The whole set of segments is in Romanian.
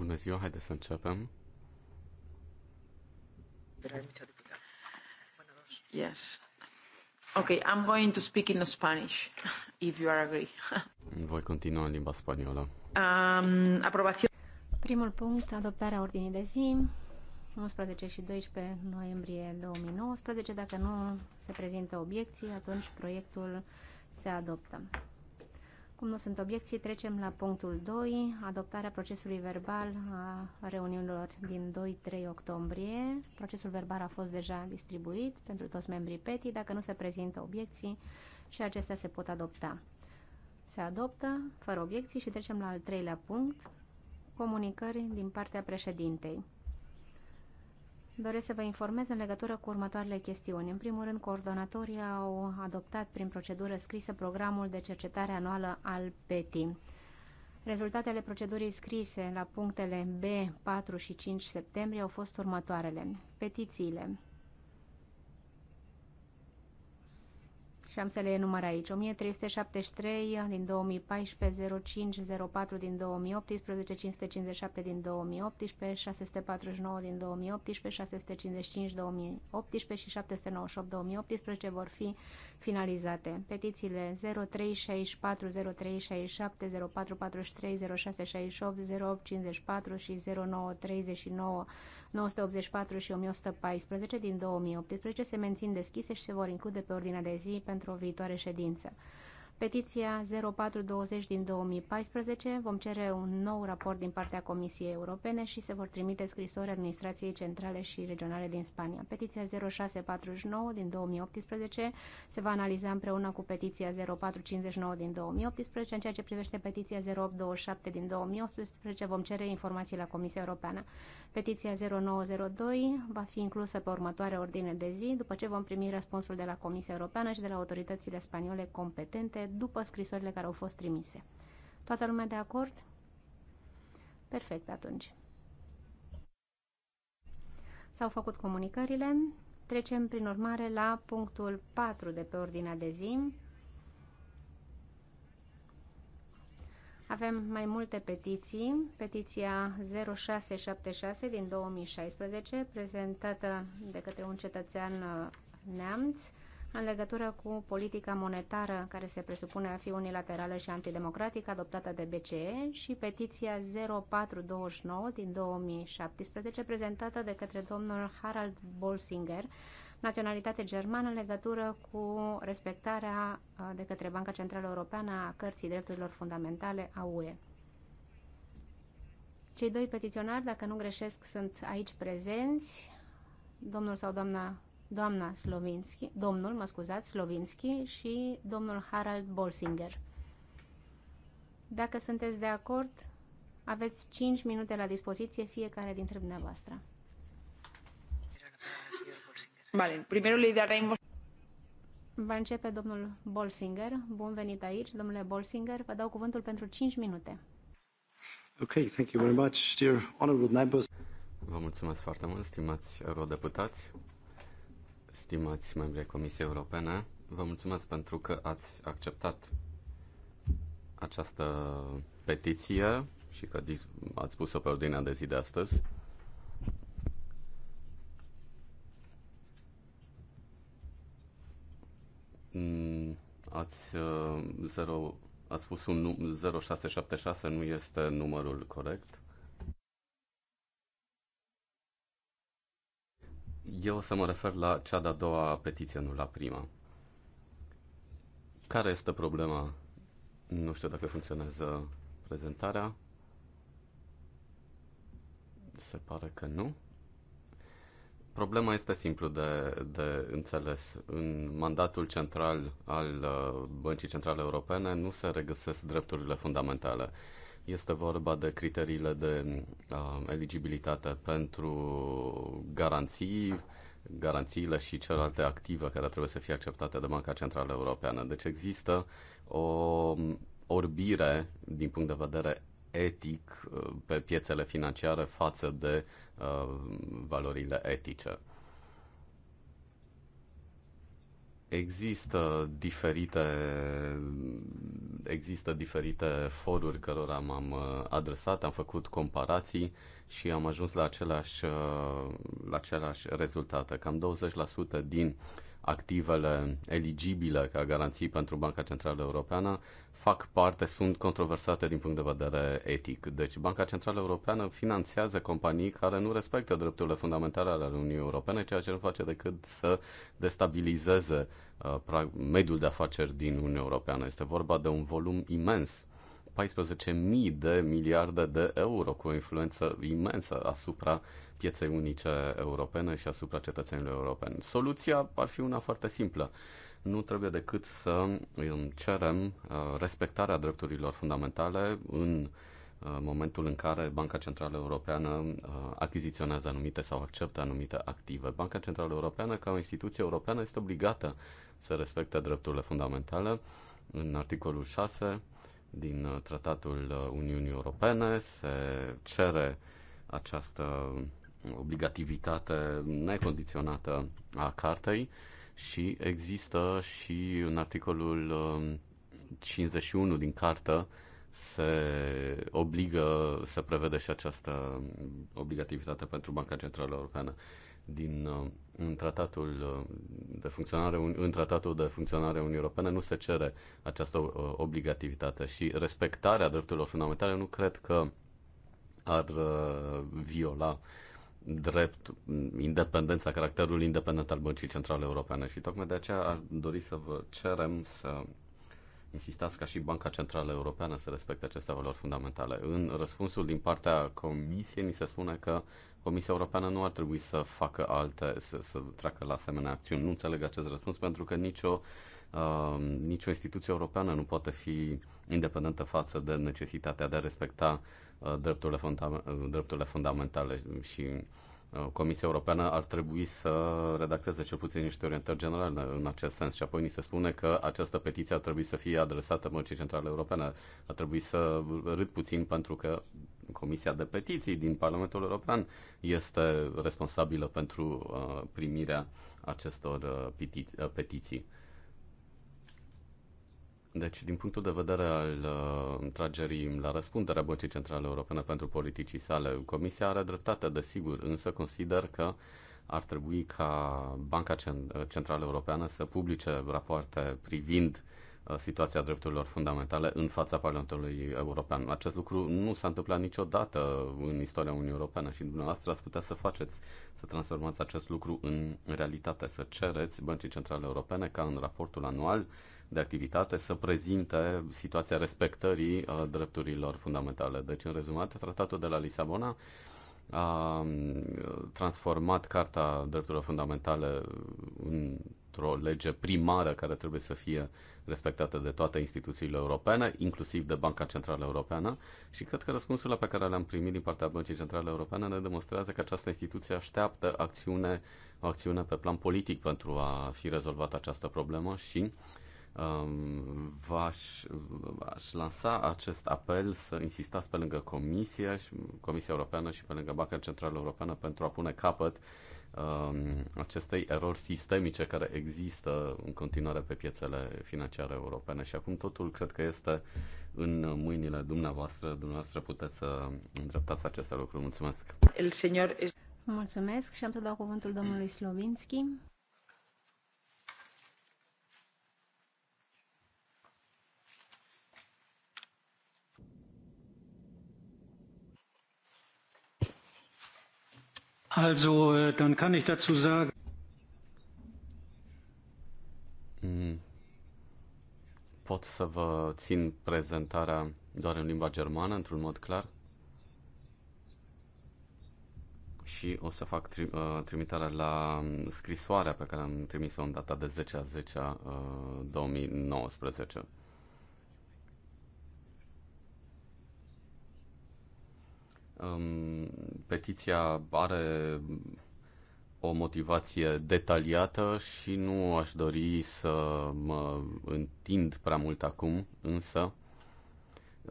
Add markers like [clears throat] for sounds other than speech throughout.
Bună ziua, haideți să începem. Yes. Okay, I'm going to speak in Spanish, if you are agree. Voi continua în limba spaniolă. Um, aprobație. Primul punct, adoptarea ordinii de zi, 11 și 12 noiembrie 2019. Dacă nu se prezintă obiecții, atunci proiectul se adoptă. Cum nu sunt obiecții, trecem la punctul 2, adoptarea procesului verbal a reuniunilor din 2-3 octombrie. Procesul verbal a fost deja distribuit pentru toți membrii PETI. Dacă nu se prezintă obiecții și acestea se pot adopta. Se adoptă fără obiecții și trecem la al treilea punct, comunicări din partea președintei doresc să vă informez în legătură cu următoarele chestiuni. În primul rând, coordonatorii au adoptat prin procedură scrisă programul de cercetare anuală al PETI. Rezultatele procedurii scrise la punctele B, 4 și 5 septembrie au fost următoarele. Petițiile și am să le enumăr aici. 1373 din 2014, 04 din 2018, 557 din 2018, 649 din 2018, 655 2018 și 798 2018 vor fi finalizate. Petițiile 0364, 0367, 0443, 0668, 0854 și 0939, 984 și 1114 din 2018 se mențin deschise și se vor include pe ordinea de zi pentru o viitoare ședință. Petiția 0420 din 2014 vom cere un nou raport din partea Comisiei Europene și se vor trimite scrisori administrației centrale și regionale din Spania. Petiția 0649 din 2018 se va analiza împreună cu petiția 0459 din 2018. În ceea ce privește petiția 0827 din 2018 vom cere informații la Comisia Europeană. Petiția 0902 va fi inclusă pe următoare ordine de zi, după ce vom primi răspunsul de la Comisia Europeană și de la autoritățile spaniole competente după scrisorile care au fost trimise. Toată lumea de acord? Perfect atunci. S-au făcut comunicările. Trecem prin urmare la punctul 4 de pe ordinea de zi. Avem mai multe petiții. Petiția 0676 din 2016, prezentată de către un cetățean uh, neamț, în legătură cu politica monetară care se presupune a fi unilaterală și antidemocratică adoptată de BCE și petiția 0429 din 2017 prezentată de către domnul Harald Bolsinger, naționalitate germană în legătură cu respectarea uh, de către Banca Centrală Europeană a Cărții Drepturilor Fundamentale a UE. Cei doi petiționari, dacă nu greșesc, sunt aici prezenți, domnul sau doamna doamna Slovinski, domnul, mă scuzați, Slovinski și domnul Harald Bolsinger. Dacă sunteți de acord, aveți 5 minute la dispoziție fiecare dintre dumneavoastră. Vale, primero le daremos... Va începe domnul Bolsinger. Bun venit aici, domnule Bolsinger. Vă dau cuvântul pentru 5 minute. Okay, thank you very much, dear honorable members. Vă mulțumesc foarte mult, stimați eurodeputați stimați membrii Comisiei Europene, vă mulțumesc pentru că ați acceptat această petiție și că ați pus-o pe ordinea de zi de astăzi. Mm, ați, uh, 0, ați spus un 0676, nu este numărul corect. Eu o să mă refer la cea de-a doua petiție, nu la prima. Care este problema? Nu știu dacă funcționează prezentarea. Se pare că nu. Problema este simplu de, de înțeles. În mandatul central al uh, Băncii Centrale Europene nu se regăsesc drepturile fundamentale. Este vorba de criteriile de uh, eligibilitate pentru garanții, garanțiile și celelalte active care trebuie să fie acceptate de Banca Centrală Europeană. Deci există o orbire din punct de vedere etic uh, pe piețele financiare față de uh, valorile etice. Există diferite, există diferite foruri cărora m-am uh, adresat, am făcut comparații și am ajuns la aceleași, uh, la aceleași rezultate. Cam 20% din uh, activele eligibile ca garanții pentru Banca Centrală Europeană fac parte, sunt controversate din punct de vedere etic. Deci Banca Centrală Europeană finanțează companii care nu respectă drepturile fundamentale ale Uniunii Europene, ceea ce nu face decât să destabilizeze uh, mediul de afaceri din Uniunea Europeană. Este vorba de un volum imens 14.000 de miliarde de euro cu o influență imensă asupra pieței unice europene și asupra cetățenilor europeni. Soluția ar fi una foarte simplă. Nu trebuie decât să cerem uh, respectarea drepturilor fundamentale în uh, momentul în care Banca Centrală Europeană uh, achiziționează anumite sau acceptă anumite active. Banca Centrală Europeană, ca o instituție europeană, este obligată să respecte drepturile fundamentale. În articolul 6 din Tratatul Uniunii Europene se cere această obligativitate necondiționată a cartei și există și în articolul 51 um, din cartă se obligă, se prevede și această obligativitate pentru Banca Centrală Europeană din um, um, în tratatul de funcționare în tratatul de funcționare Uniunii Europene nu se cere această uh, obligativitate și respectarea drepturilor fundamentale nu cred că ar uh, viola drept, independența, caracterul independent al Băncii Centrale Europene și tocmai de aceea aș dori să vă cerem să insistați ca și Banca Centrală Europeană să respecte aceste valori fundamentale. În răspunsul din partea Comisiei ni se spune că Comisia Europeană nu ar trebui să facă alte, să, să treacă la asemenea acțiuni. Nu înțeleg acest răspuns pentru că nicio, uh, nicio instituție europeană nu poate fi independentă față de necesitatea de a respecta uh, Uh, drepturile, funda- uh, drepturile fundamentale și uh, Comisia Europeană ar trebui să redacteze cel puțin niște orientări generale în acest sens și apoi ni se spune că această petiție ar trebui să fie adresată Mărcii Centrale Europene. Ar trebui să râd puțin pentru că Comisia de Petiții din Parlamentul European este responsabilă pentru primirea acestor petiții. Deci, din punctul de vedere al uh, tragerii la răspunderea Băncii Centrale Europene pentru politicii sale, Comisia are dreptate, desigur, însă consider că ar trebui ca Banca uh, Centrală Europeană să publice rapoarte privind uh, situația drepturilor fundamentale în fața Parlamentului European. Acest lucru nu s-a întâmplat niciodată în istoria Uniunii Europene și dumneavoastră ați putea să faceți, să transformați acest lucru în realitate, să cereți Băncii Centrale Europene ca în raportul anual de activitate să prezinte situația respectării uh, drepturilor fundamentale. Deci, în rezumat, tratatul de la Lisabona a um, transformat Carta Drepturilor Fundamentale într-o lege primară care trebuie să fie respectată de toate instituțiile europene, inclusiv de Banca Centrală Europeană și cred că răspunsurile pe care le-am primit din partea Băncii Centrale Europene ne demonstrează că această instituție așteaptă acțiune, o acțiune pe plan politic pentru a fi rezolvată această problemă și Um, v-aș, v-aș lansa acest apel să insistați pe lângă Comisia Comisia Europeană și pe lângă Banca Centrală Europeană pentru a pune capăt um, acestei erori sistemice care există în continuare pe piețele financiare europene și acum totul cred că este în mâinile dumneavoastră, dumneavoastră puteți să îndreptați aceste lucruri. Mulțumesc! El señor... Mulțumesc și am să dau cuvântul domnului Slovinski. Also, äh, dann kann ich dazu sagen. Mm. Pot să vă țin prezentarea doar în limba germană, într-un mod clar. Și o să fac tri- uh, trimitarea la scrisoarea pe care am trimis-o în data de 10 a 10 a 2019. Um, petiția are o motivație detaliată și nu aș dori să mă întind prea mult acum, însă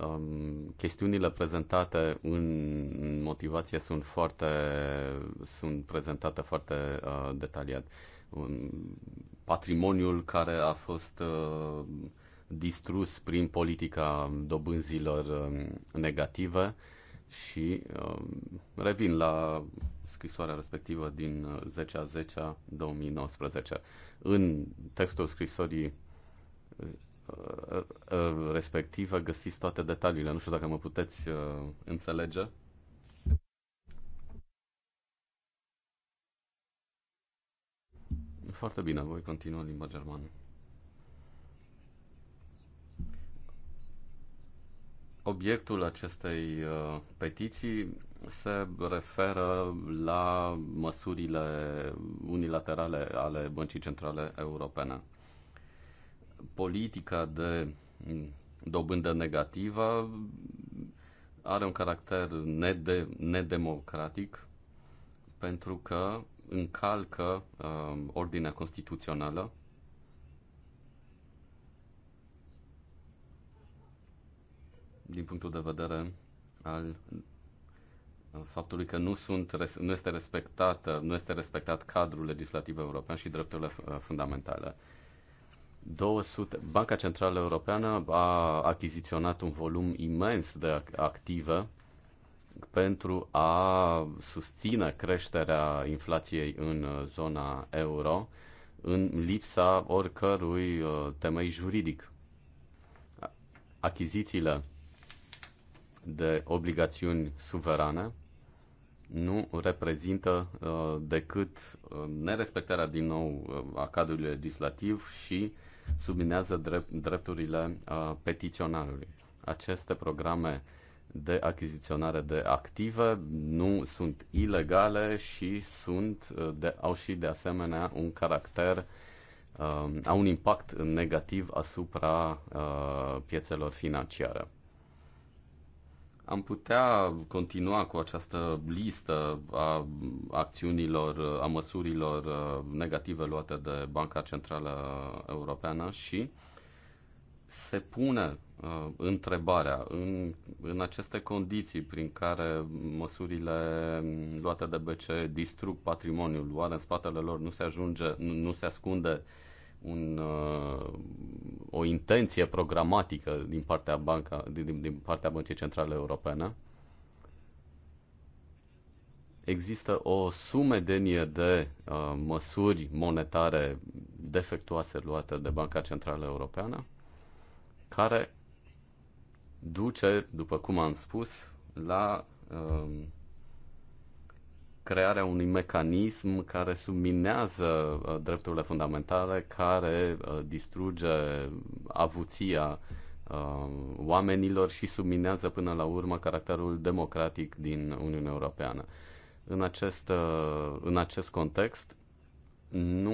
um, chestiunile prezentate în motivație sunt foarte sunt prezentate foarte uh, detaliat. Um, patrimoniul care a fost uh, distrus prin politica dobânzilor uh, negative uh, și uh, revin la scrisoarea respectivă din 10 a 10 -a 2019. În textul scrisorii uh, uh, uh, respectivă găsiți toate detaliile. Nu știu dacă mă puteți uh, înțelege. Foarte bine, voi continua limba germană. Obiectul acestei uh, petiții se referă la măsurile unilaterale ale Băncii Centrale Europene. Politica de mm, dobândă negativă are un caracter nede- nedemocratic pentru că încalcă uh, ordinea constituțională din punctul de vedere al faptului că nu, sunt, nu, este respectată, nu este respectat cadrul legislativ european și drepturile uh, fundamentale. 200, Banca Centrală Europeană a achiziționat un volum imens de active pentru a susține creșterea inflației în uh, zona euro în lipsa oricărui uh, temei juridic. Achizițiile de obligațiuni suverane nu reprezintă uh, decât uh, nerespectarea din nou uh, a cadrului legislativ și subminează drept, drepturile uh, petiționarului. Aceste programe de achiziționare de active nu sunt ilegale și sunt, uh, de, au și de asemenea un caracter uh, au un impact negativ asupra uh, piețelor financiare am putea continua cu această listă a acțiunilor, a măsurilor uh, negative luate de Banca Centrală Europeană și se pune uh, întrebarea în, în aceste condiții prin care măsurile luate de BCE distrug patrimoniul, oare în spatele lor nu se ajunge, nu, nu se ascunde uh, un, uh, o intenție programatică din partea, banca, din, din partea Băncii Centrale Europene. Există o sumedenie de uh, măsuri monetare defectuoase luate de Banca Centrală Europeană, care duce, după cum am spus, la uh, crearea unui mecanism care subminează uh, drepturile fundamentale, care uh, distruge avuția uh, oamenilor și subminează până la urmă caracterul democratic din Uniunea Europeană. În acest, în acest context, nu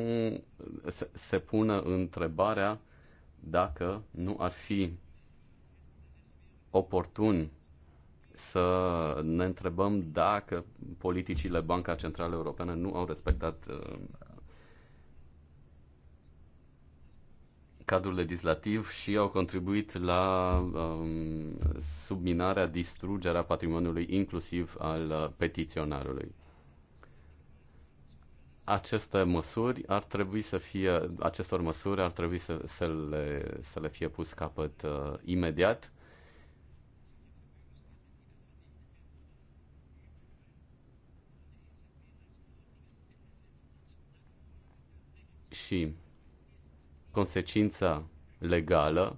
se, se pune întrebarea dacă nu ar fi oportun să ne întrebăm dacă politicile Banca Centrală Europeană nu au respectat uh, cadrul legislativ și au contribuit la um, subminarea, distrugerea patrimoniului inclusiv al uh, petiționarului aceste măsuri ar trebui să fie, acestor măsuri ar trebui să, să, le, să le fie pus capăt uh, imediat și consecința legală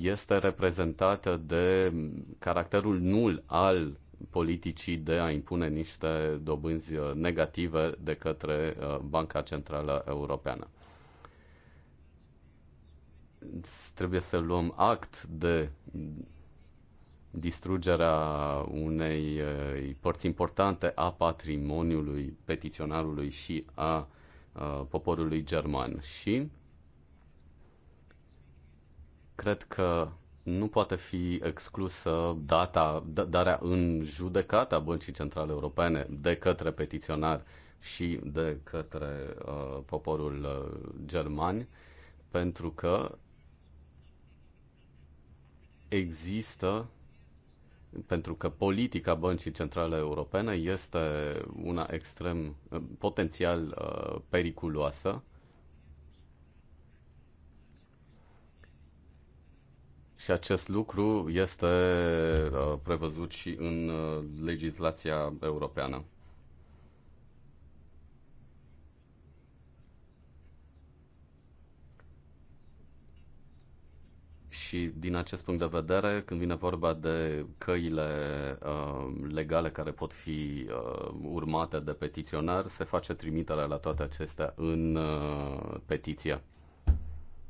este reprezentată de caracterul nul al politicii de a impune niște dobânzi uh, negative de către uh, Banca Centrală Europeană. Trebuie să luăm act de distrugerea unei uh, părți importante a patrimoniului petiționarului și a Uh, poporului german și cred că nu poate fi exclusă data, darea în judecată a Băncii Centrale Europene de către petiționar și de către uh, poporul uh, german, pentru că există pentru că politica Băncii Centrale Europene este una extrem eh, potențial eh, periculoasă. Și acest lucru este eh, prevăzut și în legislația europeană. și din acest punct de vedere, când vine vorba de căile uh, legale care pot fi uh, urmate de petiționar, se face trimitere la toate acestea în uh, petiția.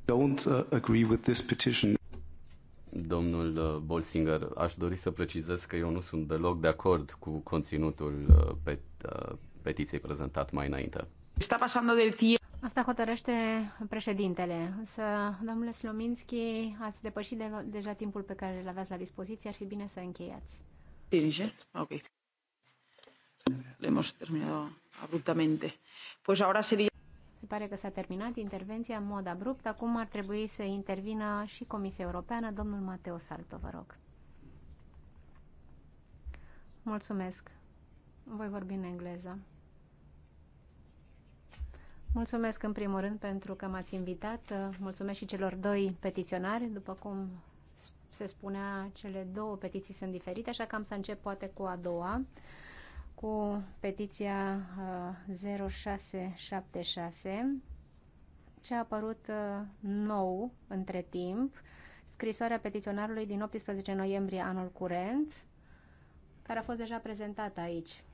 Don't uh, agree with this petition. Domnul uh, Bolsinger, aș dori să precizez că eu nu sunt deloc de acord cu conținutul uh, pet, uh, petiției prezentat mai înainte. Está pasando del Asta hotărăște președintele. Însă, domnule Slominski, ați depășit de, deja timpul pe care îl aveați la dispoziție. Ar fi bine să încheiați. Dirige? Ok. Le am terminat abruptamente. Pues ahora sería... Se pare că s-a terminat intervenția în mod abrupt. Acum ar trebui să intervină și Comisia Europeană. Domnul Mateo Salto, vă rog. Mulțumesc. Voi vorbi în engleză. Mulțumesc în primul rând pentru că m-ați invitat. Mulțumesc și celor doi petiționari. După cum se spunea, cele două petiții sunt diferite, așa că am să încep poate cu a doua, cu petiția 0676, uh, ce a apărut uh, nou între timp, scrisoarea petiționarului din 18 noiembrie anul curent, care a fost deja prezentată aici.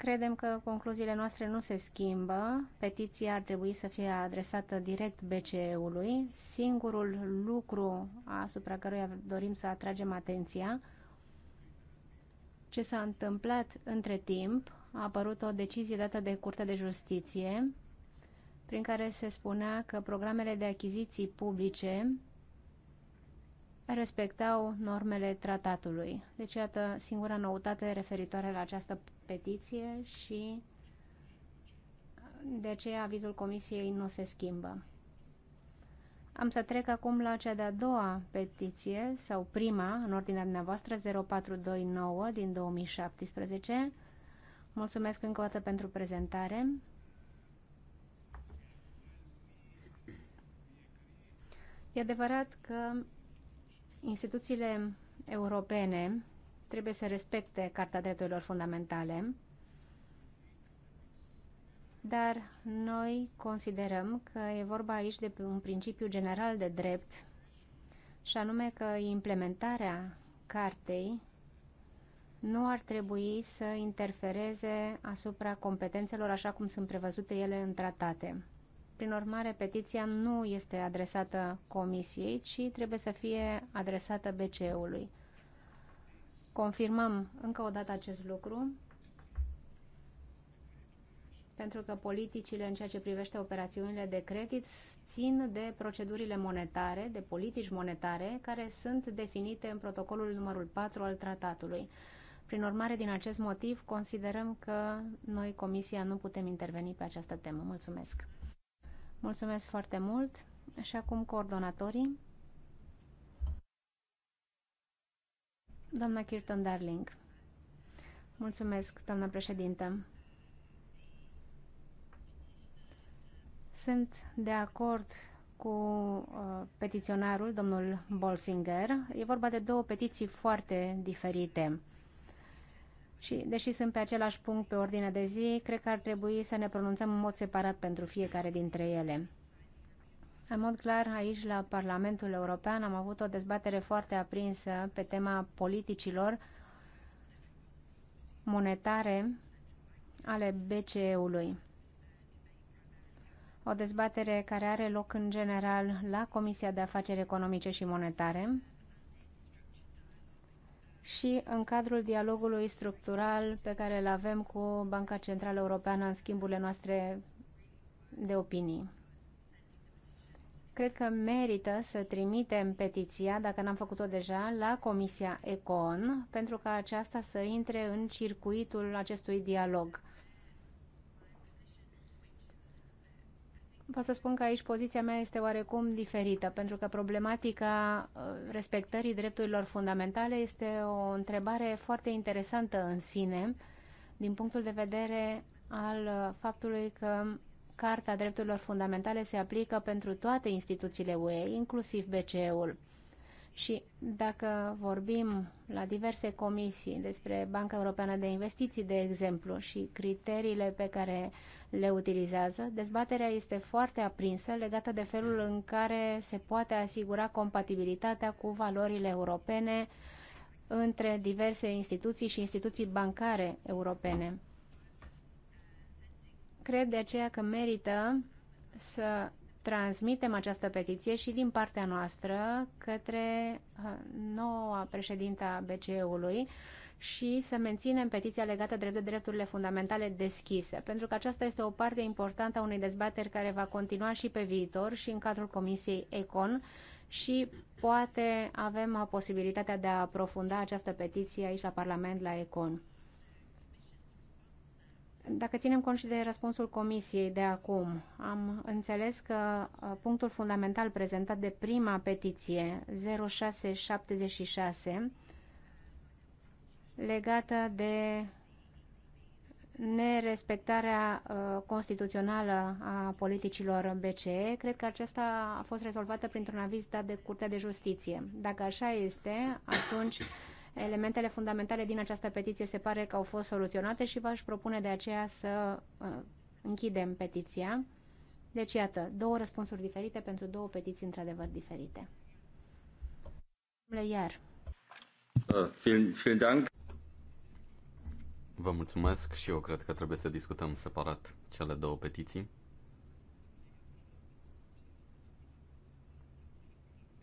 Credem că concluziile noastre nu se schimbă. Petiția ar trebui să fie adresată direct BCE-ului. Singurul lucru asupra căruia dorim să atragem atenția, ce s-a întâmplat între timp, a apărut o decizie dată de Curtea de Justiție, prin care se spunea că programele de achiziții publice respectau normele tratatului. Deci, iată, singura noutate referitoare la această petiție și de aceea avizul comisiei nu se schimbă. Am să trec acum la cea de-a doua petiție, sau prima, în ordinea dumneavoastră, 0429 din 2017. Mulțumesc încă o dată pentru prezentare. E adevărat că instituțiile europene trebuie să respecte Carta Drepturilor Fundamentale, dar noi considerăm că e vorba aici de un principiu general de drept și anume că implementarea cartei nu ar trebui să interfereze asupra competențelor așa cum sunt prevăzute ele în tratate. Prin urmare, petiția nu este adresată Comisiei, ci trebuie să fie adresată BCE-ului. Confirmăm încă o dată acest lucru, pentru că politicile în ceea ce privește operațiunile de credit țin de procedurile monetare, de politici monetare, care sunt definite în protocolul numărul 4 al tratatului. Prin urmare, din acest motiv, considerăm că noi, Comisia, nu putem interveni pe această temă. Mulțumesc! Mulțumesc foarte mult și acum coordonatorii. Doamna Kirton Darling. Mulțumesc, doamna președintă. Sunt de acord cu uh, petiționarul, domnul Bolsinger. E vorba de două petiții foarte diferite. Și, deși sunt pe același punct pe ordinea de zi, cred că ar trebui să ne pronunțăm în mod separat pentru fiecare dintre ele. În mod clar, aici, la Parlamentul European, am avut o dezbatere foarte aprinsă pe tema politicilor monetare ale BCE-ului. O dezbatere care are loc în general la Comisia de Afaceri Economice și Monetare, și în cadrul dialogului structural pe care îl avem cu Banca Centrală Europeană în schimburile noastre de opinii. Cred că merită să trimitem petiția, dacă n-am făcut-o deja, la Comisia ECON, pentru ca aceasta să intre în circuitul acestui dialog. pot să spun că aici poziția mea este oarecum diferită, pentru că problematica uh, respectării drepturilor fundamentale este o întrebare foarte interesantă în sine, din punctul de vedere al uh, faptului că Carta Drepturilor Fundamentale se aplică pentru toate instituțiile UE, inclusiv BCE-ul. Și dacă vorbim la diverse comisii despre Banca Europeană de Investiții, de exemplu, și criteriile pe care le utilizează, dezbaterea este foarte aprinsă legată de felul în care se poate asigura compatibilitatea cu valorile europene între diverse instituții și instituții bancare europene. Cred de aceea că merită să transmitem această petiție și din partea noastră către uh, noua președinta BCE-ului și să menținem petiția legată drept de drepturile fundamentale deschise, pentru că aceasta este o parte importantă a unei dezbateri care va continua și pe viitor și în cadrul Comisiei ECON și poate avem posibilitatea de a aprofunda această petiție aici la Parlament, la ECON. Dacă ținem cont și de răspunsul Comisiei de acum, am înțeles că uh, punctul fundamental prezentat de prima petiție 0676 legată de nerespectarea uh, constituțională a politicilor BCE, cred că aceasta a fost rezolvată printr-un aviz dat de Curtea de Justiție. Dacă așa este, atunci Elementele fundamentale din această petiție se pare că au fost soluționate și v-aș propune de aceea să uh, închidem petiția. Deci, iată, două răspunsuri diferite pentru două petiții într-adevăr diferite. Domnule Iar. Uh, Vă mulțumesc și eu cred că trebuie să discutăm separat cele două petiții.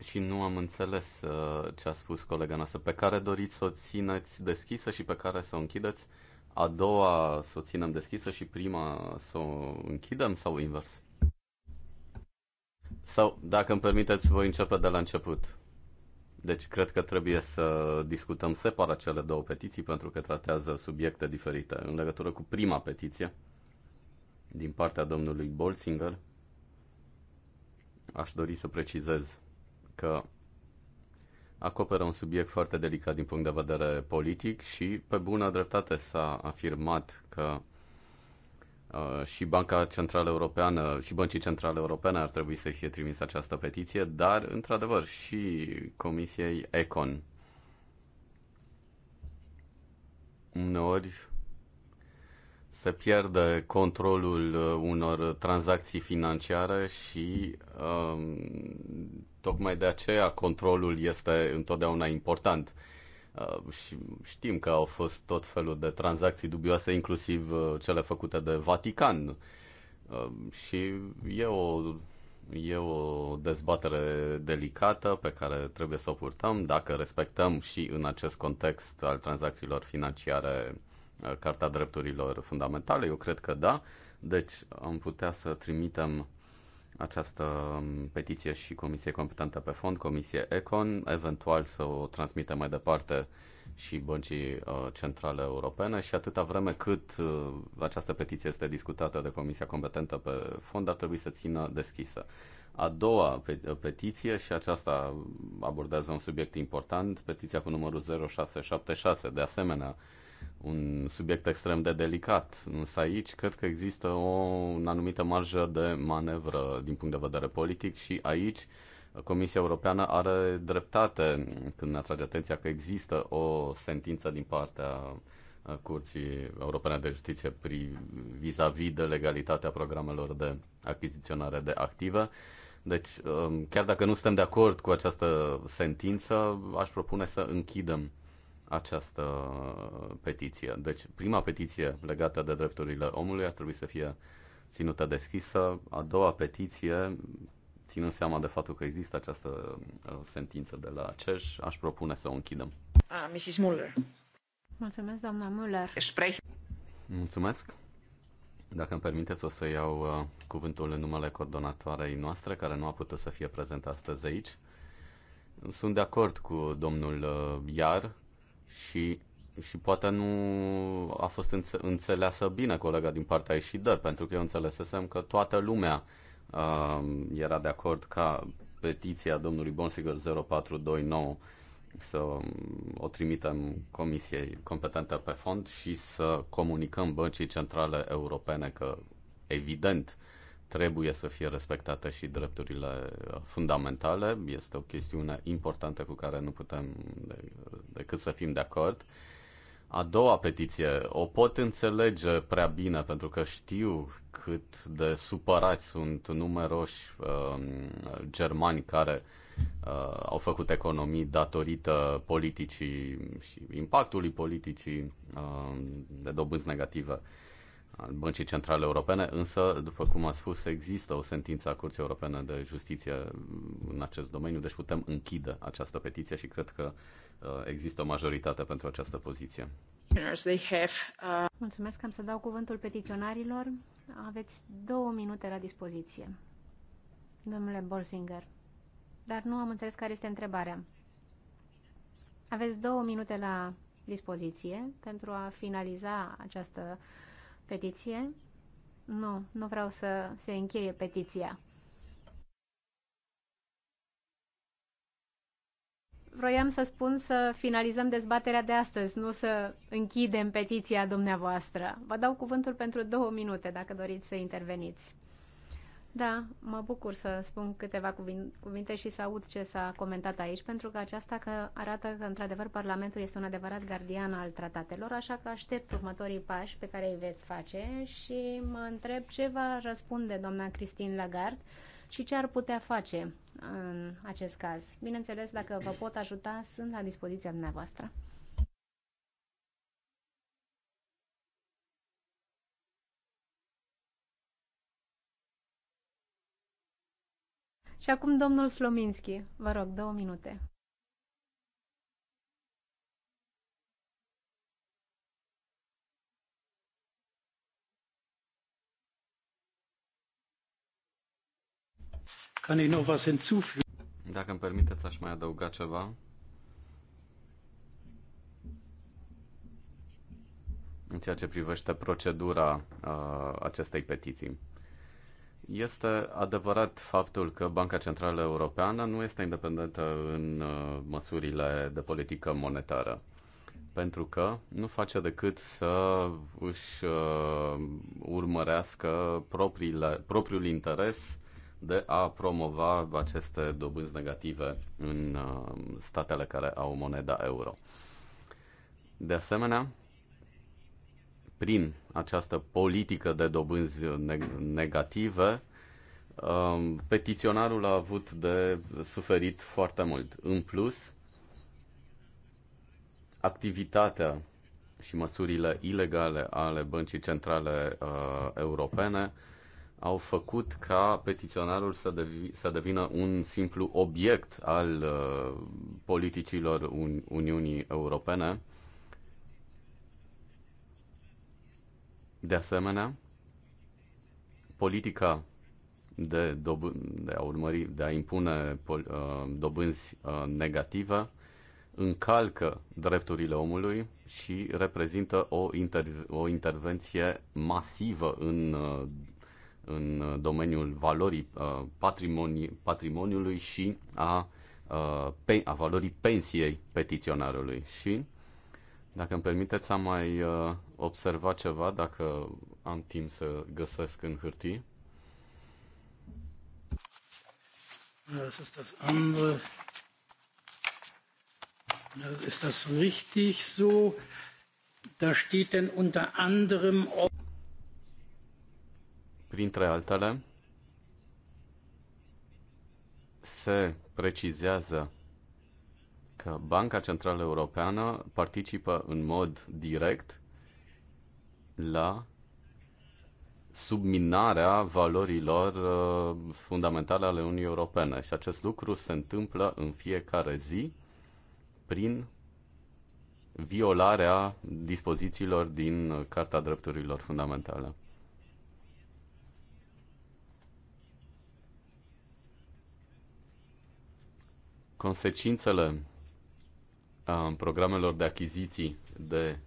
și nu am înțeles uh, ce a spus colega noastră, pe care doriți să o țineți deschisă și pe care să o închideți, a doua să o ținem deschisă și prima să o închidem sau invers? Sau, dacă îmi permiteți, voi începe de la început. Deci, cred că trebuie să discutăm separat cele două petiții pentru că tratează subiecte diferite. În legătură cu prima petiție, din partea domnului Bolsinger, aș dori să precizez că acoperă un subiect foarte delicat din punct de vedere politic și pe bună dreptate s-a afirmat că uh, și Banca Centrală Europeană și Băncii Centrale Europene ar trebui să fie trimis această petiție, dar, într-adevăr, și Comisiei Econ. Uneori se pierde controlul uh, unor tranzacții financiare și um, tocmai de aceea controlul este întotdeauna important. Uh, și știm că au fost tot felul de tranzacții dubioase, inclusiv uh, cele făcute de Vatican. Uh, și e o, e o dezbatere delicată pe care trebuie să o purtăm dacă respectăm și în acest context al tranzacțiilor financiare Uh, Carta Drepturilor Fundamentale? Eu cred că da. Deci am putea să trimitem această um, petiție și Comisiei Competentă pe Fond, Comisie Econ, eventual să o transmită mai departe și Băncii uh, Centrale Europene și atâta vreme cât uh, această petiție este discutată de Comisia Competentă pe Fond, ar trebui să țină deschisă. A doua petiție, și aceasta abordează un subiect important, petiția cu numărul 0676, de asemenea, un subiect extrem de delicat, însă aici cred că există o anumită marjă de manevră din punct de vedere politic și aici Comisia Europeană are dreptate când ne atrage atenția că există o sentință din partea uh, Curții Europene de Justiție vis-a-vis -vis de legalitatea programelor de achiziționare de active. Deci, um, chiar dacă nu suntem de acord cu această sentință, aș propune să închidem această petiție. Deci, prima petiție legată de drepturile omului ar trebui să fie ținută deschisă. A doua petiție, ținând seama de faptul că există această uh, sentință de la CEJ, aș propune să o închidem. Ah, Mrs. Muller. Mulțumesc, doamna Muller. Spre. Mulțumesc. Dacă îmi permiteți, o să iau uh, cuvântul în numele coordonatoarei noastre, care nu a putut să fie prezentă astăzi aici. Sunt de acord cu domnul uh, Iar și, și poate nu a fost înțe- înțeleasă bine colega din partea ei, ieșidă, pentru că eu înțelesesem că toată lumea uh, era de acord ca petiția domnului Bonsigur 0429 să um, o trimitem comisiei competente pe fond și să comunicăm băncii centrale europene că evident trebuie să fie respectate și drepturile fundamentale. Este o chestiune importantă cu care nu putem decât să fim de acord. A doua petiție o pot înțelege prea bine pentru că știu cât de supărați sunt numeroși uh, germani care uh, au făcut economii datorită politicii și impactului politicii uh, de dobânzi negative uh, al Băncii Centrale Europene, însă, după cum a spus, există o sentință a Curții Europene de Justiție în acest domeniu, deci putem închide această petiție și cred că uh, există o majoritate pentru această poziție. Uh, Mulțumesc, am să dau cuvântul petiționarilor. Aveți două minute la dispoziție, domnule Bolsinger. Dar nu am înțeles care este întrebarea. Aveți două minute la dispoziție pentru a finaliza această uh, petiție? Nu, nu vreau să se încheie petiția. Vroiam să spun să finalizăm dezbaterea de astăzi, nu să închidem petiția dumneavoastră. Vă dau cuvântul pentru două minute, dacă doriți să interveniți. Da, mă bucur să spun câteva cuvinte și să aud ce s-a comentat aici, pentru că aceasta că arată că, într-adevăr, Parlamentul este un adevărat gardian al tratatelor, așa că aștept următorii pași pe care îi veți face și mă întreb ce va răspunde doamna Christine Lagarde și ce ar putea face în acest caz. Bineînțeles, dacă vă pot ajuta, sunt la dispoziția dumneavoastră. Și acum domnul Slominski, vă rog, două minute. Dacă îmi permiteți, aș mai adăuga ceva. În ceea ce privește procedura uh, acestei petiții. Este adevărat faptul că Banca Centrală Europeană nu este independentă în uh, măsurile de politică monetară, pentru că nu face decât să își uh, urmărească propriile, propriul interes de a promova aceste dobânzi negative în uh, statele care au moneda euro. De asemenea, prin această politică de dobânzi negative, um, petiționarul a avut de suferit foarte mult. În plus, activitatea și măsurile ilegale ale Băncii Centrale uh, Europene au făcut ca petiționarul să, devi, să devină un simplu obiect al uh, politicilor Uni- Uniunii Europene De asemenea, politica de, dob- de a urmări, de a impune pol- uh, dobânzi uh, negative încalcă drepturile omului și reprezintă o, inter- o intervenție masivă în, uh, în domeniul valorii patrimoni- patrimoniului și a, a, a valorii pensiei petiționarului. Și dacă îmi permiteți, am mai uh, observat ceva, dacă am timp să găsesc în hârtii. Das ist das andere. Ist das richtig so? Da steht denn unter anderem. Printre altele, se precizează că Banca Centrală Europeană participă în mod direct la subminarea valorilor uh, fundamentale ale Uniunii Europene și acest lucru se întâmplă în fiecare zi prin violarea dispozițiilor din Carta Drepturilor Fundamentale. Consecințele programelor de achiziții de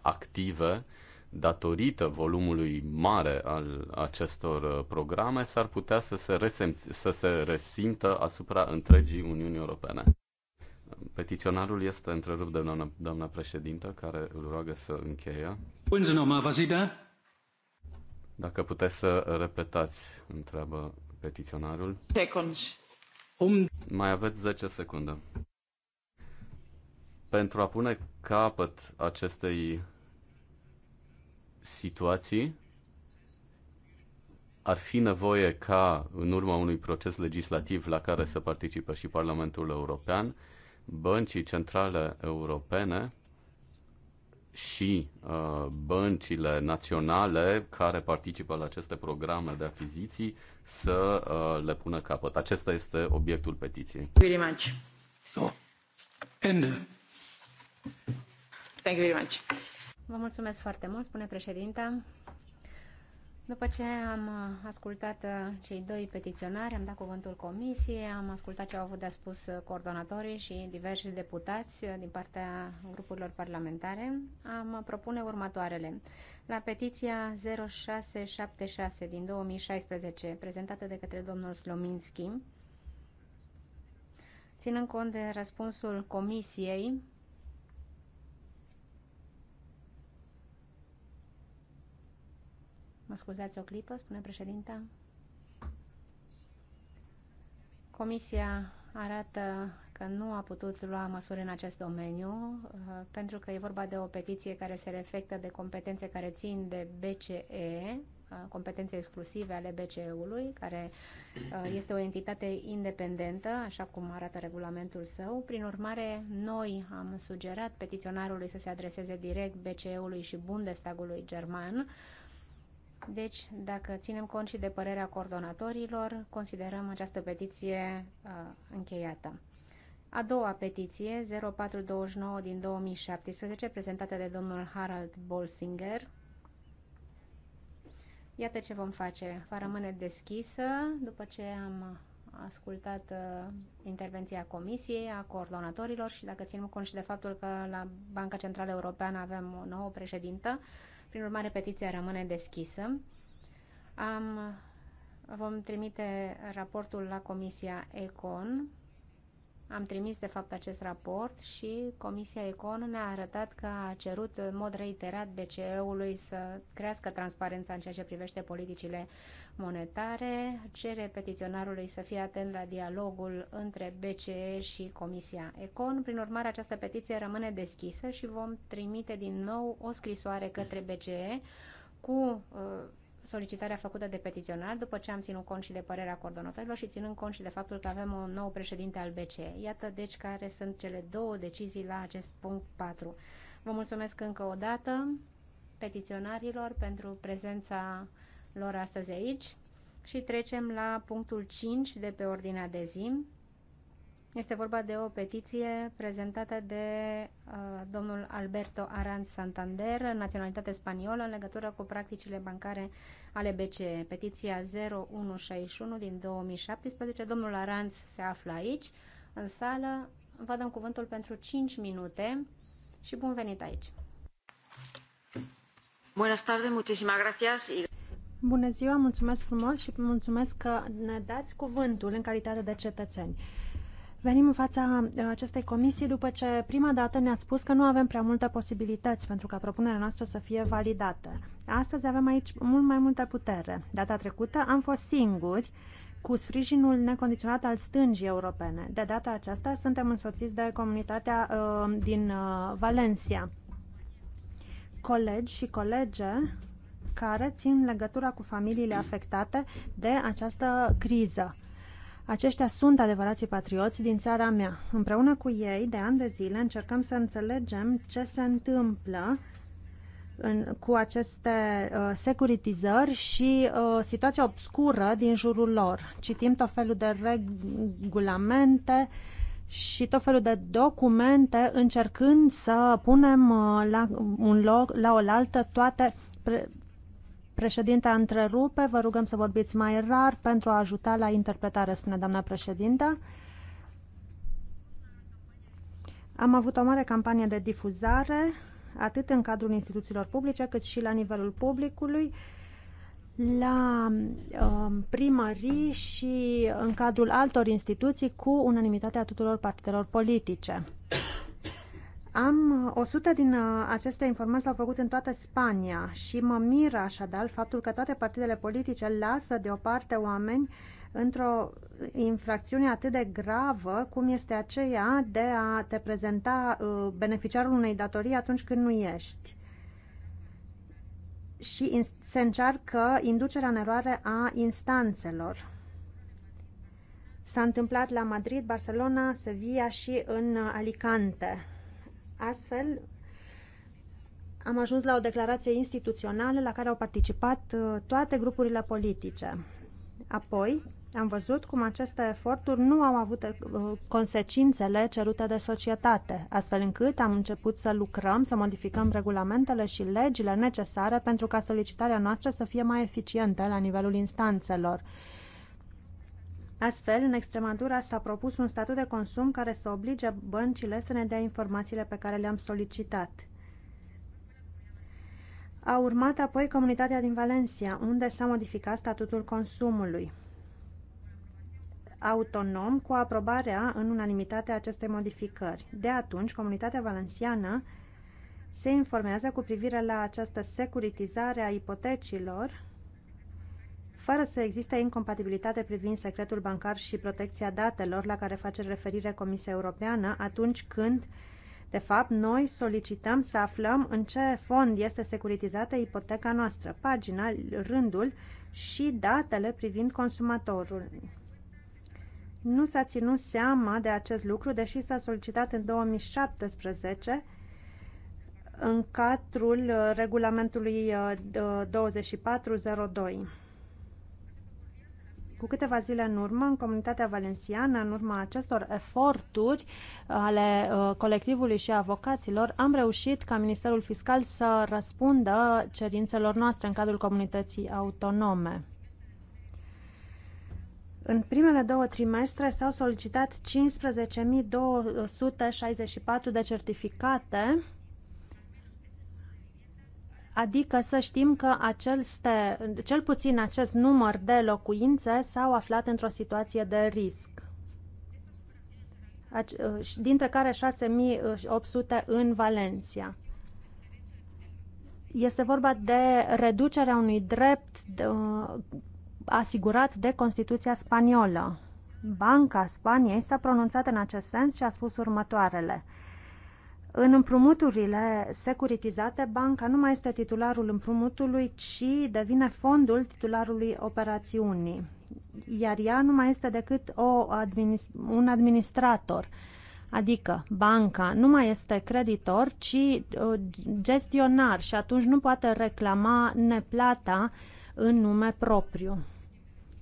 active, datorită volumului mare al acestor programe, s-ar putea să se, resemț- să se resimtă asupra întregii Uniunii Europene. Petiționarul este întrerupt de doamna, doamna președintă, care îl roagă să încheie. Dacă puteți să repetați, întreabă petiționarul. Mai aveți 10 secunde. Pentru a pune capăt acestei situații, ar fi nevoie ca, în urma unui proces legislativ la care să participe și Parlamentul European, băncii centrale europene și uh, băncile naționale care participă la aceste programe de achiziții să uh, le pună capăt. Acesta este obiectul petiției. Very much. So, and uh, Thank you very much. Vă mulțumesc foarte mult, spune președinta. După ce am ascultat uh, cei doi petiționari, am dat cuvântul comisiei, am ascultat ce au avut de spus uh, coordonatorii și diversi deputați uh, din partea grupurilor parlamentare, am propune următoarele. La petiția 0676 din 2016, prezentată de către domnul Slominski, ținând cont de răspunsul comisiei, scuzați o clipă, spune președinta. Comisia arată că nu a putut lua măsuri în acest domeniu, uh, pentru că e vorba de o petiție care se reflectă de competențe care țin de BCE, uh, competențe exclusive ale BCE-ului, care uh, este o entitate independentă, așa cum arată regulamentul său. Prin urmare, noi am sugerat petiționarului să se adreseze direct BCE-ului și Bundestagului german, deci, dacă ținem cont și de părerea coordonatorilor, considerăm această petiție uh, încheiată. A doua petiție, 0429 din 2017, prezentată de domnul Harald Bolsinger. Iată ce vom face. Va rămâne deschisă după ce am ascultat uh, intervenția Comisiei, a coordonatorilor și dacă ținem cont și de faptul că la Banca Centrală Europeană avem o nouă președintă, uh, prin urmare, petiția rămâne deschisă. Am, vom trimite raportul la Comisia ECON am trimis, de fapt, acest raport și Comisia Econ ne-a arătat că a cerut în mod reiterat BCE-ului să crească transparența în ceea ce privește politicile monetare, cere petiționarului să fie atent la dialogul între BCE și Comisia Econ. Prin urmare, această petiție rămâne deschisă și vom trimite din nou o scrisoare către BCE cu uh, solicitarea făcută de petiționar, după ce am ținut cont și de părerea coordonatorilor și ținând cont și de faptul că avem un nou președinte al BCE. Iată deci care sunt cele două decizii la acest punct 4. Vă mulțumesc încă o dată petiționarilor pentru prezența lor astăzi aici și trecem la punctul 5 de pe ordinea de zi, este vorba de o petiție prezentată de uh, domnul Alberto Aranz Santander, naționalitate spaniolă, în legătură cu practicile bancare ale BCE. Petiția 0161 din 2017. Domnul Aranz se află aici, în sală. Vă dăm cuvântul pentru 5 minute și bun venit aici. Buenas tardes, muchísimas gracias. Bună ziua, mulțumesc frumos și mulțumesc că ne dați cuvântul în calitate de cetățeni. Venim în fața uh, acestei comisii după ce prima dată ne-ați spus că nu avem prea multe posibilități pentru ca propunerea noastră să fie validată. Astăzi avem aici mult mai multă putere. Data trecută am fost singuri cu sprijinul necondiționat al stângii europene. De data aceasta suntem însoțiți de comunitatea uh, din uh, Valencia. Colegi și colege care țin legătura cu familiile afectate de această criză. Aceștia sunt adevărații patrioți din țara mea. Împreună cu ei, de ani de zile, încercăm să înțelegem ce se întâmplă în, cu aceste uh, securitizări și uh, situația obscură din jurul lor. Citim tot felul de regulamente și tot felul de documente încercând să punem uh, la un loc, la oaltă toate Președinta întrerupe, vă rugăm să vorbiți mai rar pentru a ajuta la interpretare, spune doamna președintă. Am avut o mare campanie de difuzare, atât în cadrul instituțiilor publice, cât și la nivelul publicului, la um, primării și în cadrul altor instituții, cu unanimitatea tuturor partidelor politice. Am 100 uh, din uh, aceste informații au făcut în toată Spania și mă miră așadar faptul că toate partidele politice lasă deoparte oameni într-o infracțiune atât de gravă cum este aceea de a te prezenta uh, beneficiarul unei datorii atunci când nu ești și se încearcă inducerea în eroare a instanțelor. S-a întâmplat la Madrid, Barcelona, Sevilla și în Alicante. Astfel, am ajuns la o declarație instituțională la care au participat uh, toate grupurile politice. Apoi, am văzut cum aceste eforturi nu au avut uh, consecințele cerute de societate, astfel încât am început să lucrăm, să modificăm regulamentele și legile necesare pentru ca solicitarea noastră să fie mai eficientă la nivelul instanțelor. Astfel, în Extremadura s-a propus un statut de consum care să oblige băncile să ne dea informațiile pe care le-am solicitat. A urmat apoi comunitatea din Valencia, unde s-a modificat statutul consumului autonom cu aprobarea în unanimitate a acestei modificări. De atunci, comunitatea valenciană se informează cu privire la această securitizare a ipotecilor fără să existe incompatibilitate privind secretul bancar și protecția datelor la care face referire Comisia Europeană atunci când de fapt, noi solicităm să aflăm în ce fond este securitizată ipoteca noastră, pagina, rândul și datele privind consumatorul. Nu s-a ținut seama de acest lucru, deși s-a solicitat în 2017 în cadrul regulamentului 2402. Uh, cu câteva zile în urmă, în comunitatea valenciană, în urma acestor eforturi ale uh, colectivului și avocaților, am reușit ca Ministerul Fiscal să răspundă cerințelor noastre în cadrul comunității autonome. În primele două trimestre s-au solicitat 15.264 de certificate adică să știm că aceste, cel puțin acest număr de locuințe s-au aflat într-o situație de risc, uh, dintre care 6800 în Valencia. Este vorba de reducerea unui drept uh, asigurat de Constituția spaniolă. Banca Spaniei s-a pronunțat în acest sens și a spus următoarele – în împrumuturile securitizate, banca nu mai este titularul împrumutului, ci devine fondul titularului operațiunii, iar ea nu mai este decât o administ- un administrator. Adică banca nu mai este creditor, ci uh, gestionar și atunci nu poate reclama neplata în nume propriu.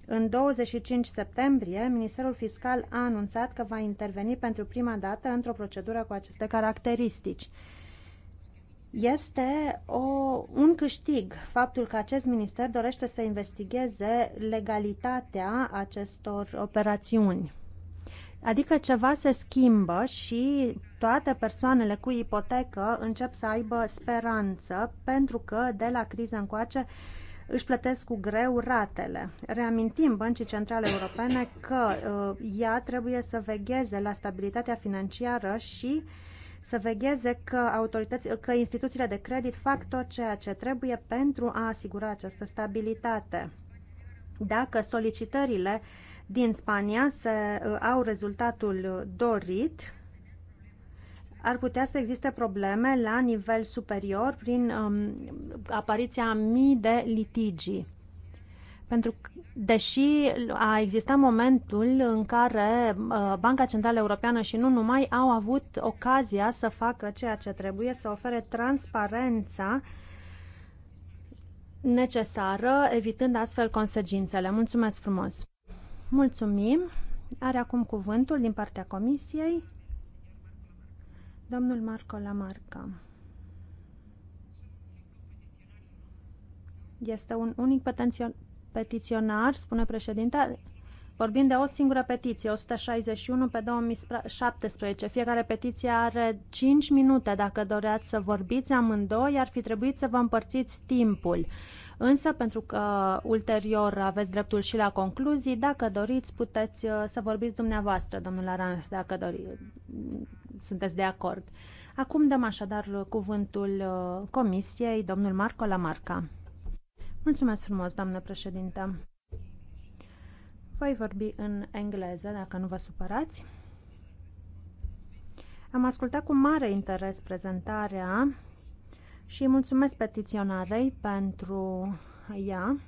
În 25 septembrie, Ministerul Fiscal a anunțat că va interveni pentru prima dată într-o procedură cu aceste caracteristici. Este o, un câștig faptul că acest minister dorește să investigheze legalitatea acestor operațiuni. Adică ceva se schimbă și toate persoanele cu ipotecă încep să aibă speranță pentru că de la criză încoace uh, își plătesc cu greu ratele. Reamintim Băncii Centrale Europene că uh, ea trebuie să vegheze la stabilitatea financiară și să vegheze că, autorități, că instituțiile de credit fac tot ceea ce trebuie pentru a asigura această stabilitate. Dacă solicitările din Spania se, uh, au rezultatul dorit, ar putea să existe probleme la nivel superior prin um, apariția mii de litigii. Pentru că, deși a existat momentul în care uh, Banca Centrală Europeană și nu numai au avut ocazia să facă ceea ce trebuie, să ofere transparența necesară, evitând astfel consecințele. Mulțumesc frumos! Mulțumim! Are acum cuvântul din partea Comisiei Domnul Marco Lamarca. Este un unic petiționar, spune președinta. Vorbim de o singură petiție, 161 pe 2017. Fiecare petiție are 5 minute. Dacă doreați să vorbiți amândoi, ar fi trebuit să vă împărțiți timpul. Însă, pentru că ulterior aveți dreptul și la concluzii, dacă doriți, puteți uh, să vorbiți dumneavoastră, domnul Aran, dacă doriți. Sunteți de acord. Acum dăm așadar cuvântul uh, comisiei, domnul Marco Lamarca. Mulțumesc frumos, doamnă președintă. Voi vorbi în engleză, dacă nu vă supărați. Am ascultat cu mare interes prezentarea și mulțumesc petiționarei pentru ea.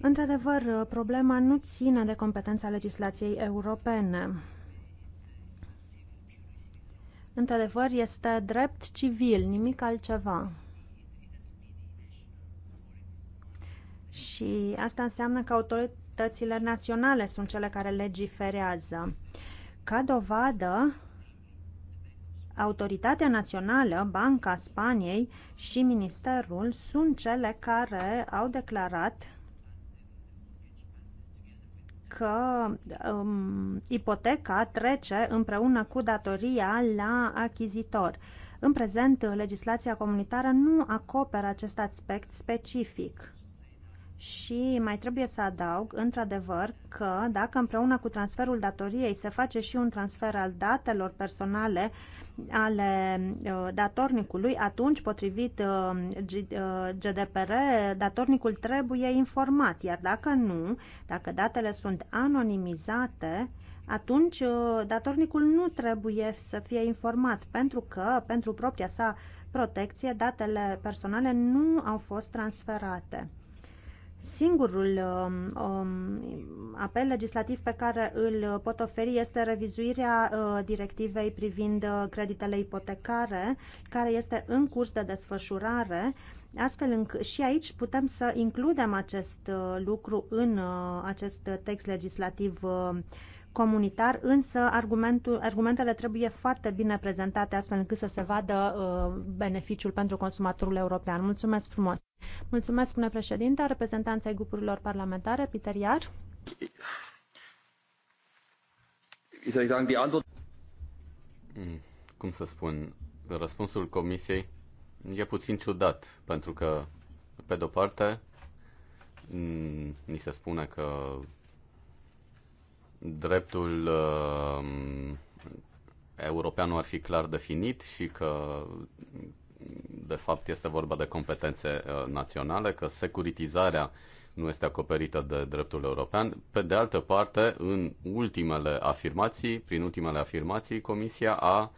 Într-adevăr, problema nu ține de competența legislației europene. Într-adevăr, este drept civil, nimic altceva. Și asta înseamnă că autoritățile naționale sunt cele care legiferează. Ca dovadă, Autoritatea Națională, Banca Spaniei și Ministerul sunt cele care au declarat că um, ipoteca trece împreună cu datoria la achizitor. În prezent, legislația comunitară nu acoperă acest aspect specific. Și mai trebuie să adaug, într-adevăr, că dacă împreună cu transferul datoriei se face și un transfer al datelor personale ale uh, datornicului, atunci, potrivit uh, GDPR, uh, datornicul trebuie informat, iar dacă nu, dacă datele sunt anonimizate, atunci datornicul nu trebuie să fie informat, pentru că, pentru propria sa protecție, datele personale nu au fost transferate. Singurul um, um, apel legislativ pe care îl pot oferi este revizuirea uh, directivei privind uh, creditele ipotecare, care este în curs de desfășurare, astfel încât și aici putem să includem acest uh, lucru în uh, acest text legislativ uh, comunitar, însă argumentul, argumentele trebuie foarte bine prezentate astfel încât să se vadă uh, beneficiul pentru consumatorul european. Mulțumesc frumos! Mulțumesc, spune președinta, reprezentanței grupurilor parlamentare, Peter Iar. Mm, cum să spun, răspunsul comisiei e puțin ciudat, pentru că, pe de-o parte, ni se spune că dreptul uh, european ar fi clar definit și că de fapt este vorba de competențe uh, naționale, că securitizarea nu este acoperită de dreptul european. Pe de altă parte, în ultimele afirmații, prin ultimele afirmații, Comisia a uh,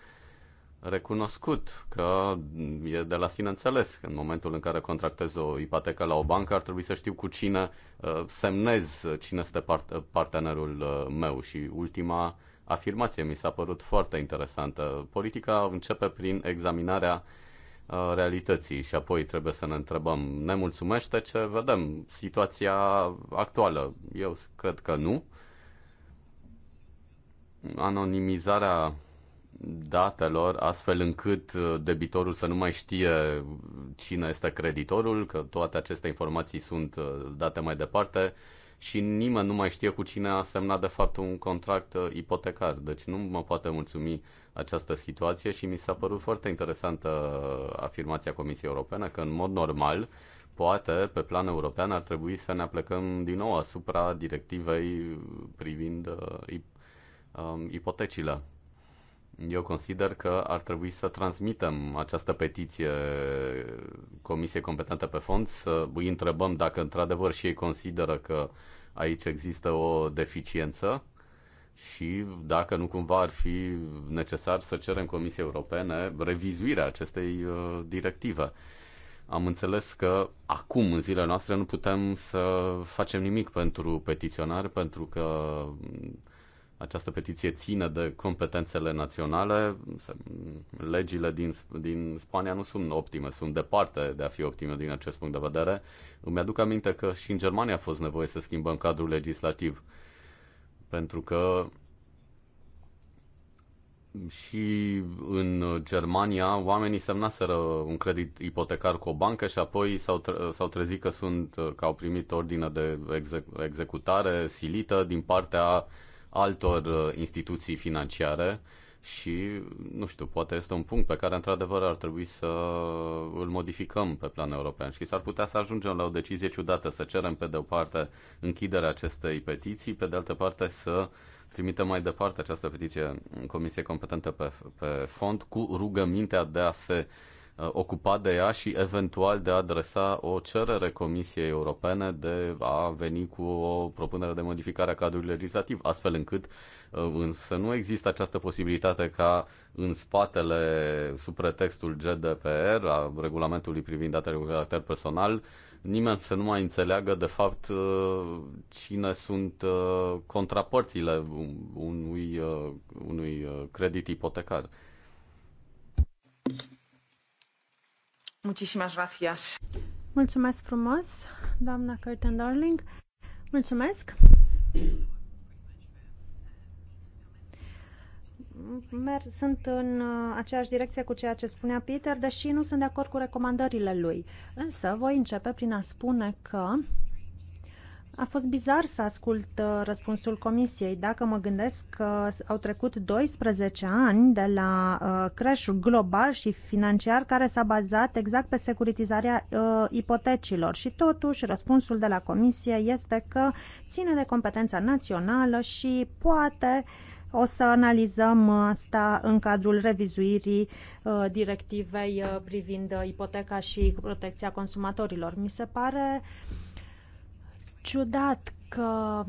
recunoscut că e de la sine înțeles că în momentul în care contractez o ipotecă la o bancă ar trebui să știu cu cine uh, semnez, uh, cine este part- uh, partenerul meu și ultima afirmație mi s-a părut foarte interesantă. Politica începe prin examinarea realității și apoi trebuie să ne întrebăm, ne mulțumește ce vedem, situația actuală? Eu cred că nu. Anonimizarea datelor, astfel încât uh, debitorul să nu mai știe cine este creditorul, că toate aceste informații sunt uh, date mai departe și nimeni nu mai știe cu cine a semnat de fapt un contract uh, ipotecar. Deci nu mă poate mulțumi această situație și mi s-a părut foarte interesantă afirmația Comisiei Europene că în mod normal poate pe plan european ar trebui să ne aplicăm din nou asupra directivei privind um, ipotecile eu consider că ar trebui să transmitem această petiție Comisiei Competente pe Fond, să îi întrebăm dacă într-adevăr și ei consideră că aici există o deficiență și dacă nu cumva ar fi necesar să cerem Comisiei Europene revizuirea acestei uh, directive. Am înțeles că acum, în zilele noastre, nu putem să facem nimic pentru petiționari, pentru că această petiție ține de competențele naționale. Legile din, din Spania nu sunt optime, sunt departe de a fi optime din acest punct de vedere. Îmi aduc aminte că și în Germania a fost nevoie să schimbăm cadrul legislativ, pentru că și în Germania oamenii semnaseră un credit ipotecar cu o bancă și apoi s-au, tre- s-au trezit că, sunt, că au primit ordine de exec- executare silită din partea altor uh, instituții financiare și, nu știu, poate este un punct pe care, într-adevăr, ar trebui să îl modificăm pe plan european și s-ar putea să ajungem la o decizie ciudată, să cerem, pe de o parte, închiderea acestei petiții, pe de altă parte, să trimitem mai departe această petiție în Comisie Competentă pe, pe Fond cu rugămintea de a se uh, Uh, ocupat de ea și eventual de a adresa o cerere Comisiei Europene de a veni cu o propunere de modificare a cadrului legislativ, astfel încât uh, să nu există această posibilitate ca în spatele, sub pretextul GDPR, a regulamentului privind datele cu caracter personal, nimeni să nu mai înțeleagă de fapt uh, cine sunt contrapărțile unui, unui credit ipotecar. Muchísimas gracias. Mulțumesc frumos, doamna Curtin Darling. Mulțumesc. Mer, sunt în uh, aceeași direcție cu ceea ce spunea Peter, deși nu sunt de acord cu recomandările lui. Însă voi începe prin a spune că a fost bizar să ascult uh, răspunsul comisiei. Dacă mă gândesc că au trecut 12 ani de la uh, crash global și financiar care s-a bazat exact pe securitizarea uh, ipotecilor și totuși răspunsul de la comisie este că ține de competența națională și poate o să analizăm asta în cadrul revizuirii uh, directivei uh, privind uh, ipoteca și protecția consumatorilor. Mi se pare uh, ciudat că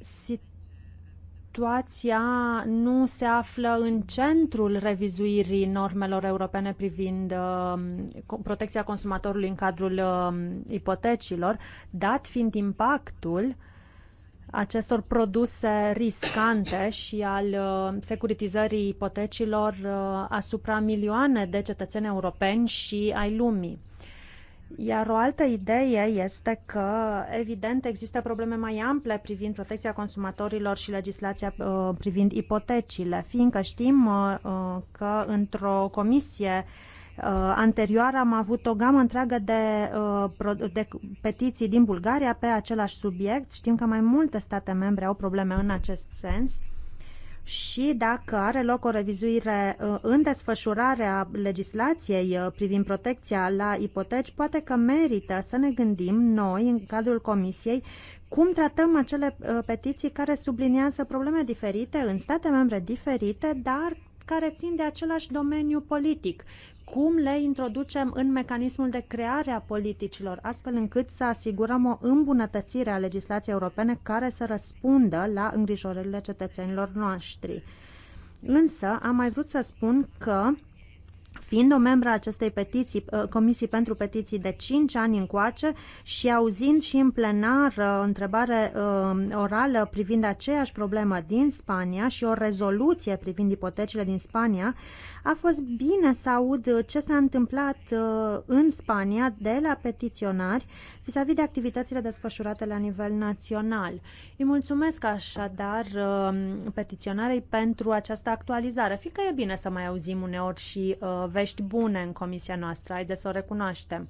situația nu se află în centrul revizuirii normelor europene privind uh, protecția consumatorului în cadrul uh, ipotecilor, dat fiind impactul acestor produse riscante și al uh, securitizării ipotecilor uh, asupra milioane de cetățeni europeni și ai lumii. Uh, iar o altă idee este că, evident, există probleme mai ample privind protecția consumatorilor și legislația uh, privind ipotecile, fiindcă știm uh, uh că într-o comisie uh, anterior am avut o gamă întreagă de, uh, de petiții din Bulgaria pe același subiect. Știm că mai multe state membre au probleme în acest sens și dacă are loc o revizuire uh, în desfășurarea legislației uh, privind protecția la ipoteci, poate că merită să ne gândim noi, în cadrul Comisiei, cum tratăm acele uh, petiții care subliniază probleme diferite în state membre diferite, dar care țin de același domeniu politic cum le introducem în mecanismul de creare a politicilor, astfel încât să asigurăm o îmbunătățire a legislației europene care să răspundă la îngrijorările cetățenilor noștri. Însă, am mai vrut să spun că Fiind o membră a acestei petiții, uh, Comisii pentru Petiții de 5 ani încoace și auzind și în plenar o uh, întrebare uh, orală privind aceeași problemă din Spania și o rezoluție privind ipotecile din Spania, a fost bine să aud uh, ce s-a întâmplat uh, în Spania de la petiționari vis-a-vis -vis de activitățile desfășurate la nivel național. Îi mulțumesc așadar uh, petiționarei pentru această actualizare, fiindcă e bine să mai auzim uneori și vești bune în comisia noastră, haideți să o recunoaștem.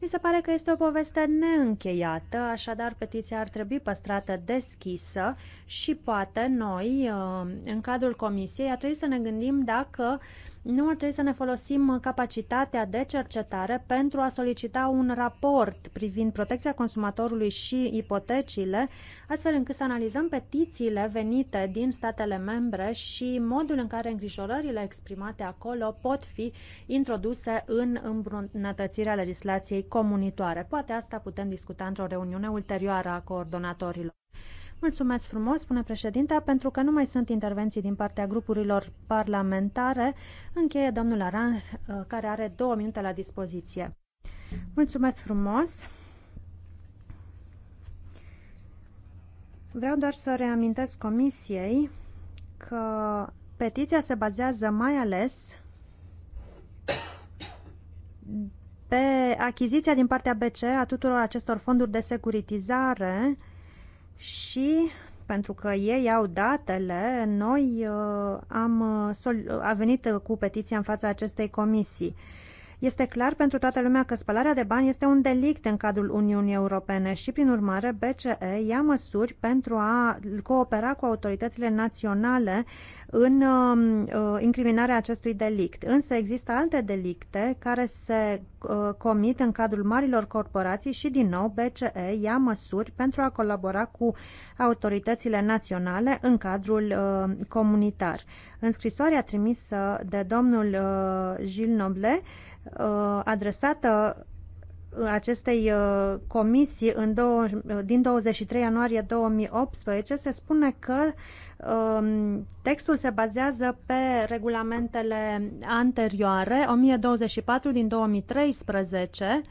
Mi se pare că este o poveste neîncheiată, așadar petiția ar trebui păstrată deschisă și poate noi, în cadrul comisiei, ar trebui să ne gândim dacă nu ar trebui să ne folosim capacitatea de cercetare pentru a solicita un raport privind protecția consumatorului și ipotecile, astfel încât să analizăm petițiile venite din statele membre și modul în care îngrijorările exprimate acolo pot fi introduse în îmbunătățirea legislației comunitoare. Poate asta putem discuta într-o reuniune ulterioară a coordonatorilor. Mulțumesc frumos, spune președinta, pentru că nu mai sunt intervenții din partea grupurilor parlamentare. Încheie domnul Aran, eh, care are două minute la dispoziție. Mulțumesc frumos! Vreau doar să reamintesc Comisiei că petiția se bazează mai ales pe achiziția din partea BCE a tuturor acestor fonduri de securitizare și pentru că ei au datele, noi uh, am, uh, uh, a venit cu petiția în fața acestei comisii. Este clar pentru toată lumea că spălarea de bani este un delict în cadrul Uniunii Europene și, prin urmare, BCE ia măsuri pentru a coopera cu autoritățile naționale în um, uh, incriminarea acestui delict. Însă există alte delicte care se Uh, comit în cadrul marilor corporații și, din nou, BCE ia măsuri pentru a colabora cu autoritățile naționale în cadrul uh, comunitar. În scrisoarea trimisă de domnul uh, Gilles Noble, adresată acestei uh, comisii în două, uh, din 23 ianuarie 2018 se spune că um, textul se bazează pe regulamentele anterioare, 1024 din 2013,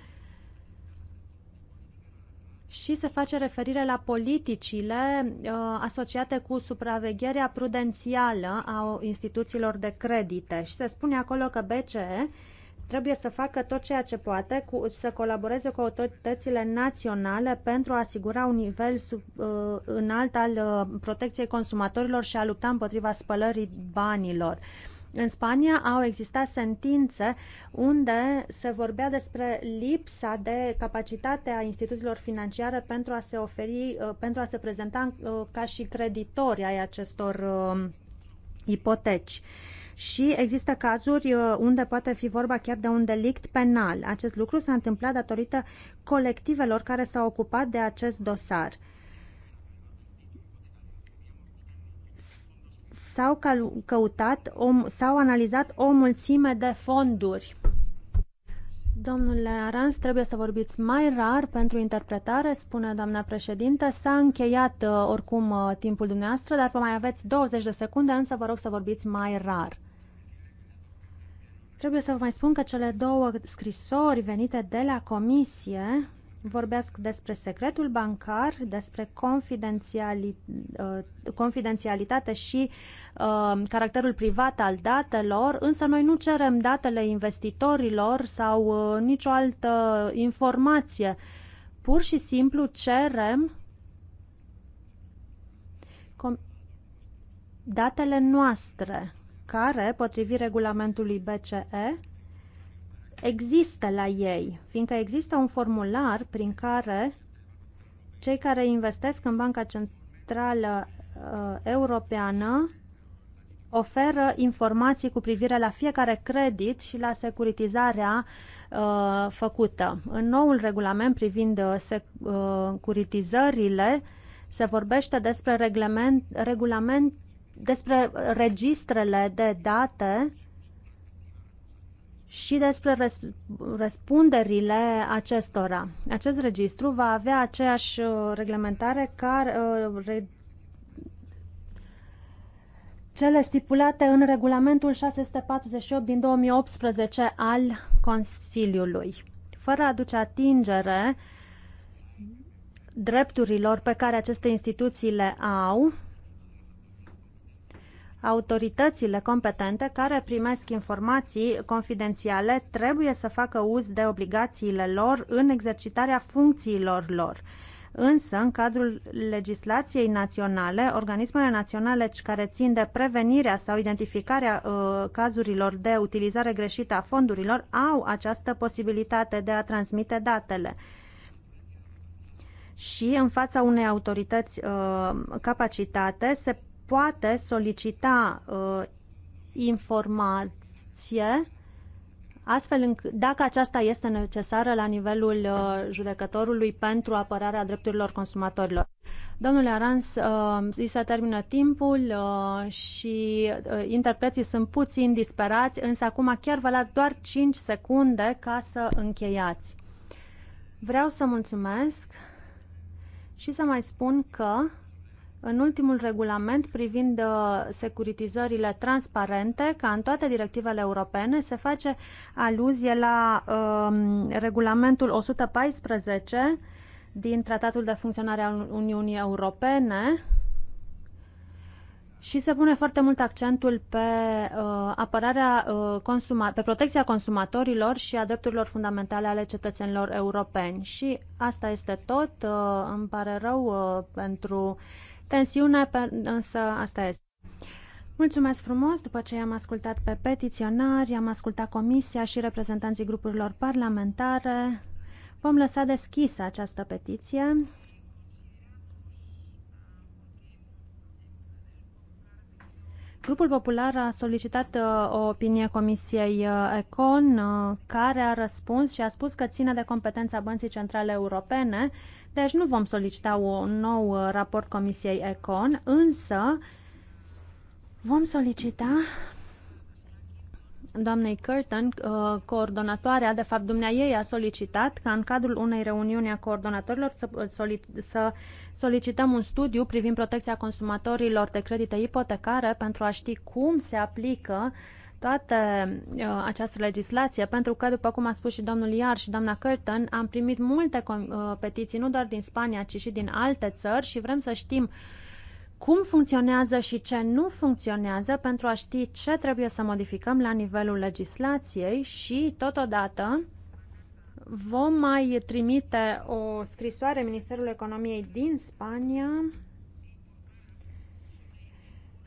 și se face referire la politicile uh, asociate cu supravegherea prudențială a instituțiilor de credite. Și se spune acolo că BCE uh, trebuie să facă tot ceea ce poate, cu, să colaboreze cu autoritățile naționale pentru a asigura un nivel sub, uh, înalt al uh, protecției consumatorilor și a lupta împotriva spălării banilor. În Spania au existat sentințe unde se vorbea despre lipsa de capacitate a instituțiilor financiare pentru a se oferi, uh, pentru a se prezenta uh, ca și creditori ai acestor uh, ipoteci. Uh, și există cazuri uh, unde poate fi vorba chiar de un delict penal. Acest lucru s-a întâmplat datorită colectivelor care s-au ocupat de acest dosar. S-au căutat, s-au analizat o mulțime de fonduri Domnule Arans, trebuie să vorbiți mai rar pentru interpretare, spune doamna președintă. S-a încheiat uh, oricum uh, timpul dumneavoastră, dar vă mai aveți 20 de secunde, însă vă rog să vorbiți mai rar. Trebuie să vă mai spun că cele două scrisori venite de la comisie vorbesc despre secretul bancar, despre confidențiali, uh, confidențialitate și uh, caracterul privat al datelor, însă noi nu cerem datele investitorilor sau uh, nicio altă informație. Pur și simplu cerem datele noastre care, potrivit regulamentului BCE, există la ei, fiindcă există un formular prin care cei care investesc în Banca Centrală uh, Europeană oferă informații cu privire la fiecare credit și la securitizarea uh, făcută. În noul regulament privind uh, uh, securitizările se vorbește despre regulament, regulament despre registrele de date și despre răspunderile acestora. Acest registru va avea aceeași uh, reglementare ca uh, cele stipulate în regulamentul 648 din 2018 al Consiliului, fără a aduce atingere drepturilor pe care aceste instituții le au autoritățile competente care primesc informații confidențiale trebuie să facă uz de obligațiile lor în exercitarea funcțiilor lor. Însă, în cadrul legislației naționale, organismele naționale care țin de prevenirea sau identificarea uh, cazurilor de utilizare greșită a fondurilor au această posibilitate de a transmite datele. Și în fața unei autorități uh, capacitate se poate solicita uh, informație astfel încât, dacă aceasta este necesară la nivelul uh, judecătorului pentru apărarea drepturilor consumatorilor. Domnule Arans, uh, îi se termină timpul uh, și uh, interpreții sunt puțin disperați, însă acum chiar vă las doar 5 secunde ca să încheiați. Vreau să mulțumesc și să mai spun că în ultimul regulament privind uh, securitizările transparente, ca în toate directivele europene, se face aluzie la um, regulamentul 114 din Tratatul de Funcționare al Uniunii Europene, și se pune foarte mult accentul pe uh, apărarea uh, consuma- pe protecția consumatorilor și a drepturilor fundamentale ale cetățenilor europeni. Și asta este tot. Uh, îmi pare rău uh, pentru Tensiunea însă asta este. Mulțumesc frumos! După ce am ascultat pe petiționari, am ascultat comisia și reprezentanții grupurilor parlamentare, vom lăsa deschisă această petiție. Grupul Popular a solicitat uh, o opinie Comisiei uh, Econ, uh, care a răspuns și a spus că ține de competența Bănții Centrale Europene deci nu vom solicita un nou uh, raport Comisiei Econ, însă vom solicita doamnei Curtin, uh, coordonatoarea, de fapt dumnea ei a solicitat ca în cadrul unei reuniuni a coordonatorilor uh, să solicităm un studiu privind protecția consumatorilor de credite ipotecare pentru a ști cum se aplică uh, toată uh, această legislație, pentru că, după cum a spus și domnul Iar și doamna Curtin, am primit multe uh, petiții, nu doar din Spania, ci și din alte țări și vrem să știm cum funcționează și ce nu funcționează pentru a ști ce trebuie să modificăm la nivelul legislației și, totodată, vom mai trimite o scrisoare Ministerului Economiei din Spania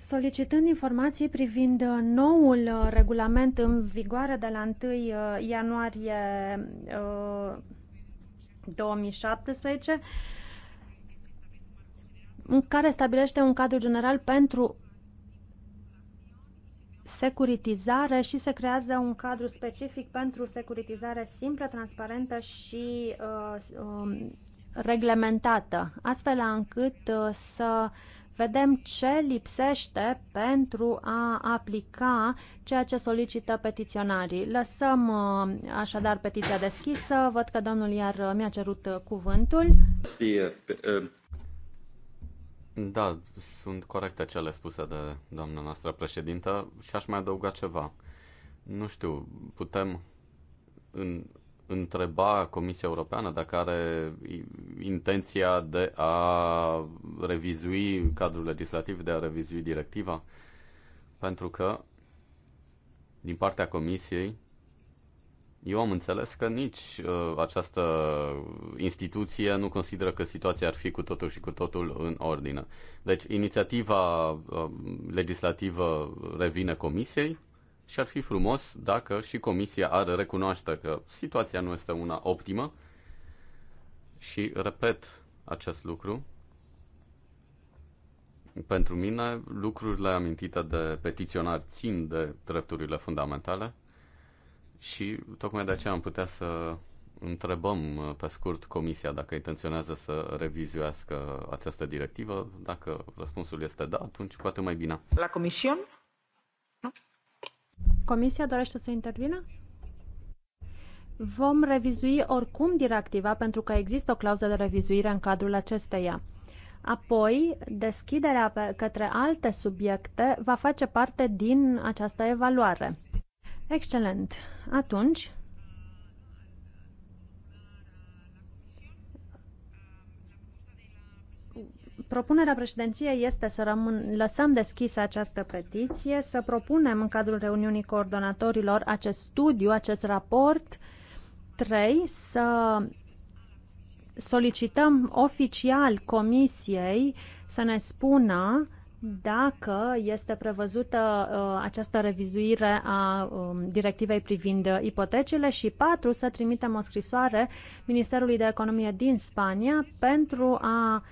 solicitând informații privind uh, noul uh, regulament în vigoare de la 1 uh, ianuarie 2017, care stabilește un cadru general pentru securitizare și se creează un cadru specific pentru securitizare simplă, transparentă și uh, uh, reglementată, astfel încât uh, să uh, vedem ce lipsește pentru a aplica ceea ce solicită petiționarii. Lăsăm uh, așadar petiția deschisă. Văd că domnul iar uh, mi-a cerut uh, cuvântul. Da, sunt corecte cele spuse de doamna noastră președintă și aș mai adăuga ceva. Nu știu, putem în, întreba Comisia Europeană dacă are intenția de a revizui cadrul legislativ, de a revizui directiva? Pentru că, din partea Comisiei, eu am înțeles că nici uh, această instituție nu consideră că situația ar fi cu totul și cu totul în ordine. Deci, inițiativa uh, legislativă revine Comisiei, și ar fi frumos dacă și Comisia ar recunoaște că situația nu este una optimă și repet acest lucru. Pentru mine, lucrurile amintite de petiționari țin de drepturile fundamentale și tocmai de aceea am putea să întrebăm uh, pe scurt Comisia dacă intenționează să revizuiască această directivă. Dacă răspunsul este da, atunci poate mai bine. La comisiune? Nu? No? Comisia dorește să intervină? Vom revizui oricum directiva pentru că există o clauză de revizuire în cadrul acesteia. Apoi, deschiderea pe către alte subiecte va face parte din această evaluare. Excelent! Atunci, Propunerea președinției este să rămân, lăsăm deschisă această petiție, să propunem în cadrul reuniunii coordonatorilor acest studiu, acest raport 3, să solicităm oficial comisiei să ne spună dacă este prevăzută uh, această revizuire a um, directivei privind ipotecile și patru să trimitem o scrisoare Ministerului de Economie din Spania pentru a uh,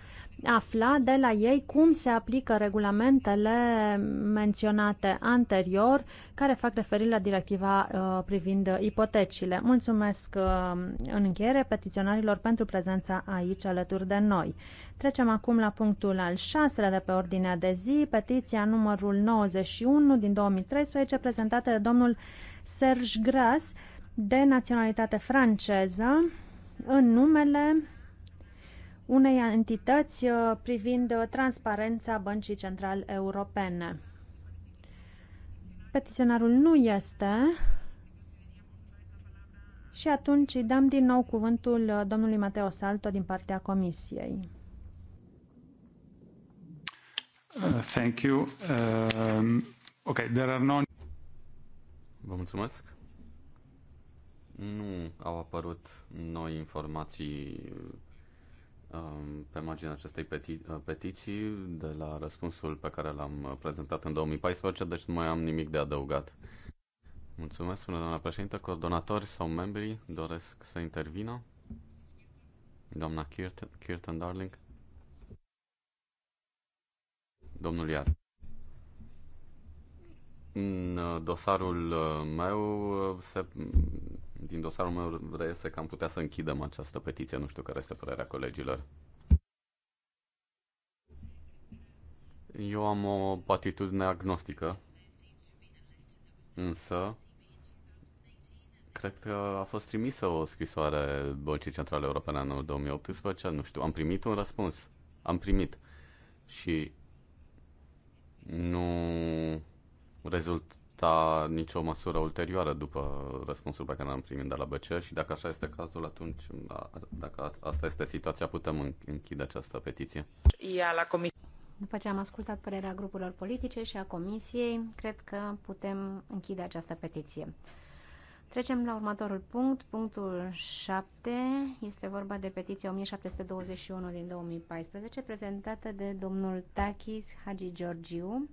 afla de la ei cum se aplică regulamentele menționate anterior, care fac referire la directiva uh, privind ipotecile. Mulțumesc uh, în încheiere petiționarilor pentru prezența aici alături de noi. Trecem acum la punctul al șaselea de pe ordinea de zi, petiția numărul 91 din 2013, prezentată de domnul Serge Gras, de naționalitate franceză, în numele unei entități uh, privind uh, transparența Băncii Central Europene. Petiționarul nu este și atunci îi dăm din nou cuvântul uh, domnului Mateo Salto din partea Comisiei. Uh, thank you. Uh, okay, there are no... Vă mulțumesc. Nu au apărut noi informații Um, pe marginea acestei peti- uh, petiții de la răspunsul pe care l-am uh, prezentat în 2014, deci nu mai am nimic de adăugat. Mulțumesc, până doamna președintă. Coordonatori sau membrii doresc să intervină? Doamna Kirtan Darling? Domnul Iar. În uh, dosarul meu se din dosarul meu reiese că am putea să închidem această petiție. Nu știu care este părerea colegilor. Eu am o atitudine agnostică, însă cred că a fost trimisă o scrisoare Băncii Centrale Europene în 2018, nu știu, am primit un răspuns, am primit și nu rezult, exista nicio măsură ulterioară după răspunsul pe care l-am primit de la BCR și dacă așa este cazul, atunci, da, dacă asta este situația, putem închide această petiție. Ia la comisie. După ce am ascultat părerea grupurilor politice și a comisiei, cred că putem închide această petiție. Trecem la următorul punct, punctul 7. Este vorba de petiția 1721 din 2014, prezentată de domnul Takis Hagi Georgiu,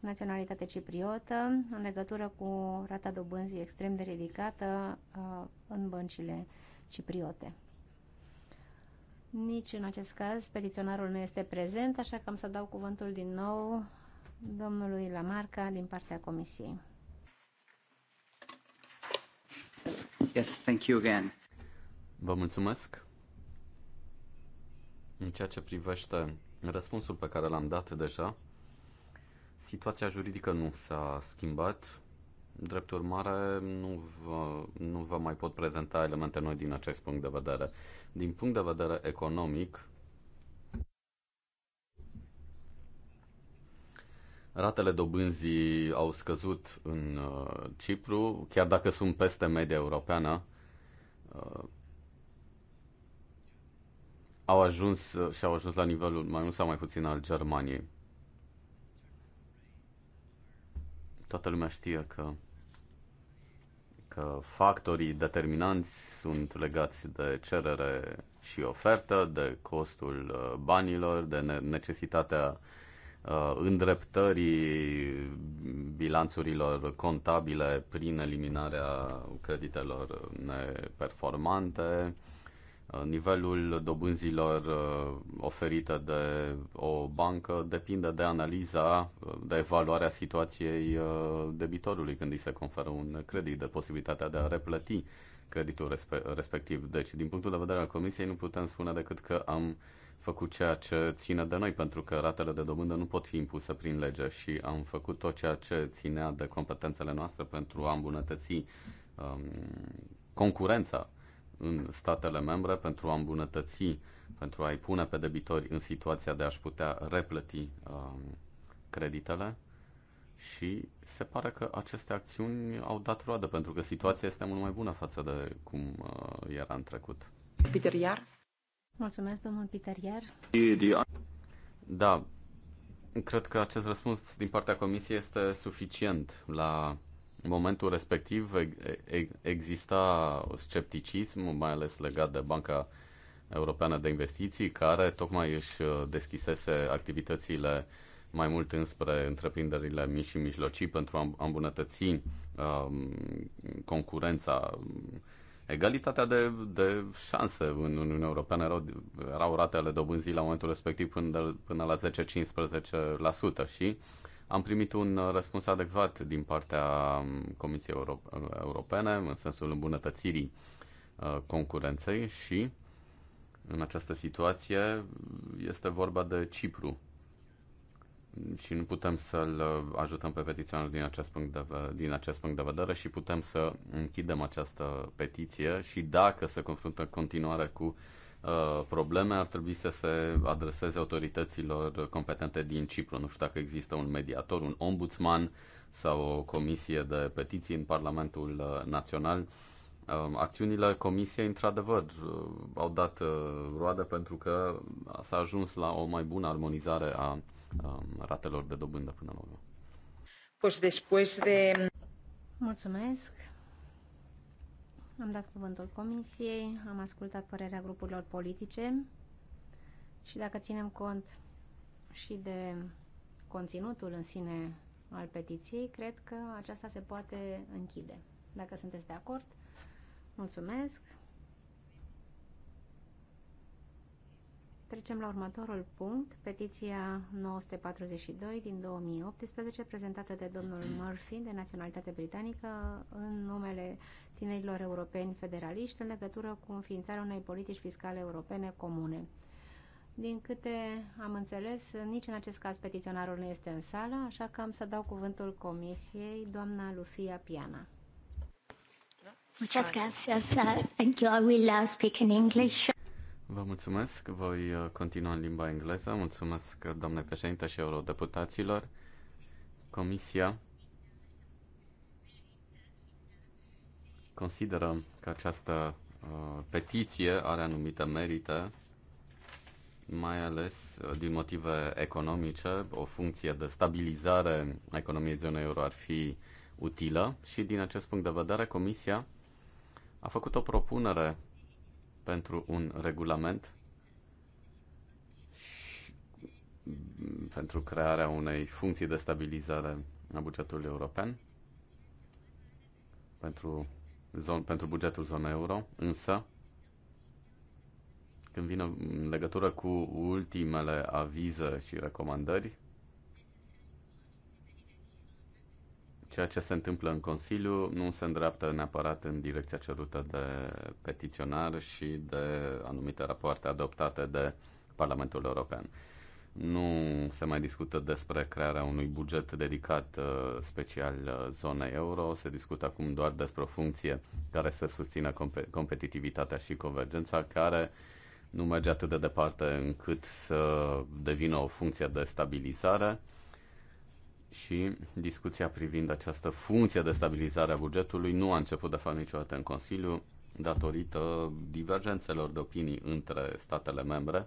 naționalitate cipriotă, în legătură cu rata dobânzii extrem de ridicată uh, în băncile cipriote. Nici în acest caz petiționarul nu este prezent, așa că am să dau cuvântul din nou domnului Lamarca din partea Comisiei. Yes, thank you again. Vă mulțumesc. În ceea ce privește răspunsul pe care l-am dat deja, Situația juridică nu s-a schimbat. Drept urmare, nu vă, nu vă mai pot prezenta elemente noi din acest punct de vedere. Din punct de vedere economic, Ratele dobânzii au scăzut în uh, Cipru, chiar dacă sunt peste media europeană. Uh, au ajuns uh, și au ajuns la nivelul mai mult sau mai puțin al Germaniei. Toată lumea știe că, că factorii determinanți sunt legați de cerere și ofertă, de costul uh, banilor, de necesitatea uh, îndreptării bilanțurilor contabile prin eliminarea creditelor neperformante, Uh, nivelul dobânzilor uh, oferită de o bancă depinde de analiza, uh, de evaluarea situației debitorului când îi se conferă un credit, de posibilitatea de a replăti creditul respectiv. Deci, din punctul de vedere al Comisiei, nu putem spune decât că am făcut ceea ce ține de noi, pentru că ratele de dobândă nu pot fi impuse prin lege și am făcut tot ceea ce ținea de competențele noastre pentru a îmbunătăți um, concurența în statele membre pentru a îmbunătăți, pentru a-i pune pe debitori în situația de a-și putea replăti um, creditele și se pare că aceste acțiuni au dat roadă pentru că situația este mult mai bună față de cum uh, era în trecut. Peter Iar. Mulțumesc, domnul Peter Iar. Da, cred că acest răspuns din partea Comisiei este suficient la în momentul respectiv exista scepticism, mai ales legat de Banca Europeană de Investiții, care tocmai își uh, deschisese activitățile mai mult înspre întreprinderile mici și mijlocii pentru a îmbunătăți um, concurența. Egalitatea de, de șanse în Uniunea Europeană erau, erau ratele dobânzii la momentul respectiv până, până la 10-15% și uh, am primit un uh, răspuns adecvat din partea um, Comisiei Euro- uh, Europene în sensul îmbunătățirii uh, concurenței și în această situație este vorba de Cipru și nu putem să-l ajutăm pe petiționar din acest, punct de, din acest punct de vedere și putem să închidem această petiție și dacă se confruntă în continuare cu uh, Uh, probleme ar trebui să se adreseze autorităților competente din Cipru. Nu știu dacă există un mediator, un ombudsman sau o comisie de petiții în Parlamentul uh, Național. Uh, acțiunile comisiei, într-adevăr, au dat roade pentru că s-a ajuns la o mai bună armonizare a um, ratelor de dobândă până la urmă. Pues después de... Mulțumesc am dat cuvântul comisiei, am ascultat părerea grupurilor politice și dacă ținem cont și de conținutul în sine al petiției, cred că aceasta se poate închide. Dacă sunteți de acord, mulțumesc. Trecem la următorul punct, petiția 942 din 2018, prezentată de domnul [clears throat] Murphy, de naționalitate britanică, în numele tinerilor europeni federaliști, în legătură cu înființarea unei politici fiscale europene comune. Din câte am înțeles, nici în acest caz petiționarul nu este în sală, așa că am să dau cuvântul comisiei, doamna Lucia Piana. Muchas gracias. Uh, thank you. I will uh, speak in English. Vă mulțumesc. Voi uh, continua în limba engleză. Mulțumesc, uh, doamne președinte și eurodeputaților. Comisia consideră că această uh, petiție are anumite merite, mai ales uh, din motive economice. O funcție de stabilizare a economiei zonei euro ar fi utilă și din acest punct de vedere Comisia a făcut o propunere pentru un regulament și pentru crearea unei funcții de stabilizare a bugetului european pentru, zon, pentru bugetul zonei euro, însă când vine în legătură cu ultimele avize și recomandări, ceea ce se întâmplă în Consiliu nu se îndreaptă neapărat în direcția cerută de petiționar și de anumite rapoarte adoptate de Parlamentul European. Nu se mai discută despre crearea unui buget dedicat uh, special uh, zonei euro, se discută acum doar despre o funcție care să susțină competitivitatea și convergența, care nu merge atât de departe încât să devină o funcție de stabilizare și discuția privind această funcție de stabilizare a bugetului nu a început de fapt niciodată în Consiliu datorită divergențelor de opinii între statele membre.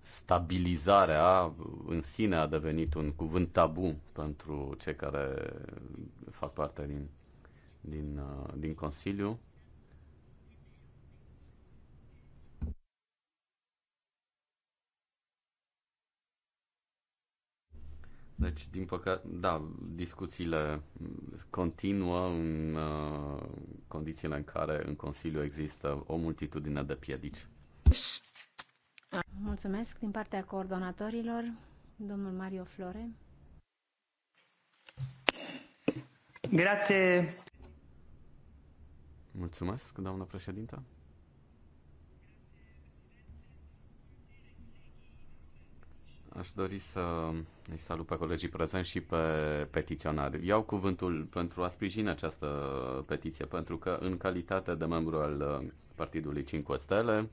Stabilizarea în sine a devenit un cuvânt tabu pentru cei care fac parte din, din, uh, din Consiliu Deci, din păcate, da, discuțiile continuă în uh, condițiile în care în Consiliu există o multitudine de piedici. Mulțumesc din partea coordonatorilor, domnul Mario Flore. Grazie. Mulțumesc, doamnă președintă. Aș dori să îi salut pe colegii prezenți și pe petiționari. Iau cuvântul pentru a sprijini această petiție, pentru că în calitate de membru al uh, Partidului 5 Stele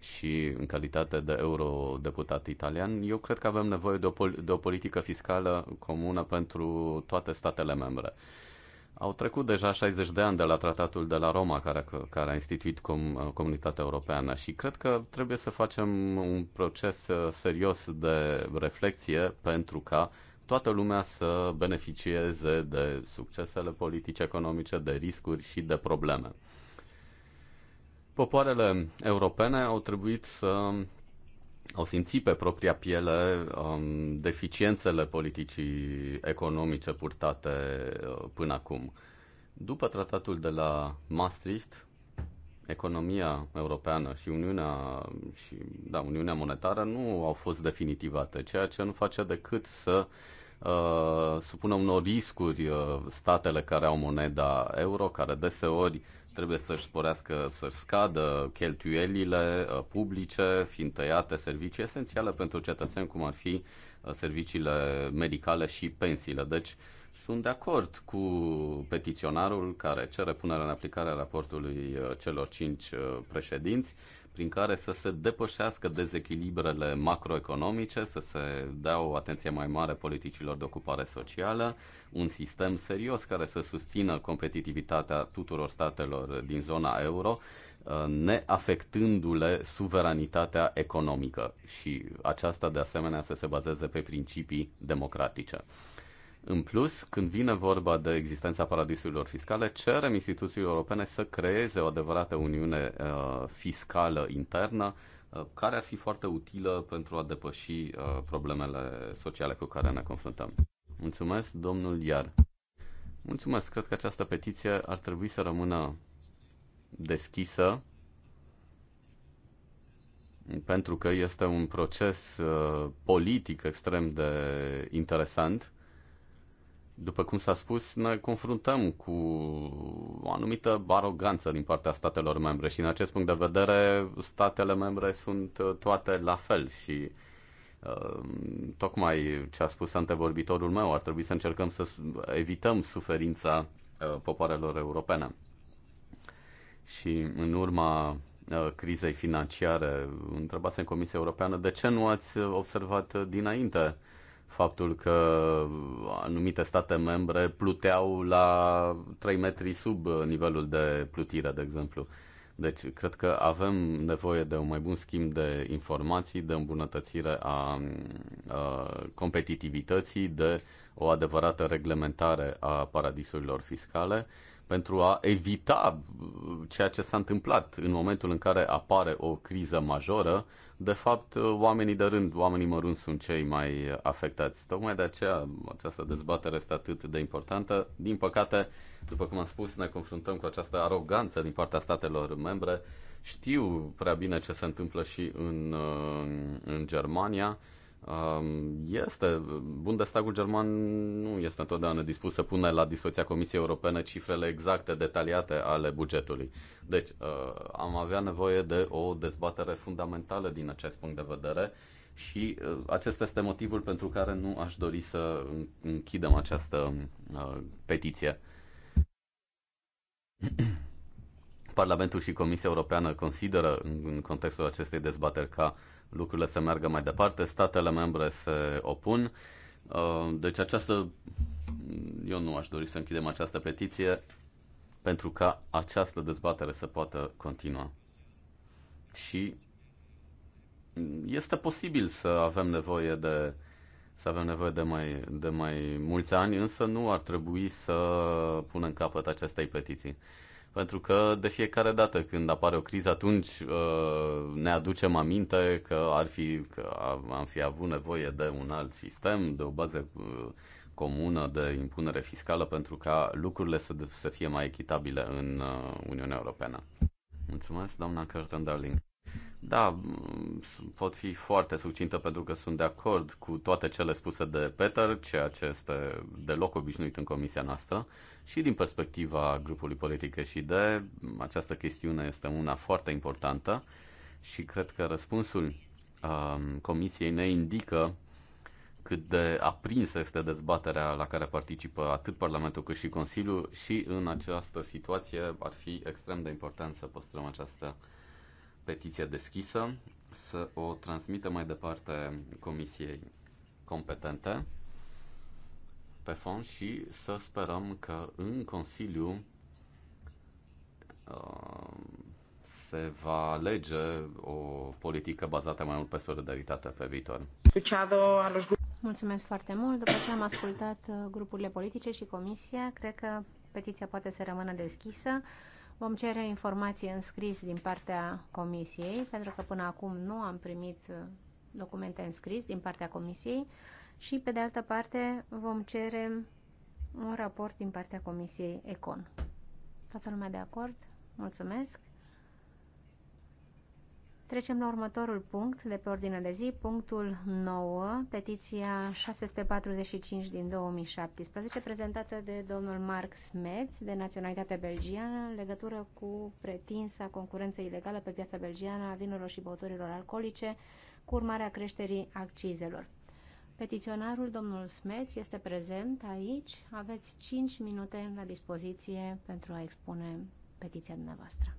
și în calitate de eurodeputat italian, eu cred că avem nevoie de o, pol- de o politică fiscală comună pentru toate statele membre. Au trecut deja 60 de ani de la tratatul de la Roma care, care a instituit com, comunitatea europeană și cred că trebuie să facem un proces uh, serios de reflexie pentru ca toată lumea să beneficieze de succesele politice, economice, de riscuri și de probleme. Popoarele europene au trebuit să au simțit pe propria piele um, deficiențele politicii economice purtate uh, până acum. După tratatul de la Maastricht, economia europeană și Uniunea, și, da, Uniunea Monetară nu au fost definitivate, ceea ce nu face decât să uh, supună unor riscuri uh, statele care au moneda euro, care deseori uh, trebuie să-și sporească, să-și scadă cheltuielile uh, publice, fiind tăiate servicii esențiale pentru cetățeni, cum ar fi uh, serviciile medicale și pensiile. Deci, sunt de acord cu petiționarul care cere punerea în aplicare a raportului uh, celor cinci președinți prin care să se depășească dezechilibrele macroeconomice, să se dea o atenție mai mare politicilor de ocupare socială, un sistem serios care să susțină competitivitatea tuturor statelor din zona euro, neafectându-le suveranitatea economică și aceasta de asemenea să se bazeze pe principii democratice. În plus, când vine vorba de existența paradisurilor fiscale, cerem instituțiilor europene să creeze o adevărată uniune uh, fiscală internă, uh, care ar fi foarte utilă pentru a depăși uh, problemele sociale cu care ne confruntăm. Mulțumesc, domnul Iar. Mulțumesc, cred că această petiție ar trebui să rămână deschisă pentru că este un proces politic extrem de interesant după cum s-a spus, ne confruntăm cu o anumită aroganță din partea statelor membre și în acest punct de vedere statele membre sunt uh, toate la fel și uh, tocmai ce a spus antevorbitorul meu, ar trebui să încercăm să evităm suferința uh, popoarelor europene. Și în urma crizei financiare. Întrebați în Comisia Europeană de ce nu ați observat dinainte faptul că anumite state membre pluteau la 3 metri sub nivelul de plutire, de exemplu. Deci, cred că avem nevoie de un mai bun schimb de informații, de îmbunătățire a, a competitivității, de o adevărată reglementare a paradisurilor fiscale pentru a evita uh, ceea ce s-a întâmplat în momentul în care apare o criză majoră. De fapt, uh, oamenii de rând, oamenii mărunți sunt cei mai afectați. Tocmai de aceea această dezbatere este atât de importantă. Din păcate, după cum am spus, ne confruntăm cu această aroganță din partea statelor membre. Știu prea bine ce se întâmplă și în, uh, în Germania Um, este. Bundestagul german nu este întotdeauna dispus să pune la dispoziția Comisiei Europene cifrele exacte, detaliate ale bugetului. Deci uh, am avea nevoie de o dezbatere fundamentală din acest punct de vedere și uh, acesta este motivul pentru care nu aș dori să închidem această uh, petiție. [clears throat] Parlamentul și Comisia Europeană consideră în contextul acestei dezbateri ca uh, lucrurile să meargă mai departe, statele membre se opun. Uh, deci această, eu nu aș dori să închidem această petiție pentru ca această dezbatere să poată continua. Și este posibil să avem nevoie de să avem nevoie de mai, de mai mulți ani, însă nu ar trebui să punem capăt acestei petiții. Pentru că de fiecare dată când apare o criză, atunci uh, ne aducem aminte că ar fi, că am fi avut nevoie de un alt sistem, de o bază uh, comună de impunere fiscală pentru ca lucrurile să, să fie mai echitabile în uh, Uniunea Europeană. Mulțumesc, doamna Curtin Darling. Da, pot fi foarte succintă pentru că sunt de acord cu toate cele spuse de Peter, ceea ce este deloc obișnuit în comisia noastră. Și din perspectiva grupului politic și de această chestiune este una foarte importantă și cred că răspunsul um, comisiei ne indică cât de aprinsă este dezbaterea la care participă atât Parlamentul cât și Consiliul și în această situație ar fi extrem de important să păstrăm această uh, petiția deschisă, să o transmită mai departe comisiei competente pe fond și să sperăm că în Consiliu uh, se va alege o politică bazată mai mult pe solidaritate pe viitor. Mulțumesc foarte mult. După ce am ascultat uh, grupurile politice și comisia, cred că petiția poate să rămână deschisă. Vom cere informații în scris din partea comisiei, pentru că până acum nu am primit uh, documente în scris din partea comisiei și, pe de altă parte, vom cere un raport din partea comisiei ECON. Toată lumea de acord? Mulțumesc! Trecem la următorul punct de pe ordine de zi, punctul 9, petiția 645 din 2017, prezentată de domnul Mark Smets, de naționalitate belgiană, în legătură cu pretinsa concurență ilegală pe piața belgiană a vinurilor și băuturilor alcoolice, cu urmarea creșterii accizelor. Petiționarul, domnul Smeț, este prezent aici. Aveți 5 minute la dispoziție pentru a expune petiția dumneavoastră.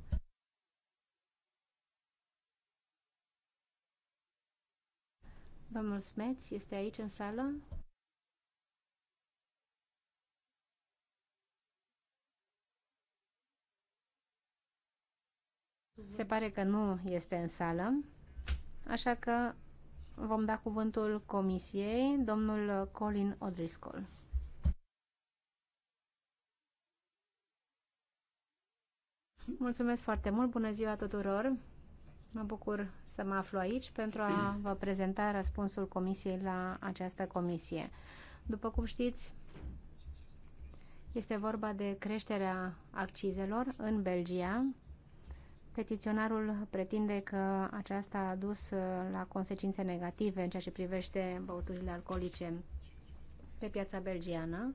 Domnul mulțumesc, este aici în sală? Se pare că nu este în sală, așa că vom da cuvântul comisiei, domnul Colin O'Driscoll. Mulțumesc foarte mult, bună ziua tuturor! Mă bucur să mă aflu aici pentru a vă prezenta răspunsul Comisiei la această comisie. După cum știți, este vorba de creșterea accizelor în Belgia. Petiționarul pretinde că aceasta a dus la consecințe negative în ceea ce privește băuturile alcoolice pe piața belgiană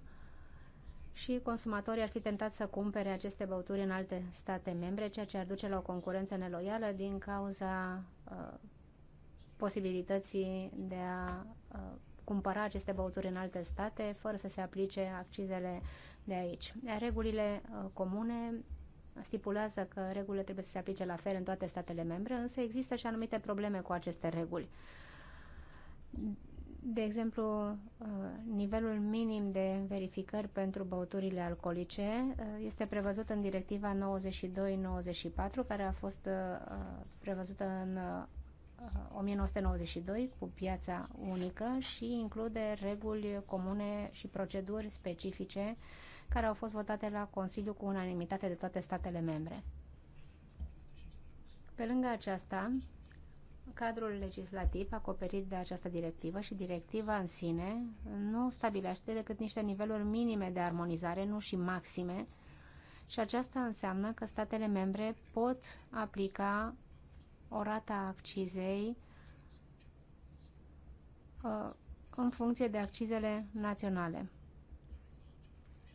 și consumatorii ar fi tentați să cumpere aceste băuturi în alte state membre, ceea ce ar duce la o concurență neloială din cauza uh, posibilității de a uh, cumpăra aceste băuturi în alte state fără să se aplice accizele de aici. Regulile uh, comune stipulează că regulile trebuie să se aplice la fel în toate statele membre, însă există și anumite probleme cu aceste reguli de exemplu, uh, nivelul minim de verificări pentru băuturile alcoolice uh, este prevăzut în directiva 92-94, care a fost uh, prevăzută în 1992 cu piața unică și include reguli comune și proceduri specifice care au fost votate la Consiliu cu unanimitate de toate statele membre. Pe lângă aceasta, Cadrul legislativ acoperit de această directivă și directiva în sine nu stabilește decât niște niveluri minime de armonizare, nu și maxime, și aceasta înseamnă că statele membre pot aplica o rată a accizei uh, în funcție de accizele naționale.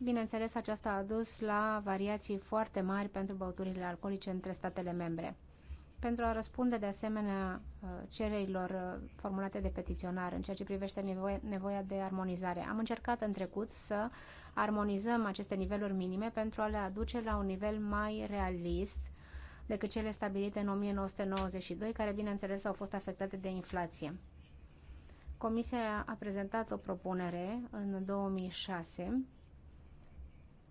Bineînțeles, aceasta a dus la variații foarte mari pentru băuturile alcoolice între statele membre pentru a răspunde de asemenea uh, cererilor uh, formulate de petiționar în ceea ce privește nevoia de armonizare. Am încercat în trecut să armonizăm aceste niveluri minime pentru a le aduce la un nivel mai realist decât cele stabilite în 1992, care bineînțeles au fost afectate de inflație. Comisia a prezentat o propunere în 2006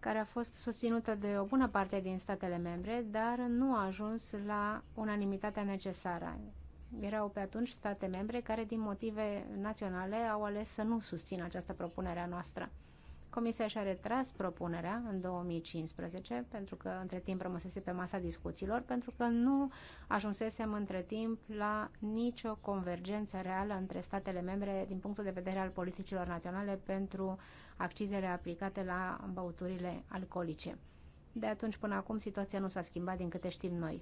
care a fost susținută de o bună parte din statele membre, dar nu a ajuns la unanimitatea necesară. Erau pe atunci state membre care, din motive naționale, au ales să nu susțină această propunere a noastră. Comisia și-a retras propunerea în 2015, pentru că între timp rămăsese pe masa discuțiilor, pentru că nu ajunsesem între timp la nicio convergență reală între statele membre din punctul de vedere al politicilor naționale pentru accizele aplicate la băuturile alcoolice. De atunci până acum situația nu s-a schimbat din câte știm noi.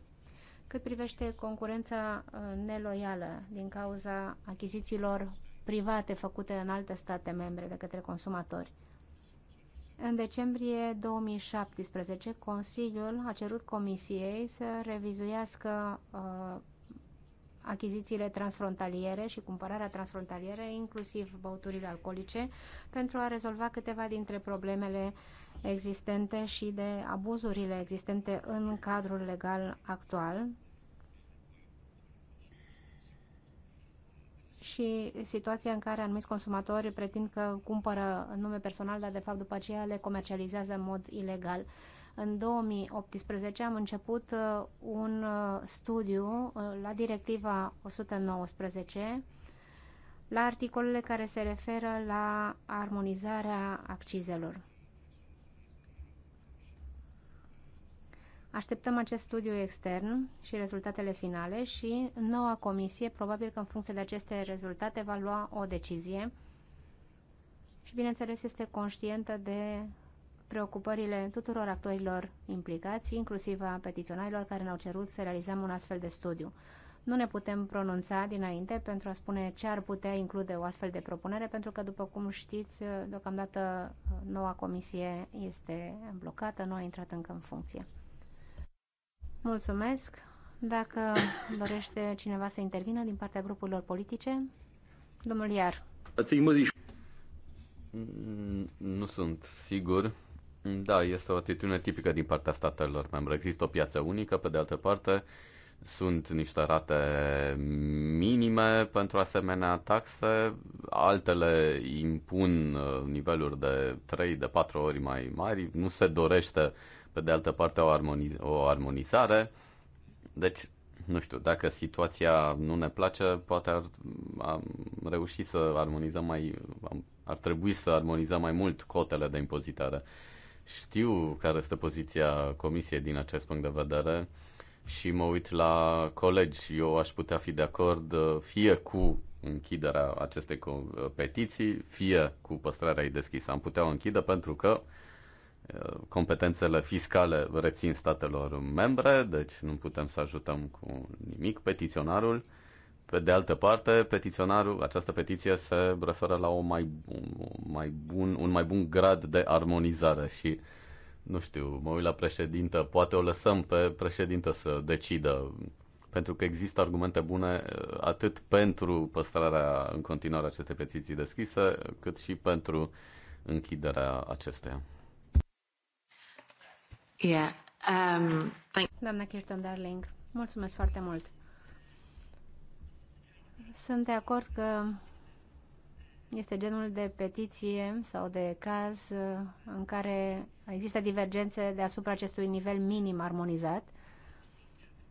Cât privește concurența uh, neloială din cauza achizițiilor private făcute în alte state membre de către consumatori. În decembrie 2017, Consiliul a cerut Comisiei să revizuiască uh, achizițiile transfrontaliere și cumpărarea transfrontaliere, inclusiv băuturile alcoolice, pentru a rezolva câteva dintre problemele existente și de abuzurile existente în cadrul legal actual și situația în care anumiți consumatori pretind că cumpără în nume personal, dar de fapt după aceea le comercializează în mod ilegal. În 2018 am început uh, un uh, studiu uh, la directiva 119 la articolele care se referă la armonizarea accizelor. Așteptăm acest studiu extern și rezultatele finale și noua comisie, probabil că în funcție de aceste rezultate, va lua o decizie și, bineînțeles, este conștientă de preocupările tuturor actorilor implicați, inclusiv a petiționarilor care ne-au cerut să realizăm un astfel de studiu. Nu ne putem pronunța dinainte pentru a spune ce ar putea include o astfel de propunere, pentru că, după cum știți, deocamdată uh, noua comisie este blocată, nu a intrat încă în funcție. Mulțumesc! Dacă dorește cineva să intervină din partea grupurilor politice, domnul Iar. Mm, nu sunt sigur da, este o atitudine tipică din partea statelor membre. Există o piață unică, pe de altă parte sunt niște rate minime pentru asemenea taxe, altele impun uh, niveluri de 3 de 4 ori mai mari, nu se dorește pe de altă parte o, armoniz- o armonizare. Deci, nu știu, dacă situația nu ne place, poate ar, am reușit să armonizăm mai, am, ar trebui să armonizăm mai mult cotele de impozitare știu care este poziția Comisiei din acest punct de vedere și mă uit la colegi. Eu aș putea fi de acord uh, fie cu închiderea acestei uh, petiții, fie cu păstrarea ei deschisă. Am putea o închide pentru că uh, competențele fiscale rețin statelor membre, deci nu putem să ajutăm cu nimic petiționarul pe de altă parte, petiționarul, această petiție se referă la o mai, un mai bun, un mai bun grad de armonizare și nu știu, mă uit la președintă, poate o lăsăm pe președintă să decidă, pentru că există argumente bune uh, atât pentru păstrarea în continuare acestei petiții deschise, cât și pentru închiderea acesteia. Yeah. Um, thank- Doamna Kirton Darling, mulțumesc foarte mult! Sunt de acord că este genul de petiție sau de caz uh, în care există divergențe deasupra acestui nivel minim armonizat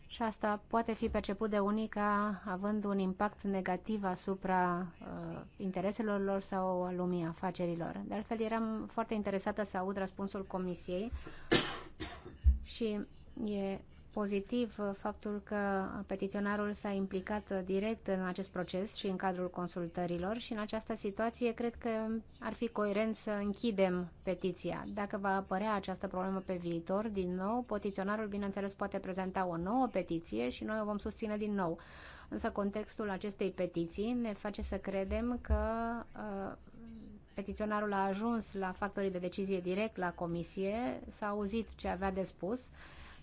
și asta poate fi perceput de unii ca având un impact negativ asupra uh, intereselor lor sau a lumii afacerilor. De altfel, eram foarte interesată să aud răspunsul comisiei și e pozitiv uh, faptul că petiționarul s-a implicat uh, direct în acest proces și în cadrul consultărilor și în această situație cred că ar fi coerent să închidem petiția. Dacă va apărea această problemă pe viitor, din nou, petiționarul, bineînțeles, poate prezenta o nouă petiție și noi o vom susține din nou. Însă contextul acestei petiții ne face să credem că uh, petiționarul a ajuns la factorii de decizie direct la comisie, s-a auzit ce avea de spus,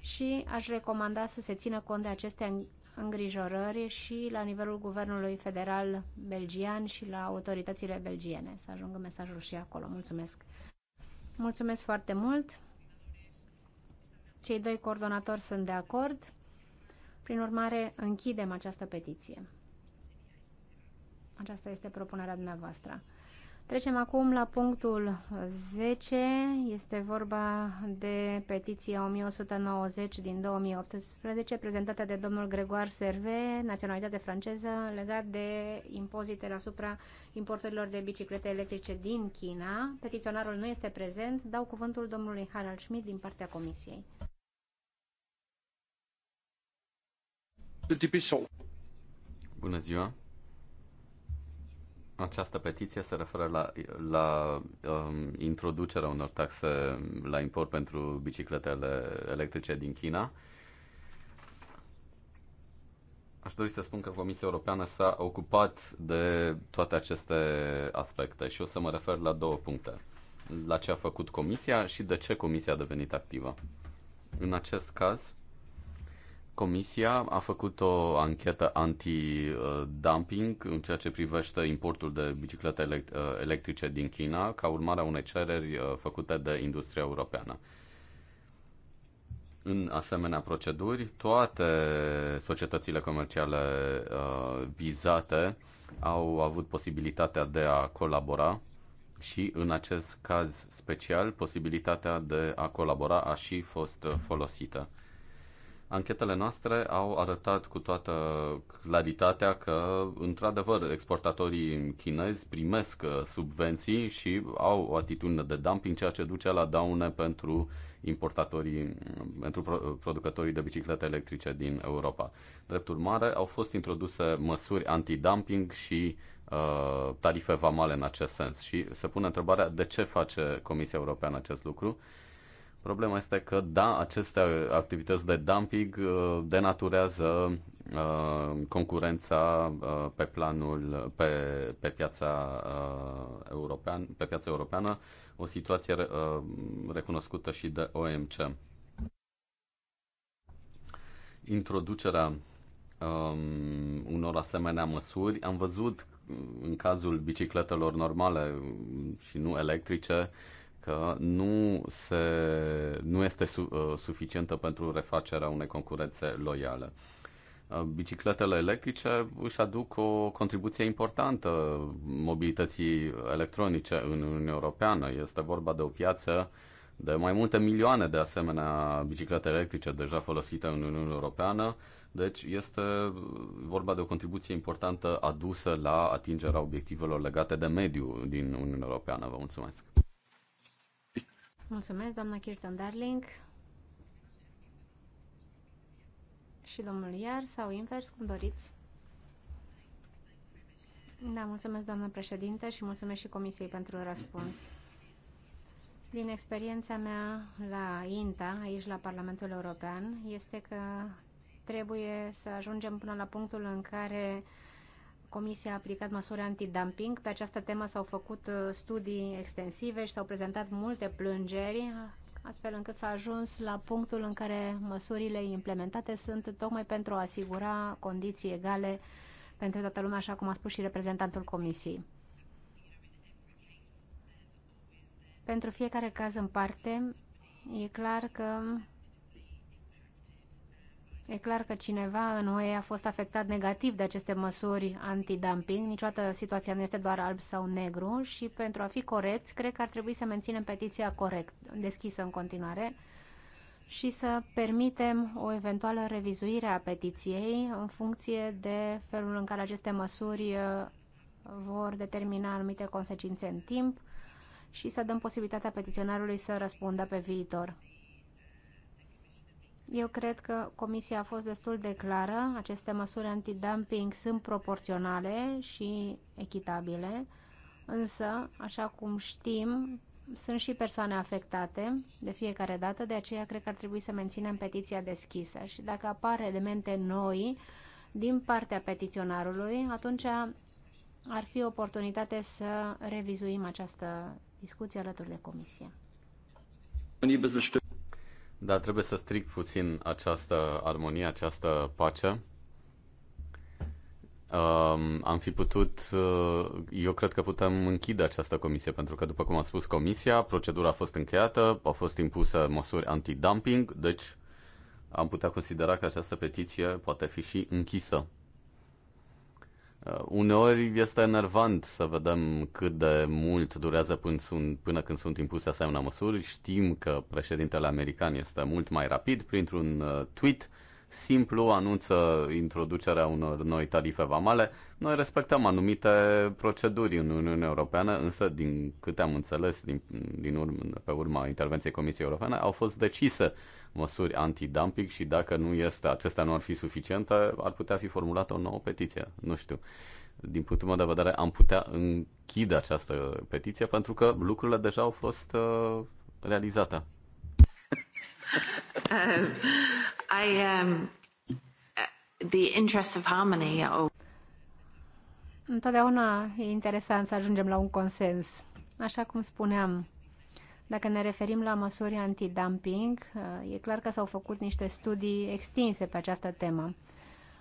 și aș recomanda să se țină cont de aceste îngrijorări și la nivelul guvernului federal belgian și la autoritățile belgiene. Să ajungă mesajul și acolo. Mulțumesc! Mulțumesc foarte mult! Cei doi coordonatori sunt de acord. Prin urmare, închidem această petiție. Aceasta este propunerea dumneavoastră. Trecem acum la punctul 10. Este vorba de petiția 1190 din 2018 prezentată de domnul Gregoire Serve, naționalitate franceză, legat de impozitele asupra importurilor de biciclete electrice din China. Petiționarul nu este prezent. Dau cuvântul domnului Harald Schmidt din partea comisiei. Bună ziua! Această petiție se referă la, la um, introducerea unor taxe la import pentru bicicletele electrice din China. Aș dori să spun că Comisia Europeană s-a ocupat de toate aceste aspecte și o să mă refer la două puncte. La ce a făcut Comisia și de ce Comisia a devenit activă. În acest caz, Comisia a făcut o anchetă anti-dumping în ceea ce privește importul de biciclete uh, electrice din China ca urmare a unei cereri uh, făcute de industria europeană. În asemenea proceduri, toate societățile comerciale uh, vizate au avut posibilitatea de a colabora și, în acest caz special, posibilitatea de a colabora a și fost folosită. Anchetele noastre au arătat cu toată claritatea că, într-adevăr, exportatorii chinezi primesc uh, subvenții și au o atitudine de dumping, ceea ce duce la daune pentru importatorii, mm, pentru uh, producătorii de biciclete electrice din Europa. Drept urmare, au fost introduse măsuri anti-dumping și uh, tarife vamale în acest sens. Și se pune întrebarea de ce face Comisia Europeană acest lucru Problema este că, da, aceste activități de dumping uh, denaturează uh, concurența uh, pe planul, pe, pe piața european, pe piața europeană, o situație recunoscută și de OMC. Introducerea um, unor asemenea măsuri, am văzut în cazul bicicletelor normale și nu electrice, uh, tehnică nu, se, nu este su, uh, suficientă pentru refacerea unei concurențe loiale. Uh, bicicletele electrice își aduc o contribuție importantă mobilității electronice în Uniunea Europeană. Este vorba de o piață de mai multe milioane de asemenea biciclete electrice deja folosite în Uniunea Europeană, deci este vorba de o contribuție importantă adusă la atingerea obiectivelor legate de mediu din Uniunea Europeană. Vă mulțumesc! Mulțumesc, doamna Kirsten Darling. Și domnul Iar sau invers, cum doriți. Da, mulțumesc, doamnă președinte, și mulțumesc și Comisiei pentru răspuns. Din experiența mea la INTA, aici la Parlamentul European, este că trebuie să ajungem până la punctul în care uh, Comisia a aplicat măsuri antidumping. Pe această temă s-au făcut uh, studii extensive și s-au prezentat multe plângeri, astfel încât s-a ajuns la punctul în care măsurile implementate sunt tocmai pentru a asigura condiții egale pentru toată lumea, așa cum a spus și reprezentantul Comisiei. Pentru fiecare caz în parte, e clar că E clar că cineva în UE a fost afectat negativ de aceste măsuri antidumping. Niciodată situația nu este doar alb sau negru și pentru a fi corect, cred că ar trebui să menținem petiția corect, deschisă în continuare și să permitem o eventuală revizuire a petiției în funcție de felul în care aceste măsuri uh, vor determina anumite consecințe în timp și să dăm posibilitatea petiționarului să răspundă pe viitor. Eu cred că Comisia a fost destul de clară. Aceste măsuri antidumping sunt proporționale și echitabile, însă, așa cum știm, sunt și persoane afectate de fiecare dată, de aceea cred că ar trebui să menținem petiția deschisă și dacă apar elemente noi din partea petiționarului, atunci ar fi oportunitate să revizuim această discuție alături de comisie dar trebuie să stric puțin această armonie, această pace. Um, am fi putut, uh, eu cred că putem închide această comisie, pentru că, după cum a spus comisia, procedura a fost încheiată, au fost impuse măsuri anti dumping, deci am putea considera că această petiție poate fi și închisă. Uh, uneori este enervant să vedem cât de mult durează până, sunt, până când sunt impuse asemenea măsuri. Știm că președintele american este mult mai rapid printr-un uh, tweet simplu anunță introducerea unor noi tarife vamale. Noi respectăm anumite proceduri în Uniunea Europeană, însă, din câte am înțeles din, din urmă, pe urma intervenției Comisiei Europene, au fost decise măsuri antidumping și dacă nu este, acestea nu ar fi suficiente, ar putea fi formulată o nouă petiție. Nu știu. Din punctul meu de vedere, am putea închide această petiție pentru că lucrurile deja au fost uh, realizate. [laughs] Uh, I, um, uh, the interest of harmony. or... Întotdeauna e interesant să ajungem la un consens. Așa cum spuneam, dacă ne referim la măsuri antidumping, uh, e clar că s-au făcut niște studii extinse pe această temă.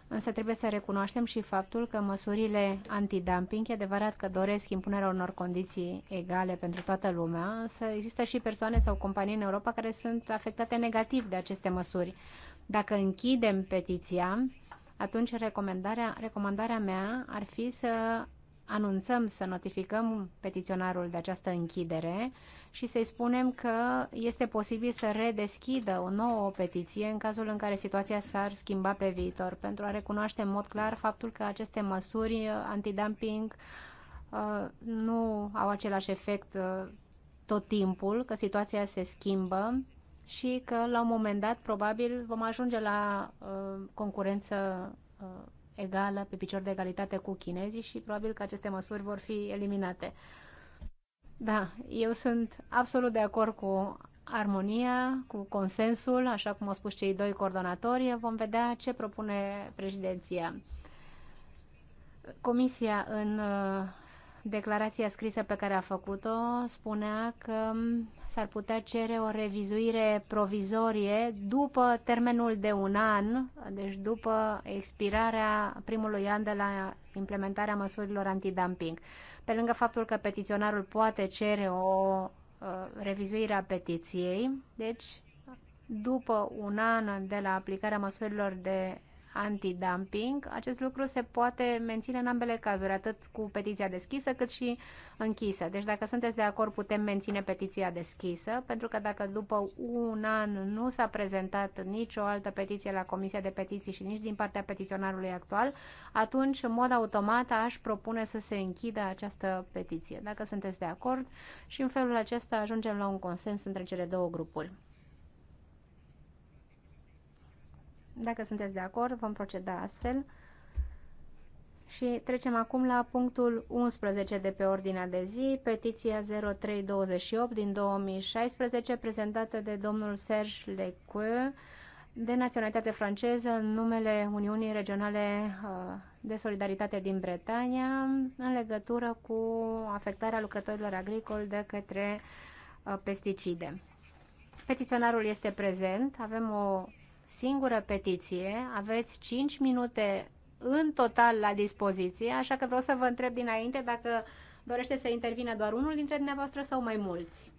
Însă trebuie să recunoaștem și faptul că măsurile antidumping, e adevărat că doresc impunerea unor condiții egale pentru toată lumea, însă există și persoane sau companii în Europa care sunt afectate negativ de aceste măsuri. Dacă închidem petiția, atunci recomandarea, recomandarea mea ar fi să anunțăm să notificăm petiționarul de această închidere și să-i spunem că este posibil să redeschidă o nouă petiție în cazul în care situația s-ar schimba pe viitor, pentru a recunoaște în mod clar faptul că aceste măsuri uh, antidumping uh, nu au același efect uh, tot timpul, că situația se schimbă și că la un moment dat probabil vom ajunge la concurență egală, pe picior de egalitate cu chinezii și probabil că aceste măsuri vor fi eliminate. Da, eu sunt absolut de acord cu armonia, cu consensul, așa cum au spus cei doi coordonatori. Vom vedea ce propune președinția. Comisia în declarația scrisă pe care a făcut-o spunea că s-ar putea cere o revizuire provizorie după termenul de un an, deci după expirarea primului an de la implementarea măsurilor antidumping. Pe lângă faptul că petiționarul poate cere o uh, revizuire a petiției, deci după un an de la aplicarea măsurilor de antidumping. Acest lucru se poate menține în ambele cazuri, atât cu petiția deschisă cât și închisă. Deci dacă sunteți de acord, putem menține petiția deschisă, pentru că dacă după un an nu s-a prezentat nicio altă petiție la Comisia de Petiții și nici din partea petiționarului actual, atunci, în mod automat, aș propune să se închidă această petiție, dacă sunteți de acord și în felul acesta ajungem la un consens între cele două grupuri. Dacă sunteți de acord, vom proceda astfel. Și trecem acum la punctul 11 de pe ordinea de zi, petiția 0328 din 2016, prezentată de domnul Serge Lequeux, de naționalitate franceză, în numele Uniunii Regionale uh, de Solidaritate din Bretania, în legătură cu afectarea lucrătorilor agricoli de către uh, pesticide. Petiționarul este prezent, avem o singură petiție, aveți 5 minute în total la dispoziție, așa că vreau să vă întreb dinainte dacă dorește să intervină doar unul dintre dumneavoastră sau mai mulți.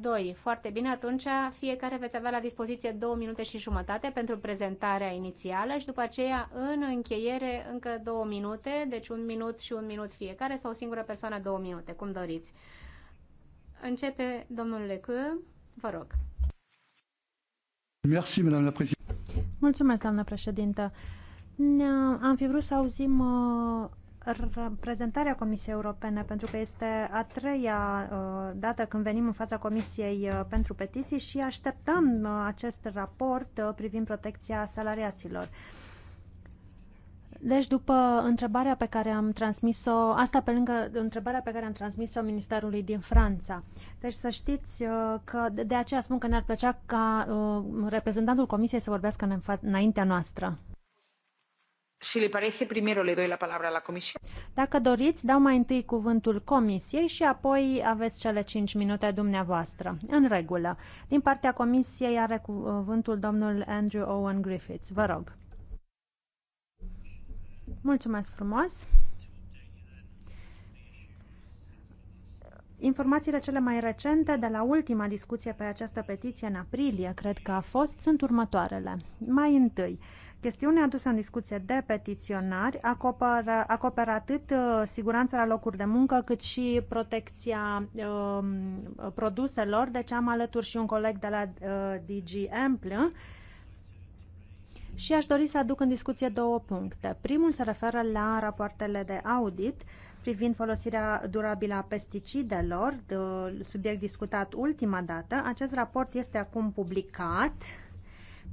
Doi. Foarte bine, atunci fiecare veți avea la dispoziție două minute și jumătate pentru prezentarea inițială și după aceea în încheiere încă două minute, deci un minut și un minut fiecare sau o singură persoană două minute, cum doriți. Începe domnul Lecu, vă rog. Merci, Președinte. Mulțumesc, doamnă președintă. Am fi vrut să auzim uh, prezentarea Comisiei Europene, pentru că este a treia uh, dată când venim în fața Comisiei uh, pentru Petiții și așteptăm uh, acest raport uh, privind protecția salariaților. Deci, după întrebarea pe care am transmis-o, asta pe lângă întrebarea pe care am transmis-o Ministerului din Franța. Deci să știți uh, că de aceea spun că ne-ar plăcea ca uh, reprezentantul Comisiei să vorbească înaintea noastră. Si le parece, primero le doy la palabra a la comisión. Dacă doriți, dau mai întâi cuvântul comisiei și apoi aveți cele 5 minute dumneavoastră. În regulă. Din partea comisiei are cuvântul domnul Andrew Owen Griffiths. Vă rog. Mulțumesc frumos! Informațiile cele mai recente de la ultima discuție pe această petiție în aprilie, cred că a fost, sunt următoarele. Mai întâi, chestiunea adusă în discuție de petiționari acoperă, acoperă atât uh, siguranța la locuri de muncă, cât și protecția uh, produselor, deci am alături și un coleg de la uh, DG Ample, și aș dori să aduc în discuție două puncte. Primul se referă la rapoartele de audit privind folosirea durabilă a pesticidelor, subiect discutat ultima dată. Acest raport este acum publicat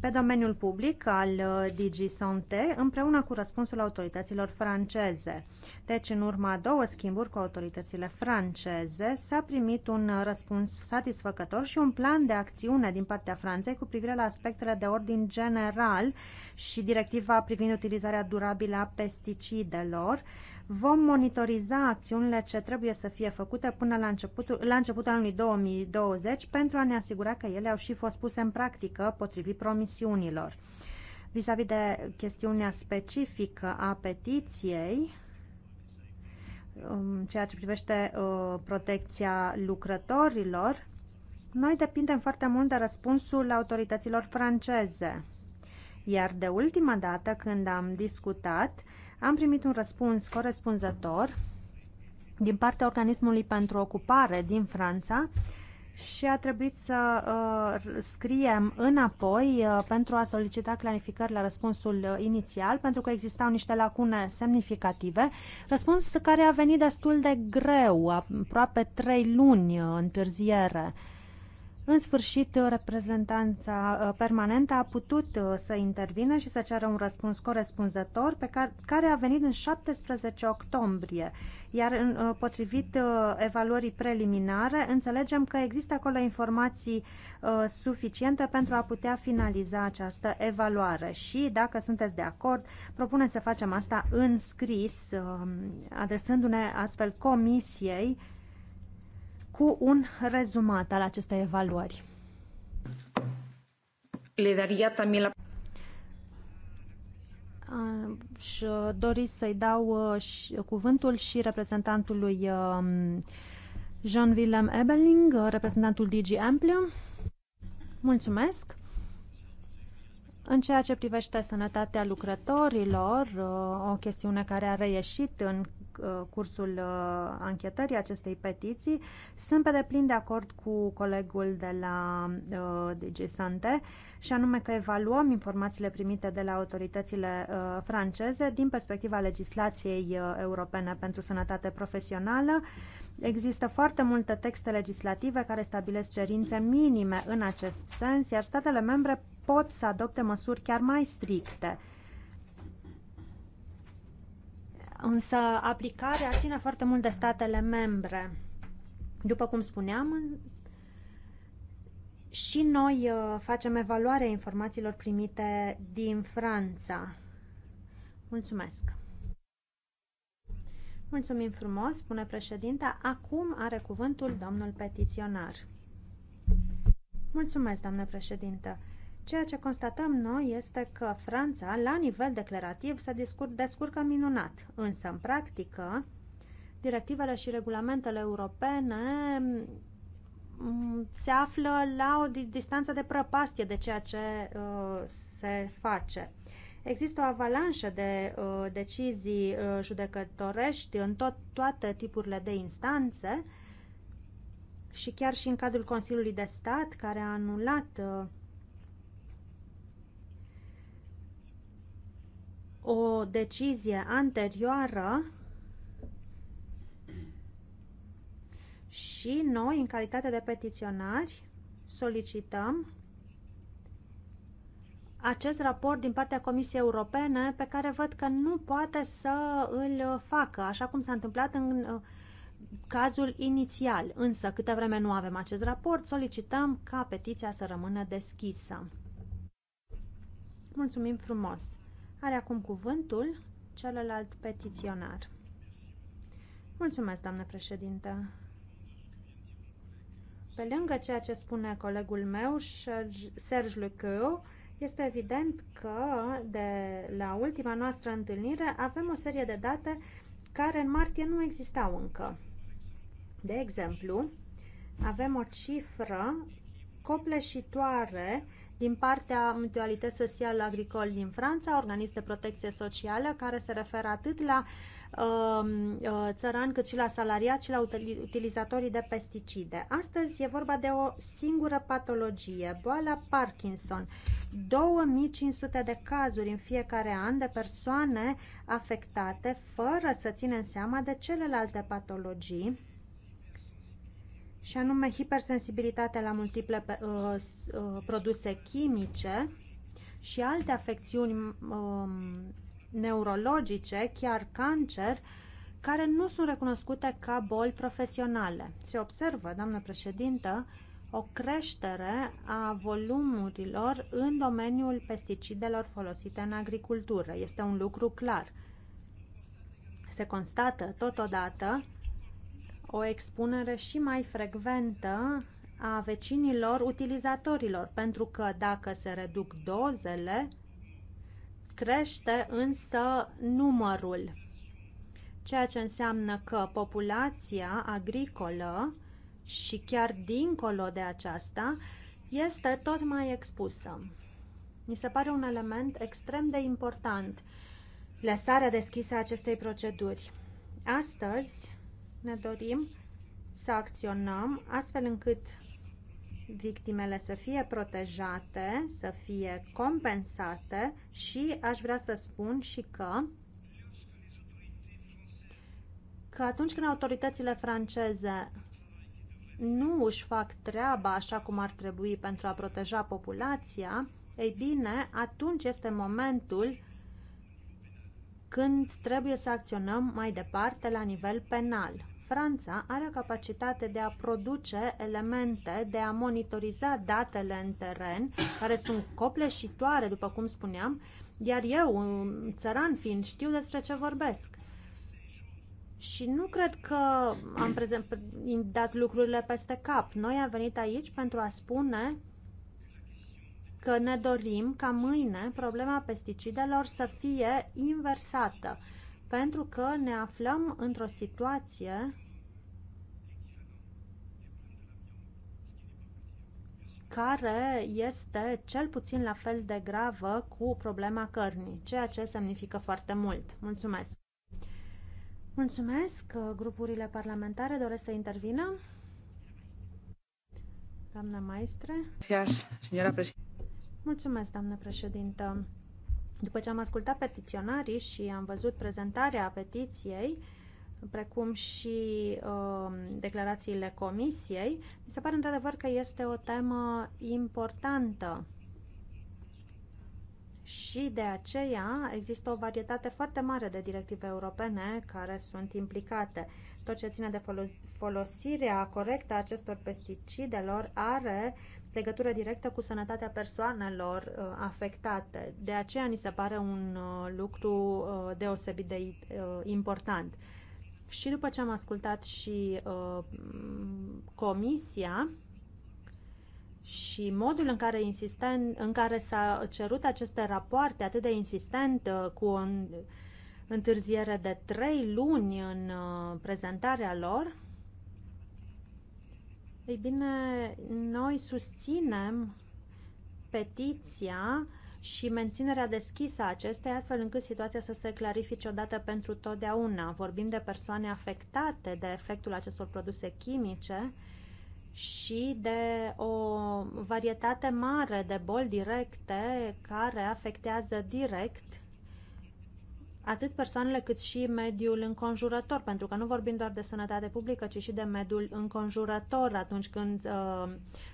pe domeniul public al uh, DG Sante împreună cu răspunsul autorităților franceze. Deci, în urma două schimburi cu autoritățile franceze, s-a primit un uh, răspuns satisfăcător și un plan de acțiune din partea Franței cu privire la aspectele de ordin general și directiva privind utilizarea durabilă a pesticidelor, Vom monitoriza acțiunile ce trebuie să fie făcute până la începutul, la începutul anului 2020 pentru a ne asigura că ele au și fost puse în practică potrivit promisiunilor. Vis-a-vis -vis de chestiunea specifică a petiției, ceea ce privește uh, protecția lucrătorilor, noi depindem foarte mult de răspunsul autorităților franceze. Iar de ultima dată când am discutat, am primit un răspuns corespunzător din partea Organismului pentru Ocupare din Franța și a trebuit să uh, scriem înapoi uh, pentru a solicita clarificări la răspunsul uh, inițial, pentru că existau niște lacune semnificative. Răspuns care a venit destul de greu, aproape trei luni uh, întârziere. Uh, în sfârșit, reprezentanța uh, permanentă a putut uh, să intervină și să ceară un răspuns corespunzător pe care, care a venit în 17 octombrie. Iar uh, potrivit evaluării preliminare, înțelegem că există acolo informații suficiente pentru a putea finaliza această evaluare și, dacă sunteți de acord, propunem să facem asta în scris, adresându-ne astfel comisiei cu un rezumat al acestei evaluări. Le daria también la... Aș dori să-i dau uh, uh, cuvântul și reprezentantului um, Jean-Willem Ebeling, uh, reprezentantul DG Amplio. Mulțumesc! În ceea ce privește sănătatea lucrătorilor, uh, o chestiune care a reieșit în uh, cursul uh, anchetării acestei petiții, sunt pe deplin de acord cu colegul de la DG Sante, și anume că evaluăm informațiile primite de la autoritățile franceze din perspectiva legislației europene pentru sănătate profesională. Există foarte multe texte legislative care stabilesc cerințe minime în acest sens, iar statele membre pot să adopte măsuri chiar mai stricte. Însă aplicarea ține foarte mult de statele membre. După cum spuneam, și noi uh, facem evaluarea informațiilor primite din Franța. Mulțumesc! Mulțumim frumos, spune președinta. Acum are cuvântul domnul petiționar. Mulțumesc, doamnă președintă. Ceea ce constatăm noi este că Franța, la nivel declarativ, se descurcă minunat, însă, în practică, directivele și regulamentele europene mm, mm, se află la o distanță de prăpastie de ceea ce uh, se face. Există o avalanșă de uh, decizii uh, judecătorești în tot, toate tipurile de instanțe și chiar și în cadrul Consiliului de Stat, care a anulat uh, o decizie anterioară și noi, în calitate de petiționari, solicităm acest raport din partea Comisiei Europene pe care văd că nu poate să îl facă, așa cum s-a întâmplat în uh, cazul inițial. Însă, câte vreme nu avem acest raport, solicităm ca petiția să rămână deschisă. Mulțumim frumos! Are acum cuvântul celălalt petiționar. Mulțumesc, doamnă președintă. Pe lângă ceea ce spune colegul meu, Serge Lecău, este evident că de la ultima noastră întâlnire avem o serie de date care în martie nu existau încă. De exemplu, avem o cifră copleșitoare din partea Mutualități Sociale Agricol din Franța, organism de protecție socială, care se referă atât la um, uh, țăran, cât și la salariați și la utilizatorii de pesticide. Astăzi e vorba de o singură patologie, boala Parkinson. 2500 de cazuri în fiecare an de persoane afectate fără să ținem seama de celelalte patologii și anume hipersensibilitatea la multiple uh, uh, produse chimice și alte afecțiuni um, neurologice, chiar cancer, care nu sunt recunoscute ca boli profesionale. Se observă, doamnă președintă, o creștere a volumurilor în domeniul pesticidelor folosite în agricultură. Este un lucru clar. Se constată totodată o expunere și mai frecventă a vecinilor utilizatorilor, pentru că dacă se reduc dozele, crește însă numărul, ceea ce înseamnă că populația agricolă și chiar dincolo de aceasta este tot mai expusă. Mi se pare un element extrem de important lăsarea deschisă a acestei proceduri. Astăzi, ne dorim să acționăm astfel încât victimele să fie protejate, să fie compensate și aș vrea să spun și că că atunci când autoritățile franceze nu își fac treaba așa cum ar trebui pentru a proteja populația, ei bine, atunci este momentul când trebuie să acționăm mai departe la nivel penal. Franța are o capacitate de a produce elemente, de a monitoriza datele în teren, care sunt copleșitoare, după cum spuneam, iar eu, țăran fiind, știu despre ce vorbesc. Și nu cred că am prezent, dat lucrurile peste cap. Noi am venit aici pentru a spune că ne dorim ca mâine problema pesticidelor să fie inversată pentru că ne aflăm într-o situație care este cel puțin la fel de gravă cu problema cărnii, ceea ce semnifică foarte mult. Mulțumesc! Mulțumesc! Grupurile parlamentare doresc să intervină? Doamna Maestre? Mulțumesc, doamnă președintă! După ce am ascultat petiționarii și am văzut prezentarea petiției, precum și uh, declarațiile comisiei, mi se pare într-adevăr că este o temă importantă. Și de aceea există o varietate foarte mare de directive europene care sunt implicate. Tot ce ține de folosirea corectă a acestor pesticidelor are legătură directă cu sănătatea persoanelor uh, afectate. De aceea ni se pare un uh, lucru uh, deosebit de important. Și după ce am ascultat și comisia, și modul în care, insisten în care s-a cerut aceste rapoarte atât de insistent cu o întârziere de trei luni în prezentarea lor, ei bine, noi susținem petiția și menținerea deschisă a acestei, astfel încât situația să se clarifice odată pentru totdeauna. Vorbim de persoane afectate de efectul acestor produse chimice și de o varietate mare de boli directe care afectează direct atât persoanele cât și mediul înconjurător, pentru că nu vorbim doar de sănătate publică, ci și de mediul înconjurător atunci când uh,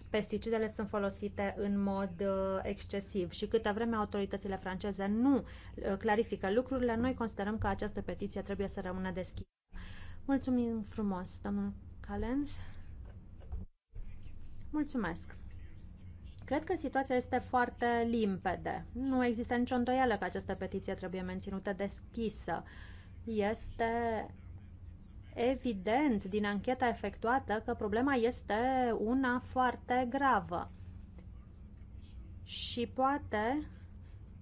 pesticidele sunt folosite în mod uh, excesiv. Și câtă vreme autoritățile franceze nu uh, clarifică lucrurile, noi considerăm că această petiție trebuie să rămână deschisă. Mulțumim frumos, domnul Calenz. Mulțumesc. Cred că situația este foarte limpede. Nu există nicio îndoială că această petiție trebuie menținută deschisă. Este evident din ancheta efectuată că problema este una foarte gravă. Și poate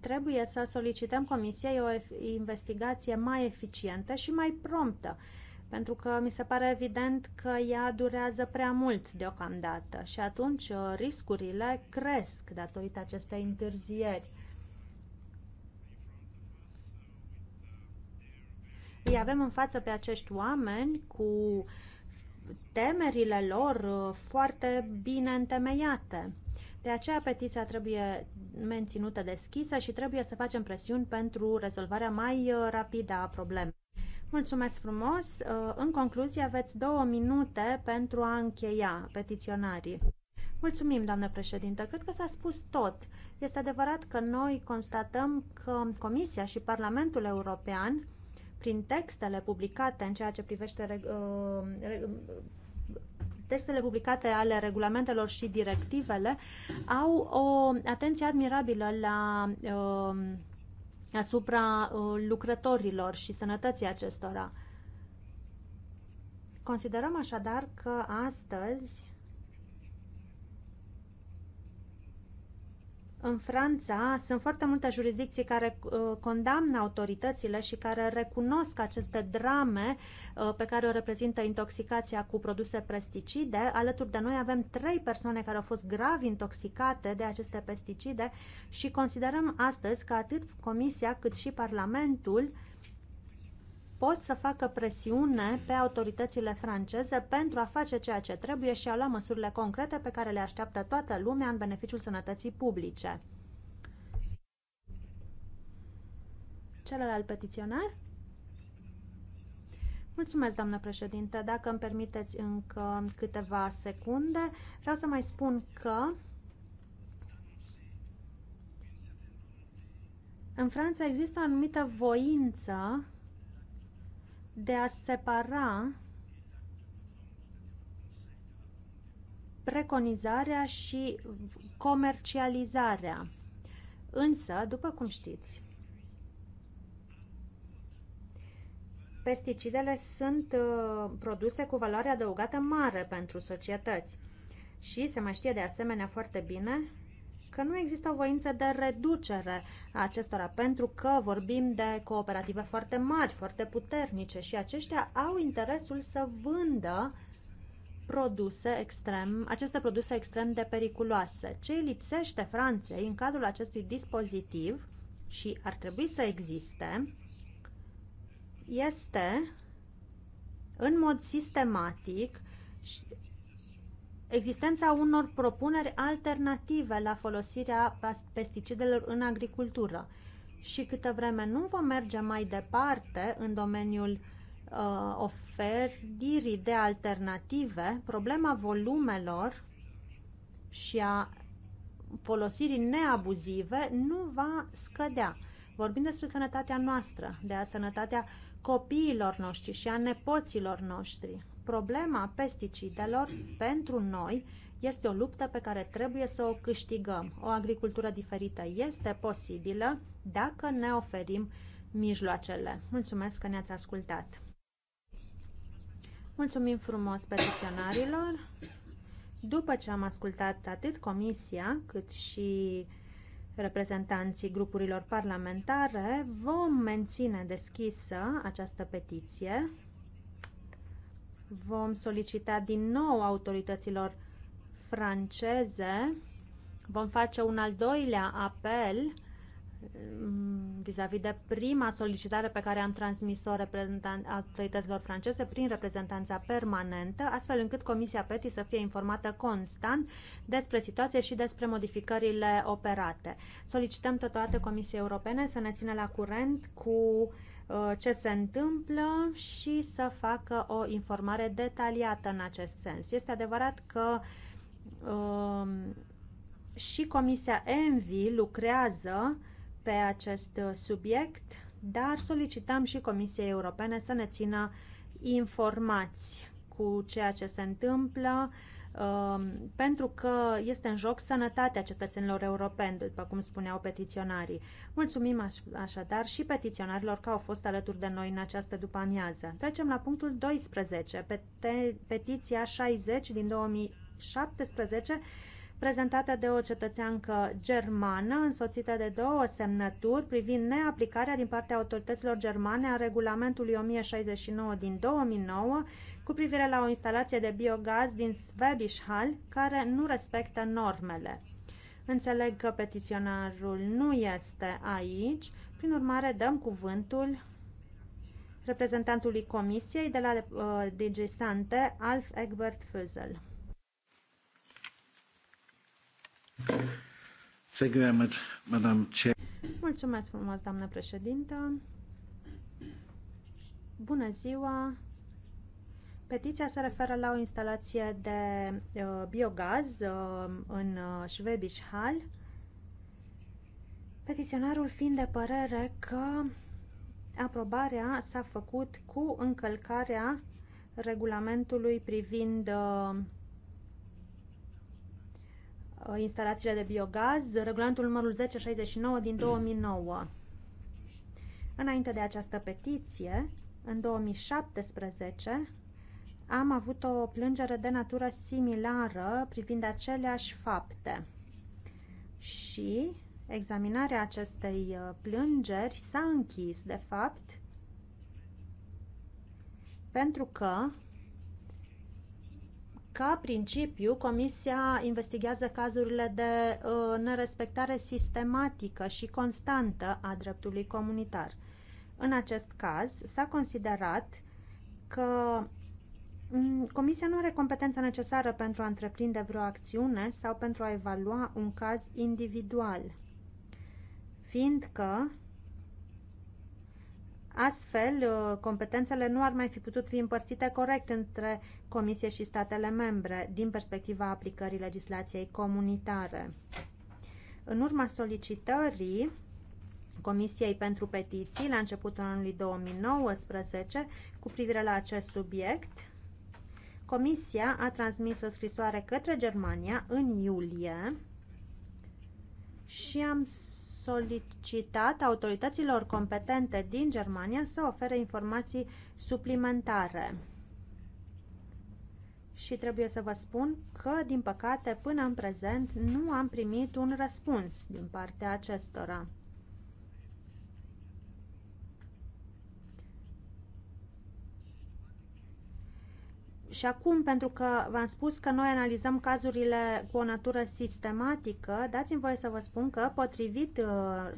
trebuie să solicităm Comisiei o investigație mai eficientă și mai promptă pentru că mi se pare evident că ea durează prea mult deocamdată și atunci uh, riscurile cresc datorită acestei întârzieri. Îi avem în față pe acești oameni cu temerile lor uh, foarte bine întemeiate. De aceea petiția trebuie menținută deschisă și trebuie să facem presiuni pentru rezolvarea mai uh, rapidă a problemei. Mulțumesc frumos. Uh, în concluzie, aveți două minute pentru a încheia petiționarii. Mulțumim, doamnă președintă. Cred că s-a spus tot. Este adevărat că noi constatăm că Comisia și Parlamentul European, prin textele publicate în ceea ce privește uh, textele publicate ale regulamentelor și directivele, au o atenție admirabilă la uh, asupra uh, lucrătorilor și sănătății acestora. Considerăm așadar că astăzi În Franța sunt foarte multe jurisdicții care uh, condamnă autoritățile și care recunosc aceste drame uh, pe care o reprezintă intoxicația cu produse pesticide. Alături de noi avem trei persoane care au fost grav intoxicate de aceste pesticide și considerăm astăzi că atât Comisia cât și Parlamentul pot să facă presiune pe autoritățile franceze pentru a face ceea ce trebuie și a lua măsurile concrete pe care le așteaptă toată lumea în beneficiul sănătății publice. Celălalt petiționar? Mulțumesc, doamnă președinte. Dacă îmi permiteți încă câteva secunde, vreau să mai spun că în Franța există o anumită voință de a separa preconizarea și comercializarea. Însă, după cum știți, pesticidele sunt uh, produse cu valoare adăugată mare pentru societăți. Și se mai știe de asemenea foarte bine că nu există o voință de reducere a acestora, pentru că vorbim de cooperative foarte mari, foarte puternice și aceștia au interesul să vândă produse extrem, aceste produse extrem de periculoase. Ce lipsește Franței în cadrul acestui dispozitiv și ar trebui să existe este în mod sistematic existența unor propuneri alternative la folosirea pesticidelor în agricultură. Și câtă vreme nu vom merge mai departe în domeniul uh, oferirii de alternative, problema volumelor și a folosirii neabuzive nu va scădea. Vorbim despre sănătatea noastră, de a sănătatea copiilor noștri și a nepoților noștri. Problema pesticidelor pentru noi este o luptă pe care trebuie să o câștigăm. O agricultură diferită este posibilă dacă ne oferim mijloacele. Mulțumesc că ne-ați ascultat! Mulțumim frumos petiționarilor! După ce am ascultat atât Comisia cât și reprezentanții grupurilor parlamentare, vom menține deschisă această petiție vom solicita din nou autorităților franceze, vom face un al doilea apel mm, vis-a-vis -vis de prima solicitare pe care am transmis-o autorităților franceze prin reprezentanța permanentă, astfel încât Comisia PETI să fie informată constant despre situație și despre modificările operate. Solicităm totodată Comisiei Europene să ne țină la curent cu uh, Uh, ce se întâmplă și să facă o informare detaliată în acest sens. Este adevărat că um, și Comisia ENVI lucrează pe acest subiect, dar solicităm și Comisiei Europene să ne țină informați cu ceea ce se întâmplă uh, Um, pentru că este în joc sănătatea cetățenilor europeni, după cum spuneau petiționarii. Mulțumim așadar și petiționarilor că au fost alături de noi în această după-amiază. Trecem la punctul 12, petiția 60 din 2017, prezentată de o cetățeancă germană, însoțită de două semnături privind neaplicarea din partea autorităților germane a regulamentului 1069 din 2009 cu privire la o instalație de biogaz din Hall care nu respectă normele. Înțeleg că petiționarul nu este aici, prin urmare dăm cuvântul reprezentantului Comisiei de la uh, DG Sante, Alf Egbert Füzel. Mulțumesc frumos, doamnă președintă. Bună ziua! Petiția se referă la o instalație de uh, biogaz uh, în uh, Schwäbisch Petiționarul fiind de părere că aprobarea s-a făcut cu încălcarea regulamentului privind uh, Uh, instalațiile de biogaz, regulamentul numărul 1069 din 2009. Înainte de această petiție, în 2017, am avut o plângere de natură similară privind aceleași fapte. Și examinarea acestei uh, plângeri s-a închis, de fapt, pentru că ca principiu, Comisia investigează cazurile de uh, nerespectare sistematică și constantă a dreptului comunitar. În acest caz, s-a considerat că mm, Comisia nu are competența necesară pentru a întreprinde vreo acțiune sau pentru a evalua un caz individual, fiindcă Astfel, uh, competențele nu ar mai fi putut fi împărțite corect între Comisie și statele membre din perspectiva aplicării legislației comunitare. În urma solicitării Comisiei pentru Petiții la începutul anului 2019 cu privire la acest subiect, Comisia a transmis o scrisoare către Germania în iulie și am solicitat autorităților competente din Germania să ofere informații suplimentare. Și trebuie să vă spun că, din păcate, până în prezent nu am primit un răspuns din partea acestora. Și acum, pentru că v-am spus că noi analizăm cazurile cu o natură sistematică, dați-mi voie să vă spun că, potrivit uh,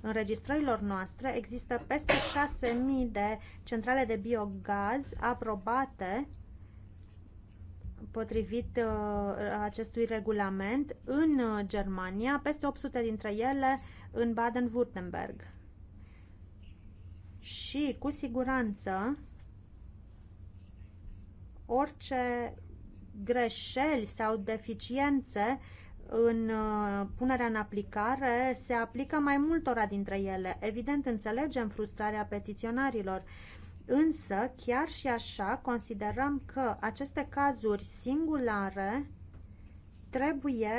înregistrărilor noastre, există peste 6.000 de centrale de biogaz aprobate potrivit uh, acestui regulament în uh, Germania, peste 800 dintre ele în Baden-Württemberg. Și cu siguranță orice greșeli sau deficiențe în uh, punerea în aplicare se aplică mai multora dintre ele. Evident, înțelegem frustrarea petiționarilor, însă, chiar și așa, considerăm că aceste cazuri singulare trebuie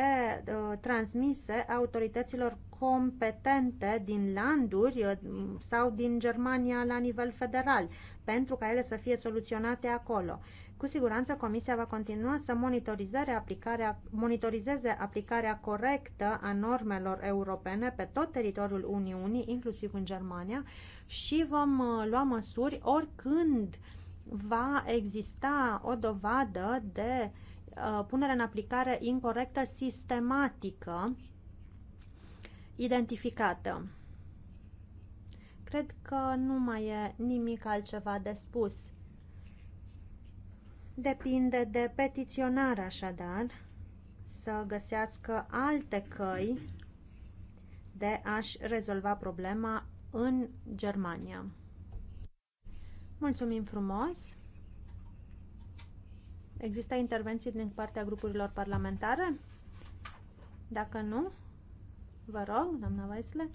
uh, transmise autorităților competente din landuri uh, sau din Germania la nivel federal, pentru ca ele să fie soluționate acolo. Cu siguranță Comisia va continua să monitorizeze aplicarea, monitorizeze aplicarea corectă a normelor europene pe tot teritoriul Uniunii, inclusiv în Germania, și vom uh, lua măsuri oricând va exista o dovadă de uh, punere în aplicare incorrectă sistematică identificată. Cred că nu mai e nimic altceva de spus. Depinde de petiționar, așadar, să găsească alte căi de a-și rezolva problema în Germania. Mulțumim frumos! Există intervenții din partea grupurilor parlamentare? Dacă nu, Vă rog, doamna Weisle.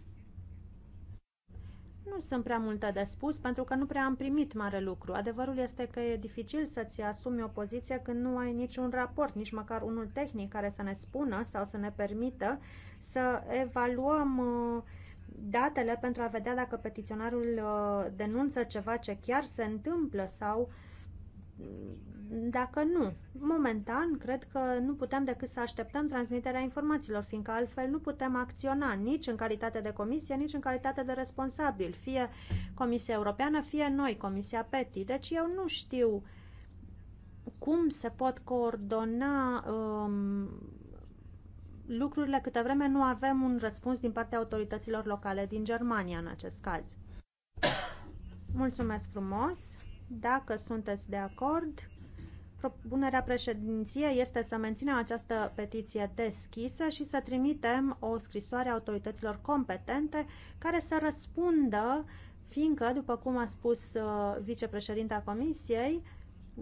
Nu sunt prea multe de spus, pentru că nu prea am primit mare lucru. Adevărul este că e dificil să-ți asumi o poziție când nu ai niciun raport, nici măcar unul tehnic care să ne spună sau să ne permită să evaluăm uh, datele pentru a vedea dacă petiționarul uh, denunță ceva ce chiar se întâmplă sau uh, dacă nu, momentan, cred că nu putem decât să așteptăm transmiterea informațiilor, fiindcă altfel nu putem acționa nici în calitate de comisie, nici în calitate de responsabil, fie Comisia Europeană, fie noi, Comisia PETI. Deci eu nu știu cum se pot coordona um, lucrurile câte vreme nu avem un răspuns din partea autorităților locale din Germania în acest caz. [coughs] Mulțumesc frumos! Dacă sunteți de acord, propunerea președinției este să menținem această petiție deschisă și să trimitem o scrisoare autorităților competente care să răspundă, fiindcă, după cum a spus uh, vicepreședinta Comisiei,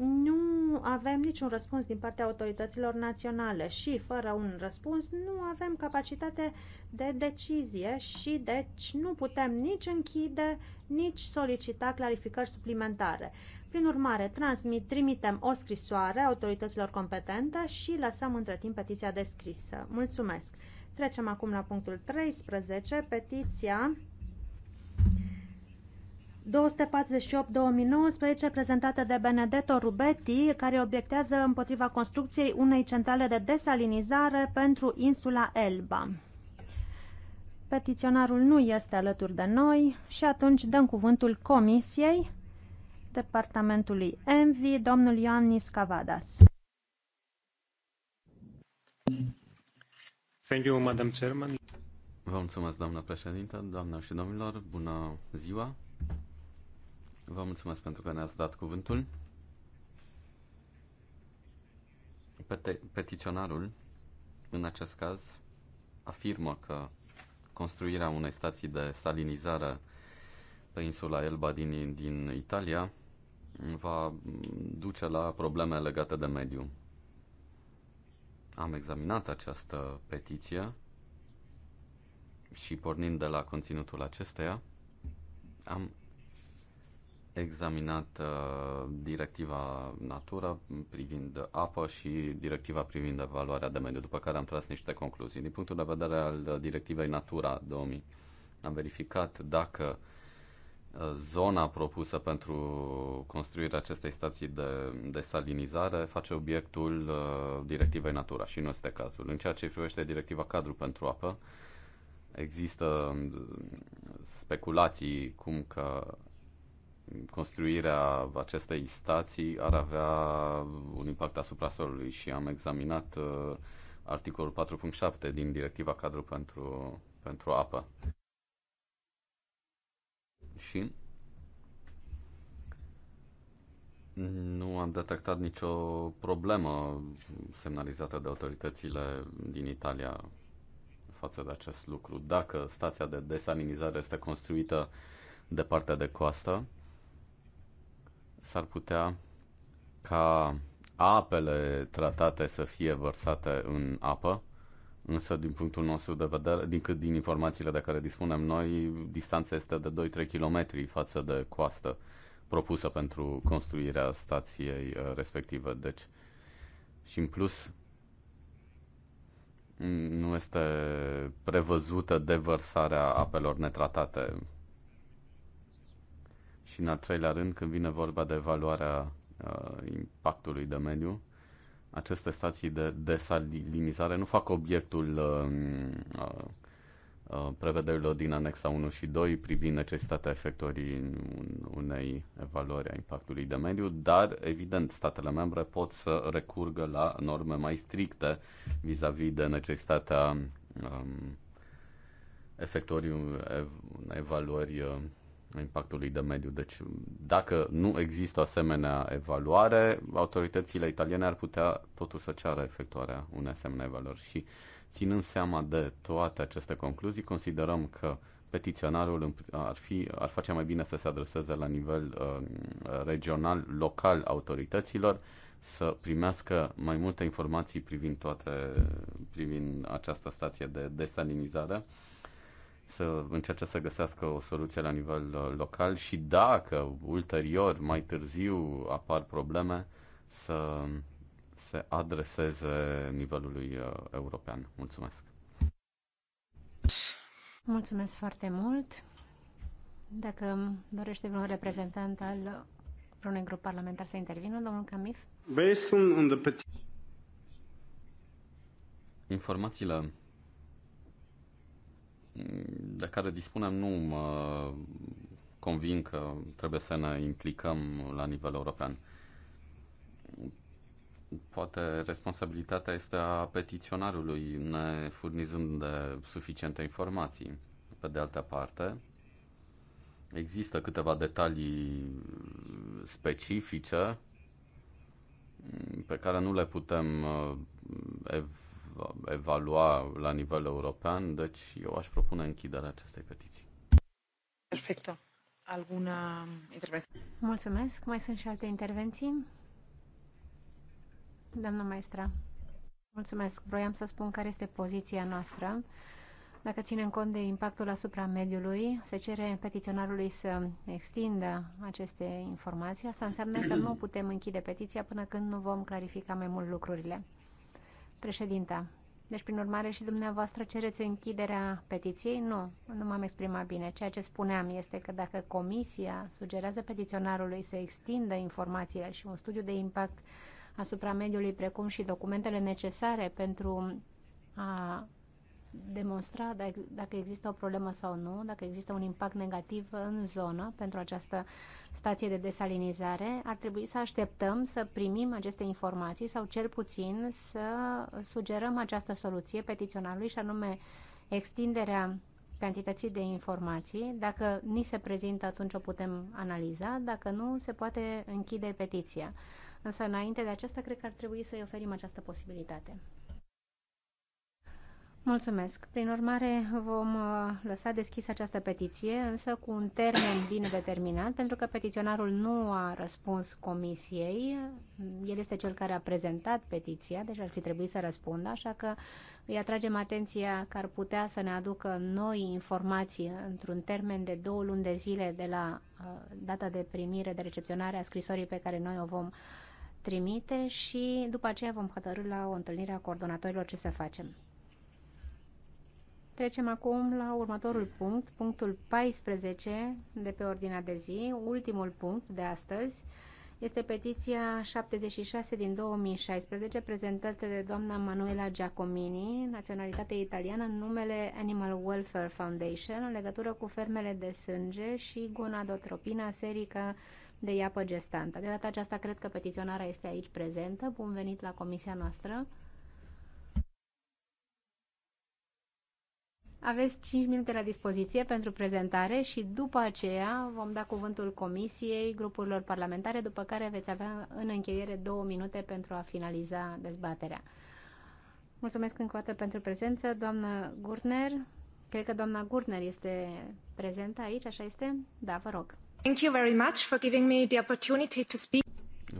nu avem niciun răspuns din partea autorităților naționale și fără un răspuns nu avem capacitate de decizie și deci nu putem nici închide, nici solicita clarificări suplimentare. Prin urmare, transmit, trimitem o scrisoare autorităților competente și lăsăm între timp petiția descrisă. Mulțumesc! Trecem acum la punctul 13, petiția 248-2019, prezentată de Benedetto Rubetti, care obiectează împotriva construcției unei centrale de desalinizare pentru insula Elba. Petiționarul nu este alături de noi și atunci dăm cuvântul Comisiei Departamentului Envi, domnul Ioannis Cavadas. Thank you, Madam Chairman. Vă mulțumesc, doamna președintă, doamna și domnilor, bună ziua! Vă mulțumesc pentru că ne-ați dat cuvântul. Pete- petiționarul, în acest caz, afirmă că construirea unei stații de salinizare pe insula Elba din, din Italia va duce la probleme legate de mediu. Am examinat această petiție și pornind de la conținutul acesteia, am examinat uh, directiva natură privind apă și directiva privind evaluarea de mediu, după care am tras niște concluzii. Din punctul de vedere al uh, directivei Natura 2000, am verificat dacă uh, zona propusă pentru construirea acestei stații de salinizare face obiectul uh, directivei Natura și nu este cazul. În ceea ce privește directiva cadru pentru apă, există uh, speculații cum că construirea acestei stații ar avea un impact asupra solului și am examinat uh, articolul 4.7 din directiva cadru pentru, pentru apă. Și nu am detectat nicio problemă semnalizată de autoritățile din Italia față de acest lucru. Dacă stația de desalinizare este construită departe de coastă, s-ar putea ca apele tratate să fie vărsate în apă, însă din punctul nostru de vedere, din cât din informațiile de care dispunem noi, distanța este de 2-3 km față de coastă propusă pentru construirea stației uh, respective. Deci, și în plus, nu este prevăzută devărsarea apelor netratate și în al treilea rând, când vine vorba de evaluarea uh, impactului de mediu, aceste stații de desalinizare nu fac obiectul um, uh, uh, prevederilor din anexa 1 și 2 privind necesitatea efectorii unei evaluări a impactului de mediu, dar, evident, statele membre pot să recurgă la norme mai stricte vis-a-vis -vis de necesitatea um, efectorii unei evaluări uh, impactului de mediu. Deci, dacă nu există asemenea evaluare, autoritățile italiene ar putea totuși să ceară efectuarea unei asemenea evaluări. Și ținând seama de toate aceste concluzii, considerăm că petiționarul ar, fi, ar face mai bine să se adreseze la nivel uh, regional, local autorităților, să primească mai multe informații privind toate, privind această stație de desalinizare să încerce să găsească o soluție la nivel uh, local și dacă ulterior, mai târziu, apar probleme, să se adreseze nivelului uh, european. Mulțumesc! Mulțumesc foarte mult! Dacă dorește vreun reprezentant al vreunui grup parlamentar să intervină, domnul Camif? Based on the Informațiile de care dispunem nu mă convin că trebuie să ne implicăm la nivel european. Poate responsabilitatea este a petiționarului, ne furnizând de suficiente informații. Pe de altă parte, există câteva detalii specifice pe care nu le putem uh, ev- evalua la nivel european, deci eu aș propune închiderea acestei petiții. Perfecto. Alguna intervenție? Mulțumesc. Mai sunt și alte intervenții? Doamna maestra, mulțumesc. Vroiam să spun care este poziția noastră. Dacă ținem cont de impactul asupra mediului, se cere petiționarului să extindă aceste informații. Asta înseamnă că nu putem închide petiția până când nu vom clarifica mai mult lucrurile. Președinta, deci prin urmare și dumneavoastră cereți închiderea petiției? Nu, nu m-am exprimat bine. Ceea ce spuneam este că dacă comisia sugerează petiționarului să extindă informațiile și un studiu de impact asupra mediului, precum și documentele necesare pentru a demonstra dacă există o problemă sau nu, dacă există un impact negativ în zonă pentru această stație de desalinizare, ar trebui să așteptăm să primim aceste informații sau cel puțin să sugerăm această soluție petiționarului și anume extinderea cantității de informații. Dacă ni se prezintă, atunci o putem analiza, dacă nu, se poate închide petiția. Însă, înainte de aceasta, cred că ar trebui să-i oferim această posibilitate. Mulțumesc. Prin urmare, vom uh, lăsa deschis această petiție, însă cu un termen bine determinat, pentru că petiționarul nu a răspuns comisiei. El este cel care a prezentat petiția, deci ar fi trebuit să răspundă, așa că îi atragem atenția că ar putea să ne aducă noi informații într-un termen de două luni de zile de la uh, data de primire, de recepționare a scrisorii pe care noi o vom trimite și după aceea vom hotărâ la o întâlnire a coordonatorilor ce să facem. Trecem acum la următorul punct, punctul 14 de pe ordinea de zi, ultimul punct de astăzi. Este petiția 76 din 2016, prezentată de doamna Manuela Giacomini, naționalitate italiană, în numele Animal Welfare Foundation, în legătură cu fermele de sânge și gonadotropina serică de iapă gestantă. De data aceasta, cred că petiționarea este aici prezentă. Bun venit la comisia noastră! Aveți 5 minute la dispoziție pentru prezentare și după aceea vom da cuvântul comisiei, grupurilor parlamentare, după care veți avea în încheiere două minute pentru a finaliza dezbaterea. Mulțumesc încă o dată pentru prezență, doamnă Gurner. Cred că doamna Gurner este prezentă aici, așa este? Da, vă rog. Thank you very much for giving me the opportunity to speak.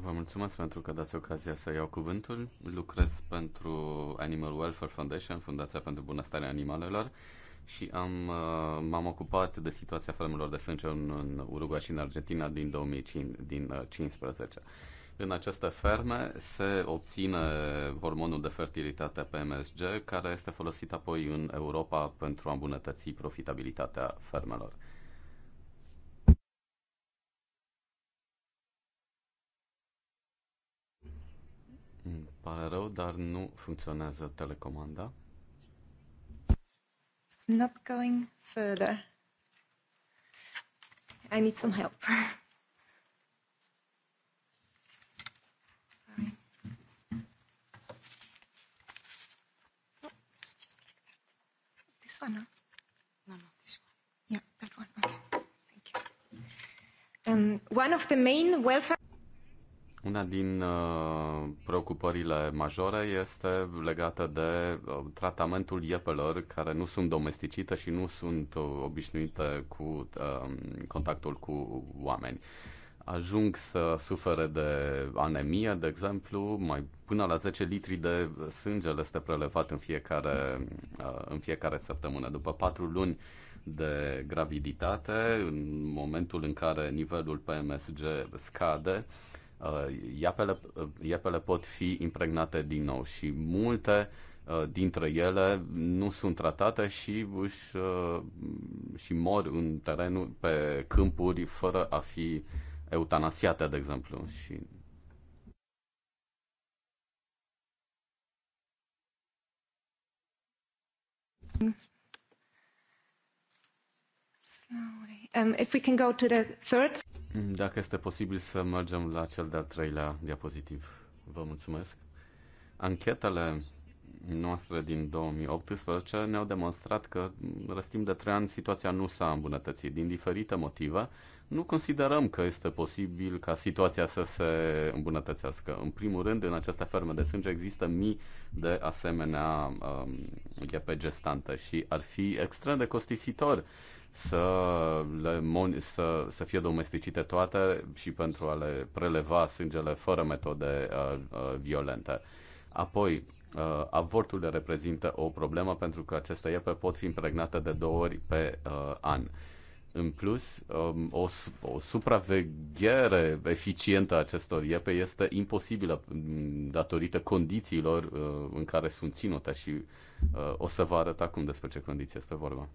Vă mulțumesc pentru că dați ocazia să iau cuvântul. Lucrez pentru Animal Welfare Foundation, Fundația pentru Bunăstarea Animalelor și am, uh, m-am ocupat de situația fermelor de sânge în, în Uruguay și în Argentina din 2015. Uh, în aceste ferme se obține hormonul de fertilitate PMSG, care este folosit apoi în Europa pentru a îmbunătăți profitabilitatea fermelor. Pare rău, dar nu funcționează telecomanda. It's not going further. I need some help. Oh, one, no? No, no, this one. Yeah, that one. Okay. Thank you. Um, one of the main welfare una din uh, preocupările majore este legată de uh, tratamentul iepelor care nu sunt domesticite și nu sunt uh, obișnuite cu um, contactul cu oameni. Ajung să sufere de anemie, de exemplu, mai până la 10 litri de sânge le este prelevat în fiecare, în fiecare săptămână. După 4 luni de graviditate, în momentul în care nivelul PMSG scade, Uh, iapele, uh, iapele pot fi impregnate din nou și multe uh, dintre ele nu sunt tratate și își, și mor în terenul, pe câmpuri, fără a fi eutanasiate, de exemplu. Și Slowly. Um, if we can go to the third... Mm, dacă este posibil să mergem la cel de-al treilea diapozitiv. Vă mulțumesc. Anchetele noastre din 2018 ne-au demonstrat că răstim de trei ani situația nu s-a îmbunătățit din diferite motive. Nu considerăm că este posibil ca situația să se îmbunătățească. În primul rând, în această fermă de sânge există mii de asemenea um, gestante și ar fi extrem de costisitor să, le să, să fie domesticite toate și pentru a le preleva sângele fără metode uh, uh, violente. Apoi, uh, avortul le reprezintă o problemă pentru că aceste iepe pot fi impregnate de două ori pe uh, an. În plus, um, o, o supraveghere eficientă a acestor iepe este imposibilă mm, datorită condițiilor uh, în care sunt ținute și uh, o să vă arăt acum despre ce condiții este vorba.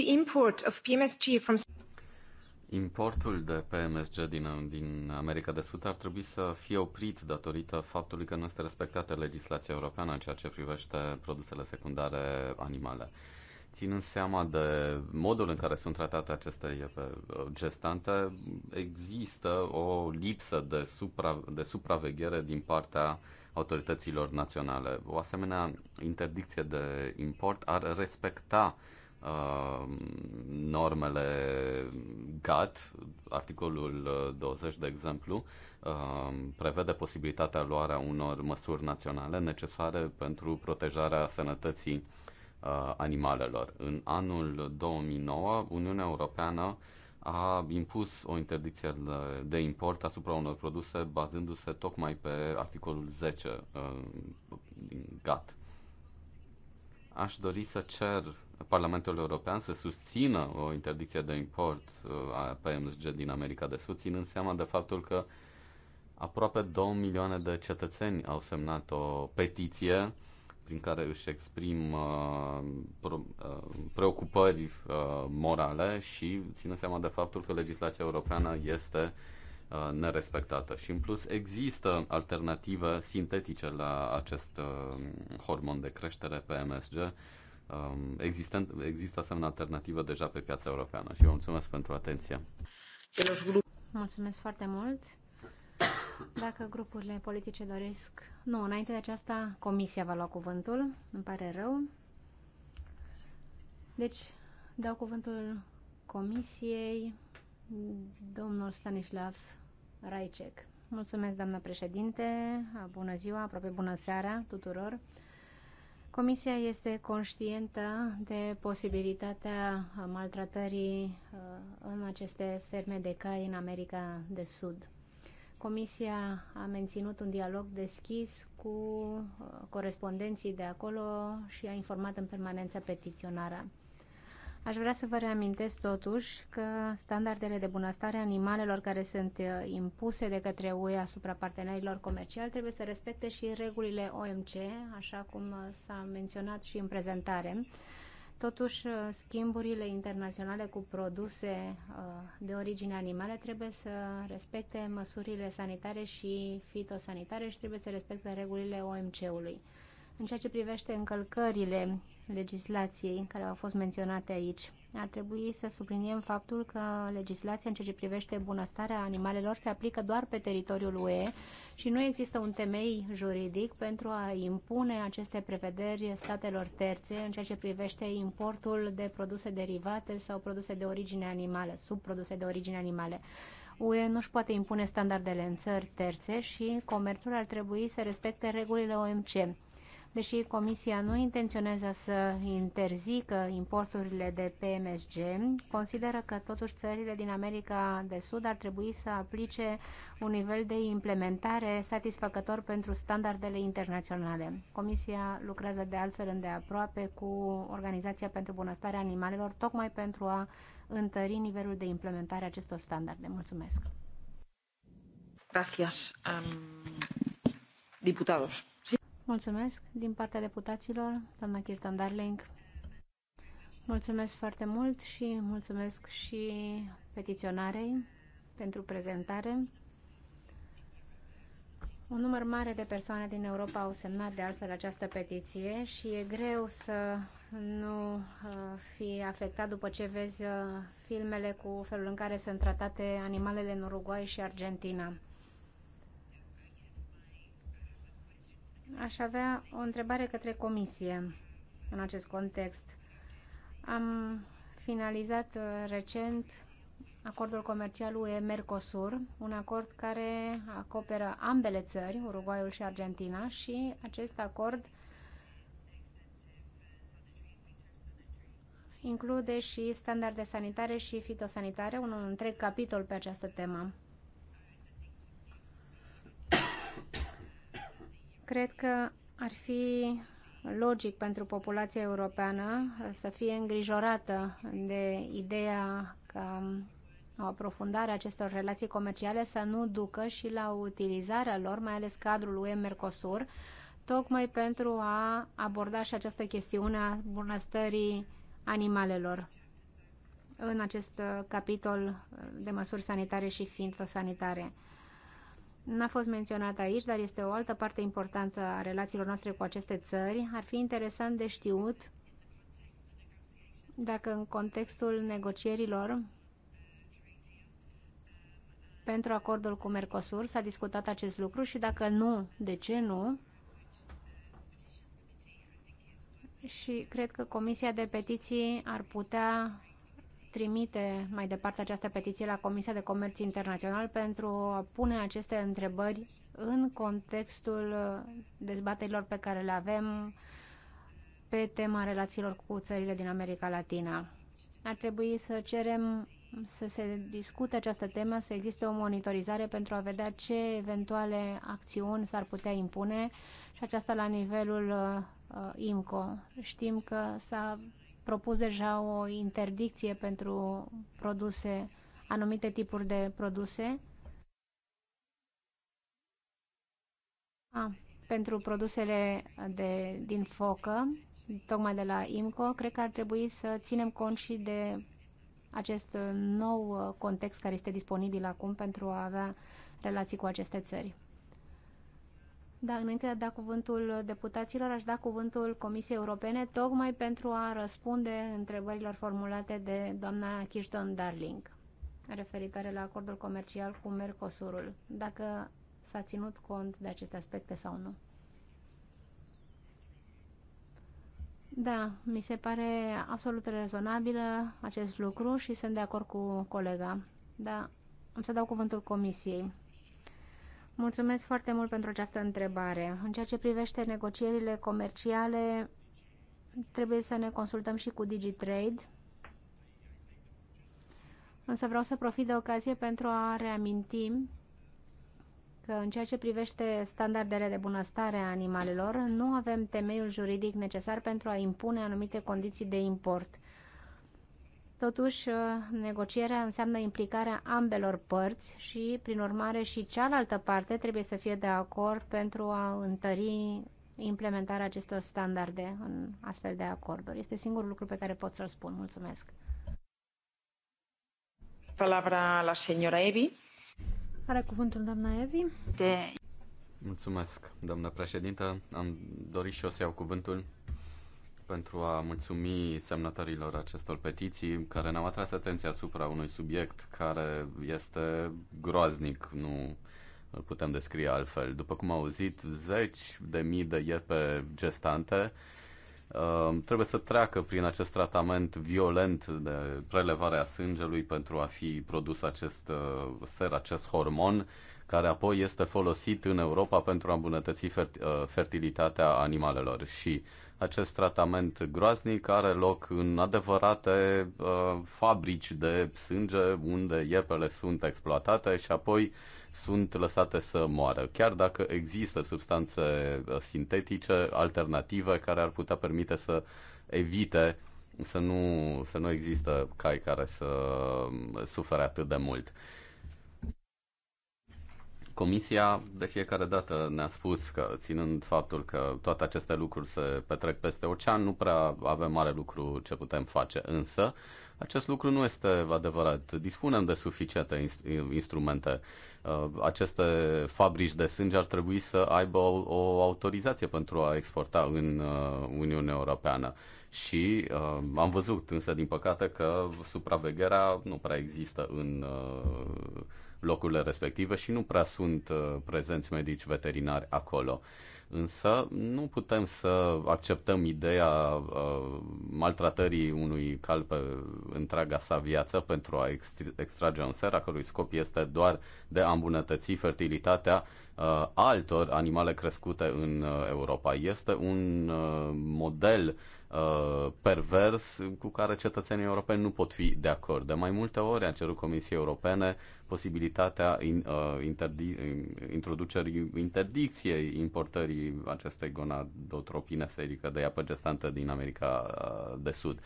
The import of PMSG from Importul de PMSG din, din America de Sud ar trebui să fie oprit datorită faptului că nu este respectată legislația europeană în ceea ce privește produsele secundare animale. Ținând seama de modul în care sunt tratate aceste gestante, există o lipsă de, supra, de supraveghere din partea autorităților naționale. O asemenea interdicție de import ar respecta uh, Uh, normele GAT, articolul 20, uh, de exemplu, uh, prevede posibilitatea luarea unor măsuri naționale necesare pentru protejarea sănătății animalelor. În anul 2009, Uniunea Europeană a impus o interdicție de import asupra unor produse bazându-se tocmai pe articolul 10 din GATT. Aș dori să cer Parlamentul European să susțină o interdicție de import uh, a PMSG din America de Sud, ținând seama de faptul că aproape 2 milioane de cetățeni au semnat o petiție prin care își exprim uh, uh, preocupări morale și ținând seama de faptul că legislația europeană este nerespectată. Și în plus există alternative sintetice la acest hormon de creștere PMSG, um, existent, există asemenea alternativă deja pe piața europeană și vă mulțumesc pentru atenție. Mulțumesc foarte mult. Dacă grupurile politice doresc... Nu, înainte de aceasta, comisia va lua cuvântul. Îmi pare rău. Deci, dau cuvântul comisiei domnul Stanislav Raicek. Mulțumesc, doamnă președinte. Bună ziua, aproape bună seara tuturor. Comisia este conștientă de posibilitatea maltratării uh, în aceste ferme de cai în America de Sud. Comisia a menținut un dialog deschis cu uh, corespondenții de acolo și a informat în permanență petiționarea. Aș vrea să vă reamintesc totuși că standardele de bunăstare animalelor care sunt uh, impuse de către UE asupra partenerilor comerciali trebuie să respecte și regulile OMC, așa cum uh, s-a menționat și în prezentare. Totuși, uh, schimburile internaționale cu produse de origine animală trebuie să respecte măsurile sanitare și fitosanitare și trebuie să respecte regulile OMC-ului. În ceea ce privește încălcările legislației care au fost menționate aici, ar trebui să subliniem faptul că legislația în ceea ce privește bunăstarea animalelor se aplică doar pe teritoriul UE și nu există un temei juridic pentru a impune aceste prevederi statelor terțe în ceea ce privește importul de produse derivate sau produse de origine animală, subproduse de origine animale. UE nu își poate impune standardele în țări terțe și comerțul ar trebui să respecte regulile OMC. Deși Comisia nu intenționează să interzică importurile de PMSG, consideră că totuși țările din America de Sud ar trebui să aplice un nivel de implementare satisfăcător pentru standardele internaționale. Comisia lucrează de altfel îndeaproape cu Organizația pentru Bunăstarea Animalelor, tocmai pentru a întări nivelul de implementare a acestor standarde. Mulțumesc! Gracias, um, diputados. Mulțumesc din partea deputaților, doamna Kirtan Darling. Mulțumesc foarte mult și mulțumesc și petiționarei pentru prezentare. Un număr mare de persoane din Europa au semnat de altfel această petiție și e greu să nu uh, fi afectat după ce vezi uh, filmele cu felul în care sunt tratate animalele în Uruguay și Argentina. aș avea o întrebare către comisie în acest context. Am finalizat uh, recent acordul comercial UE-Mercosur, un acord care acoperă ambele țări, Uruguayul și Argentina, și acest acord include și standarde sanitare și fitosanitare, un întreg capitol pe această temă. Cred că ar fi logic pentru populația europeană uh, să fie îngrijorată de ideea că um, o aprofundare a acestor relații comerciale să nu ducă și la utilizarea lor, mai ales cadrul UE-Mercosur, tocmai pentru a aborda și această chestiune a bunăstării animalelor în acest uh, capitol uh, de măsuri sanitare și fitosanitare. sanitare. N-a fost menționată aici, dar este o altă parte importantă a relațiilor noastre cu aceste țări. Ar fi interesant de știut dacă în contextul negocierilor pentru acordul cu Mercosur s-a discutat acest lucru și dacă nu, de ce nu? Și cred că Comisia de Petiții ar putea trimite mai departe această petiție la Comisia de Comerț Internațional pentru a pune aceste întrebări în contextul dezbaterilor pe care le avem pe tema relațiilor cu țările din America Latina. Ar trebui să cerem să se discute această temă, să existe o monitorizare pentru a vedea ce eventuale acțiuni s-ar putea impune și aceasta la nivelul uh, IMCO. Știm că s-a propus deja o interdicție pentru produse, anumite tipuri de produse. A, pentru produsele de, din focă, tocmai de la IMCO, cred că ar trebui să ținem cont și de acest nou context care este disponibil acum pentru a avea relații cu aceste țări. Da, înainte de a da cuvântul deputaților, aș da cuvântul Comisiei Europene tocmai pentru a răspunde întrebărilor formulate de doamna Kirsten Darling referitoare la acordul comercial cu Mercosurul, dacă s-a ținut cont de aceste aspecte sau nu. Da, mi se pare absolut rezonabilă acest lucru și sunt de acord cu colega. Da, am să dau cuvântul comisiei. Mulțumesc foarte mult pentru această întrebare. În ceea ce privește negocierile comerciale, trebuie să ne consultăm și cu DigiTrade. Însă vreau să profit de ocazie pentru a reaminti că în ceea ce privește standardele de bunăstare a animalelor, nu avem temeiul juridic necesar pentru a impune anumite condiții de import. Totuși, uh, negocierea înseamnă implicarea ambelor părți și, prin urmare, și cealaltă parte trebuie să fie de acord pentru a întări implementarea acestor standarde în astfel de acorduri. Este singurul lucru pe care pot să-l spun. Mulțumesc. Palabra la señora Evi. Are cuvântul doamna Evi. De... Mulțumesc, doamna președintă. Am dorit și eu să iau cuvântul pentru a mulțumi semnătorilor acestor petiții care ne-au atras atenția asupra unui subiect care este groaznic, nu îl putem descrie altfel. După cum au auzit, zeci de mii de iepe gestante uh, trebuie să treacă prin acest tratament violent de prelevare a sângelui pentru a fi produs acest uh, ser, acest hormon care apoi este folosit în Europa pentru a îmbunătăți uh, fertilitatea animalelor. Și acest tratament groaznic are loc în adevărate uh, fabrici de sânge unde iepele sunt exploatate și apoi sunt lăsate să moară. Chiar dacă există substanțe uh, sintetice, alternative, care ar putea permite să evite să nu, să nu există cai care să uh, sufere atât de mult. Comisia de fiecare dată ne-a spus că, ținând faptul că toate aceste lucruri se petrec peste ocean, nu prea avem mare lucru ce putem face. Însă, acest lucru nu este adevărat. Dispunem de suficiente instrumente. Uh, aceste fabrici de sânge ar trebui să aibă o, o autorizație pentru a exporta în uh, Uniunea Europeană. Și uh, am văzut, însă, din păcate, că supravegherea nu prea există în. Uh, locurile respective și nu prea sunt uh, prezenți medici veterinari acolo. Însă nu putem să acceptăm ideea uh, maltratării unui cal pe întreaga sa viață pentru a extrage un ser, a cărui scop este doar de a îmbunătăți fertilitatea uh, altor animale crescute în uh, Europa. Este un uh, model Uh, pervers cu care cetățenii europeni nu pot fi de acord. De mai multe ori a cerut Comisiei Europene posibilitatea in, uh, interdi- introducerii interdicției importării acestei gonadotropine serică de apă gestantă din America uh, de Sud.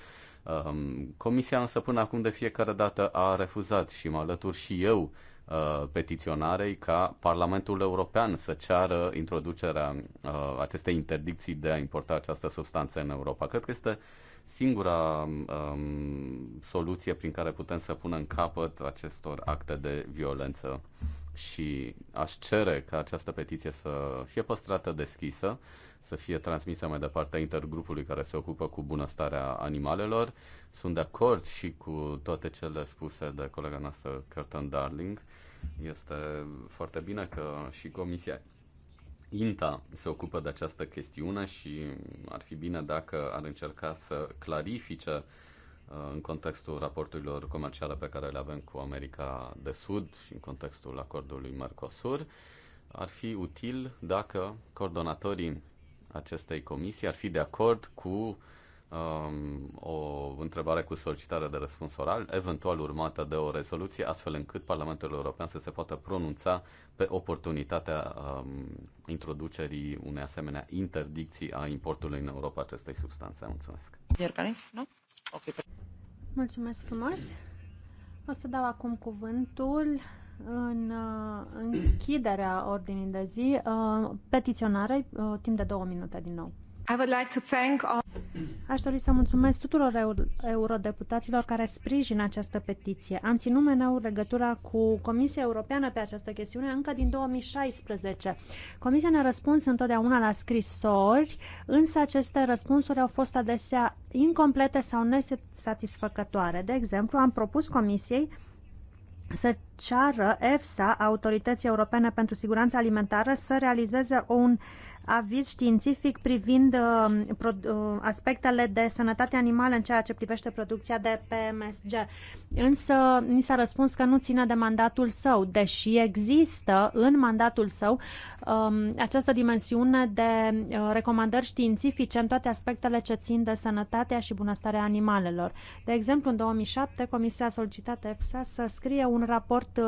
Um, Comisia însă până acum de fiecare dată a refuzat și mă alătur și eu uh, Uh, petiționarei ca Parlamentul European să ceară introducerea uh, acestei interdicții de a importa această substanță în Europa. Cred că este singura um, soluție prin care putem să punem capăt acestor acte de violență și aș cere ca această petiție să fie păstrată deschisă, să fie transmisă mai departe intergrupului care se ocupă cu bunăstarea animalelor. Sunt de acord și cu toate cele spuse de colega noastră, Curtin Darling. Este foarte bine că și Comisia INTA se ocupă de această chestiune și ar fi bine dacă ar încerca să clarifice uh, Uh, în contextul raporturilor comerciale pe care le avem cu America de Sud și în contextul acordului Mercosur, ar fi util dacă coordonatorii acestei comisii ar fi de acord cu um, o întrebare cu solicitare de răspuns oral, eventual urmată de o rezoluție, astfel încât Parlamentul European să se poată pronunța pe oportunitatea um, introducerii unei asemenea interdicții a importului în Europa acestei substanțe. Mulțumesc. care? Nu? Ok, Mulțumesc frumos. O să dau acum cuvântul în uh, închiderea ordinii de zi uh, petiționarei uh, timp de două minute din nou. Aș dori să mulțumesc tuturor eurodeputaților care sprijină această petiție. Am ținut meneu legătura cu Comisia Europeană pe această chestiune încă din 2016. Comisia ne-a răspuns întotdeauna la scrisori, însă aceste răspunsuri au fost adesea incomplete sau nesatisfăcătoare. De exemplu, am propus Comisiei să ceară EFSA, Autorității Europene pentru Siguranța Alimentară, să realizeze un aviz științific privind uh, uh, aspectele de sănătate animală în ceea ce privește producția de PMSG. Însă ni s-a răspuns că nu ține de mandatul său, deși există în mandatul său um, această dimensiune de uh, recomandări științifice în toate aspectele ce țin de sănătatea și bunăstarea animalelor. De exemplu, în 2007, Comisia a solicitat EFSA să scrie un raport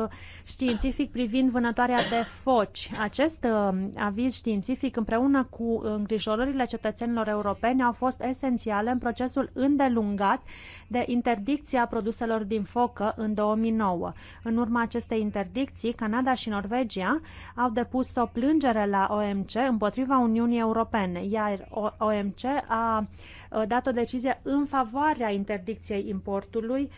științific privind vânătoarea de foci. Acest aviz științific în împreună cu îngrijorările cetățenilor europeni au fost esențiale în procesul îndelungat de interdicție a produselor din focă în 2009. În urma acestei interdicții, Canada și Norvegia au depus o plângere la OMC împotriva Uniunii Europene, iar OMC a uh, dat o decizie în favoarea interdicției importului uh,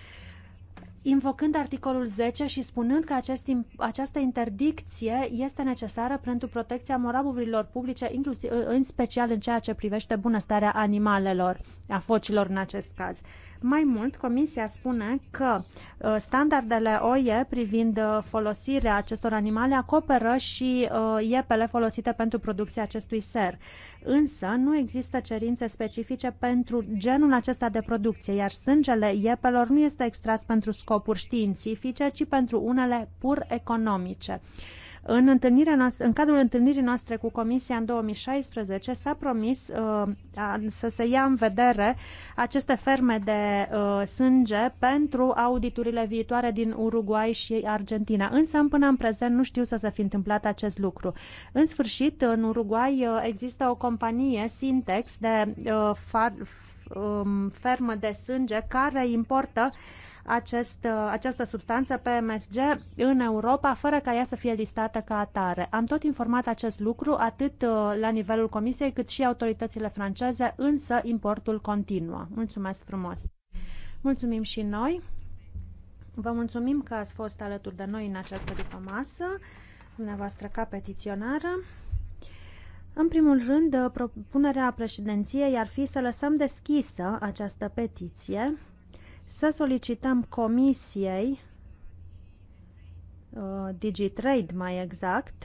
invocând articolul 10 și spunând că acest, această interdicție este necesară pentru protecția moraburilor publice, inclusiv, în special în ceea ce privește bunăstarea animalelor, a focilor în acest caz. Uh, mai mult, Comisia spune că uh, standardele OIE privind uh, folosirea acestor animale acoperă și uh, iepele folosite pentru producția acestui ser. Însă, nu există cerințe specifice pentru genul acesta de producție, iar sângele iepelor nu este extras pentru scopuri științifice, ci pentru unele pur economice. În, întâlnirea noastră, în cadrul întâlnirii noastre cu Comisia în 2016 s-a promis uh, să se ia în vedere aceste ferme de uh, sânge pentru auditurile viitoare din Uruguay și Argentina. Însă, până în prezent, nu știu să se fi întâmplat acest lucru. În sfârșit, în Uruguay uh, există o companie, Sintex, de uh, far, um, fermă de sânge care importă uh, acest, uh, această substanță pe MSG în Europa, fără ca ea să fie listată ca atare. Am tot informat acest lucru atât uh, la nivelul Comisiei cât și autoritățile franceze, însă importul continuă. Mulțumesc frumos! Mulțumim și noi! Vă mulțumim că ați fost alături de noi în această dupămasă, dumneavoastră ca petiționară. În primul rând, uh, propunerea președinției ar fi să lăsăm deschisă această petiție să solicităm comisiei uh, DigiTrade mai exact,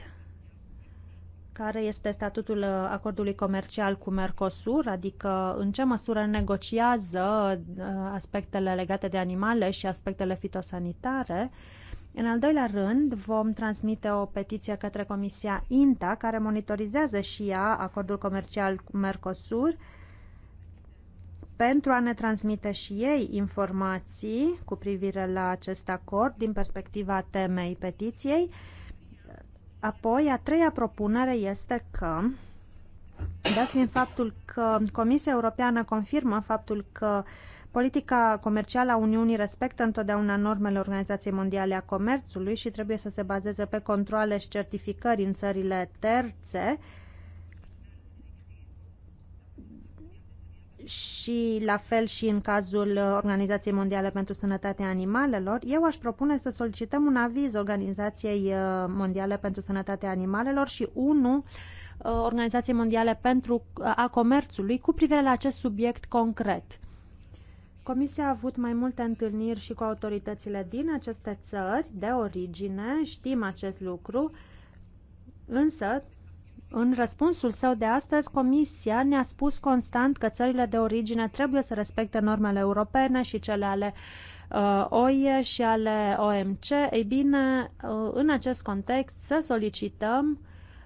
care este statutul uh, acordului comercial cu Mercosur, adică în ce măsură negociază uh, aspectele legate de animale și aspectele fitosanitare. În al doilea rând, vom transmite o petiție către Comisia INTA, care monitorizează și ea acordul comercial cu Mercosur, pentru a ne transmite și ei informații cu privire la acest acord din perspectiva temei petiției. Apoi, a treia propunere este că, dat fiind faptul că Comisia Europeană confirmă faptul că politica comercială a Uniunii respectă întotdeauna normele Organizației Mondiale a Comerțului și trebuie să se bazeze pe controle și certificări în țările terțe, uh, și la fel și în cazul uh, Organizației Mondiale pentru Sănătatea Animalelor, eu aș propune să solicităm un aviz Organizației uh, Mondiale pentru Sănătatea Animalelor și unul uh, Organizației Mondiale pentru a Comerțului cu privire la acest subiect concret. Comisia a avut mai multe întâlniri și cu autoritățile din aceste țări de origine, știm acest lucru, însă în răspunsul său de astăzi, Comisia ne-a spus constant că țările de origine trebuie să respecte normele europene și cele ale uh, OIE și ale OMC. Ei bine, uh, în acest context să solicităm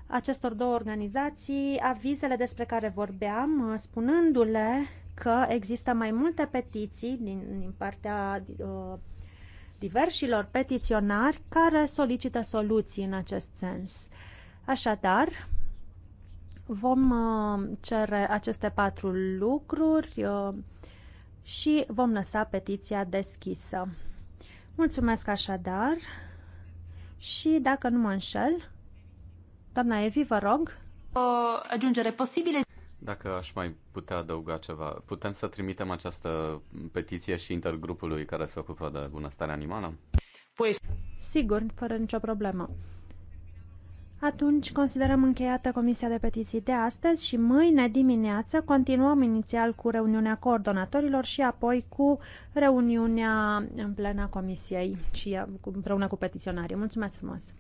acestor două organizații avizele despre care vorbeam, uh, spunându-le că există mai multe petiții din, din partea uh, diversilor petiționari care solicită soluții în acest sens. Așadar, Vom uh, cere aceste patru lucruri uh, și vom lăsa petiția deschisă. Mulțumesc așadar și dacă nu mă înșel, doamna Evi, vă rog. O ajungere posibilă. Dacă aș mai putea adăuga ceva, putem să trimitem această petiție și intergrupului care se ocupă de bunăstarea animală? Păi... Sigur, fără nicio problemă. Atunci considerăm încheiată Comisia de Petiții de astăzi și mâine dimineață continuăm inițial cu reuniunea coordonatorilor și apoi cu reuniunea în plena Comisiei și uh, împreună cu petiționarii. Mulțumesc frumos!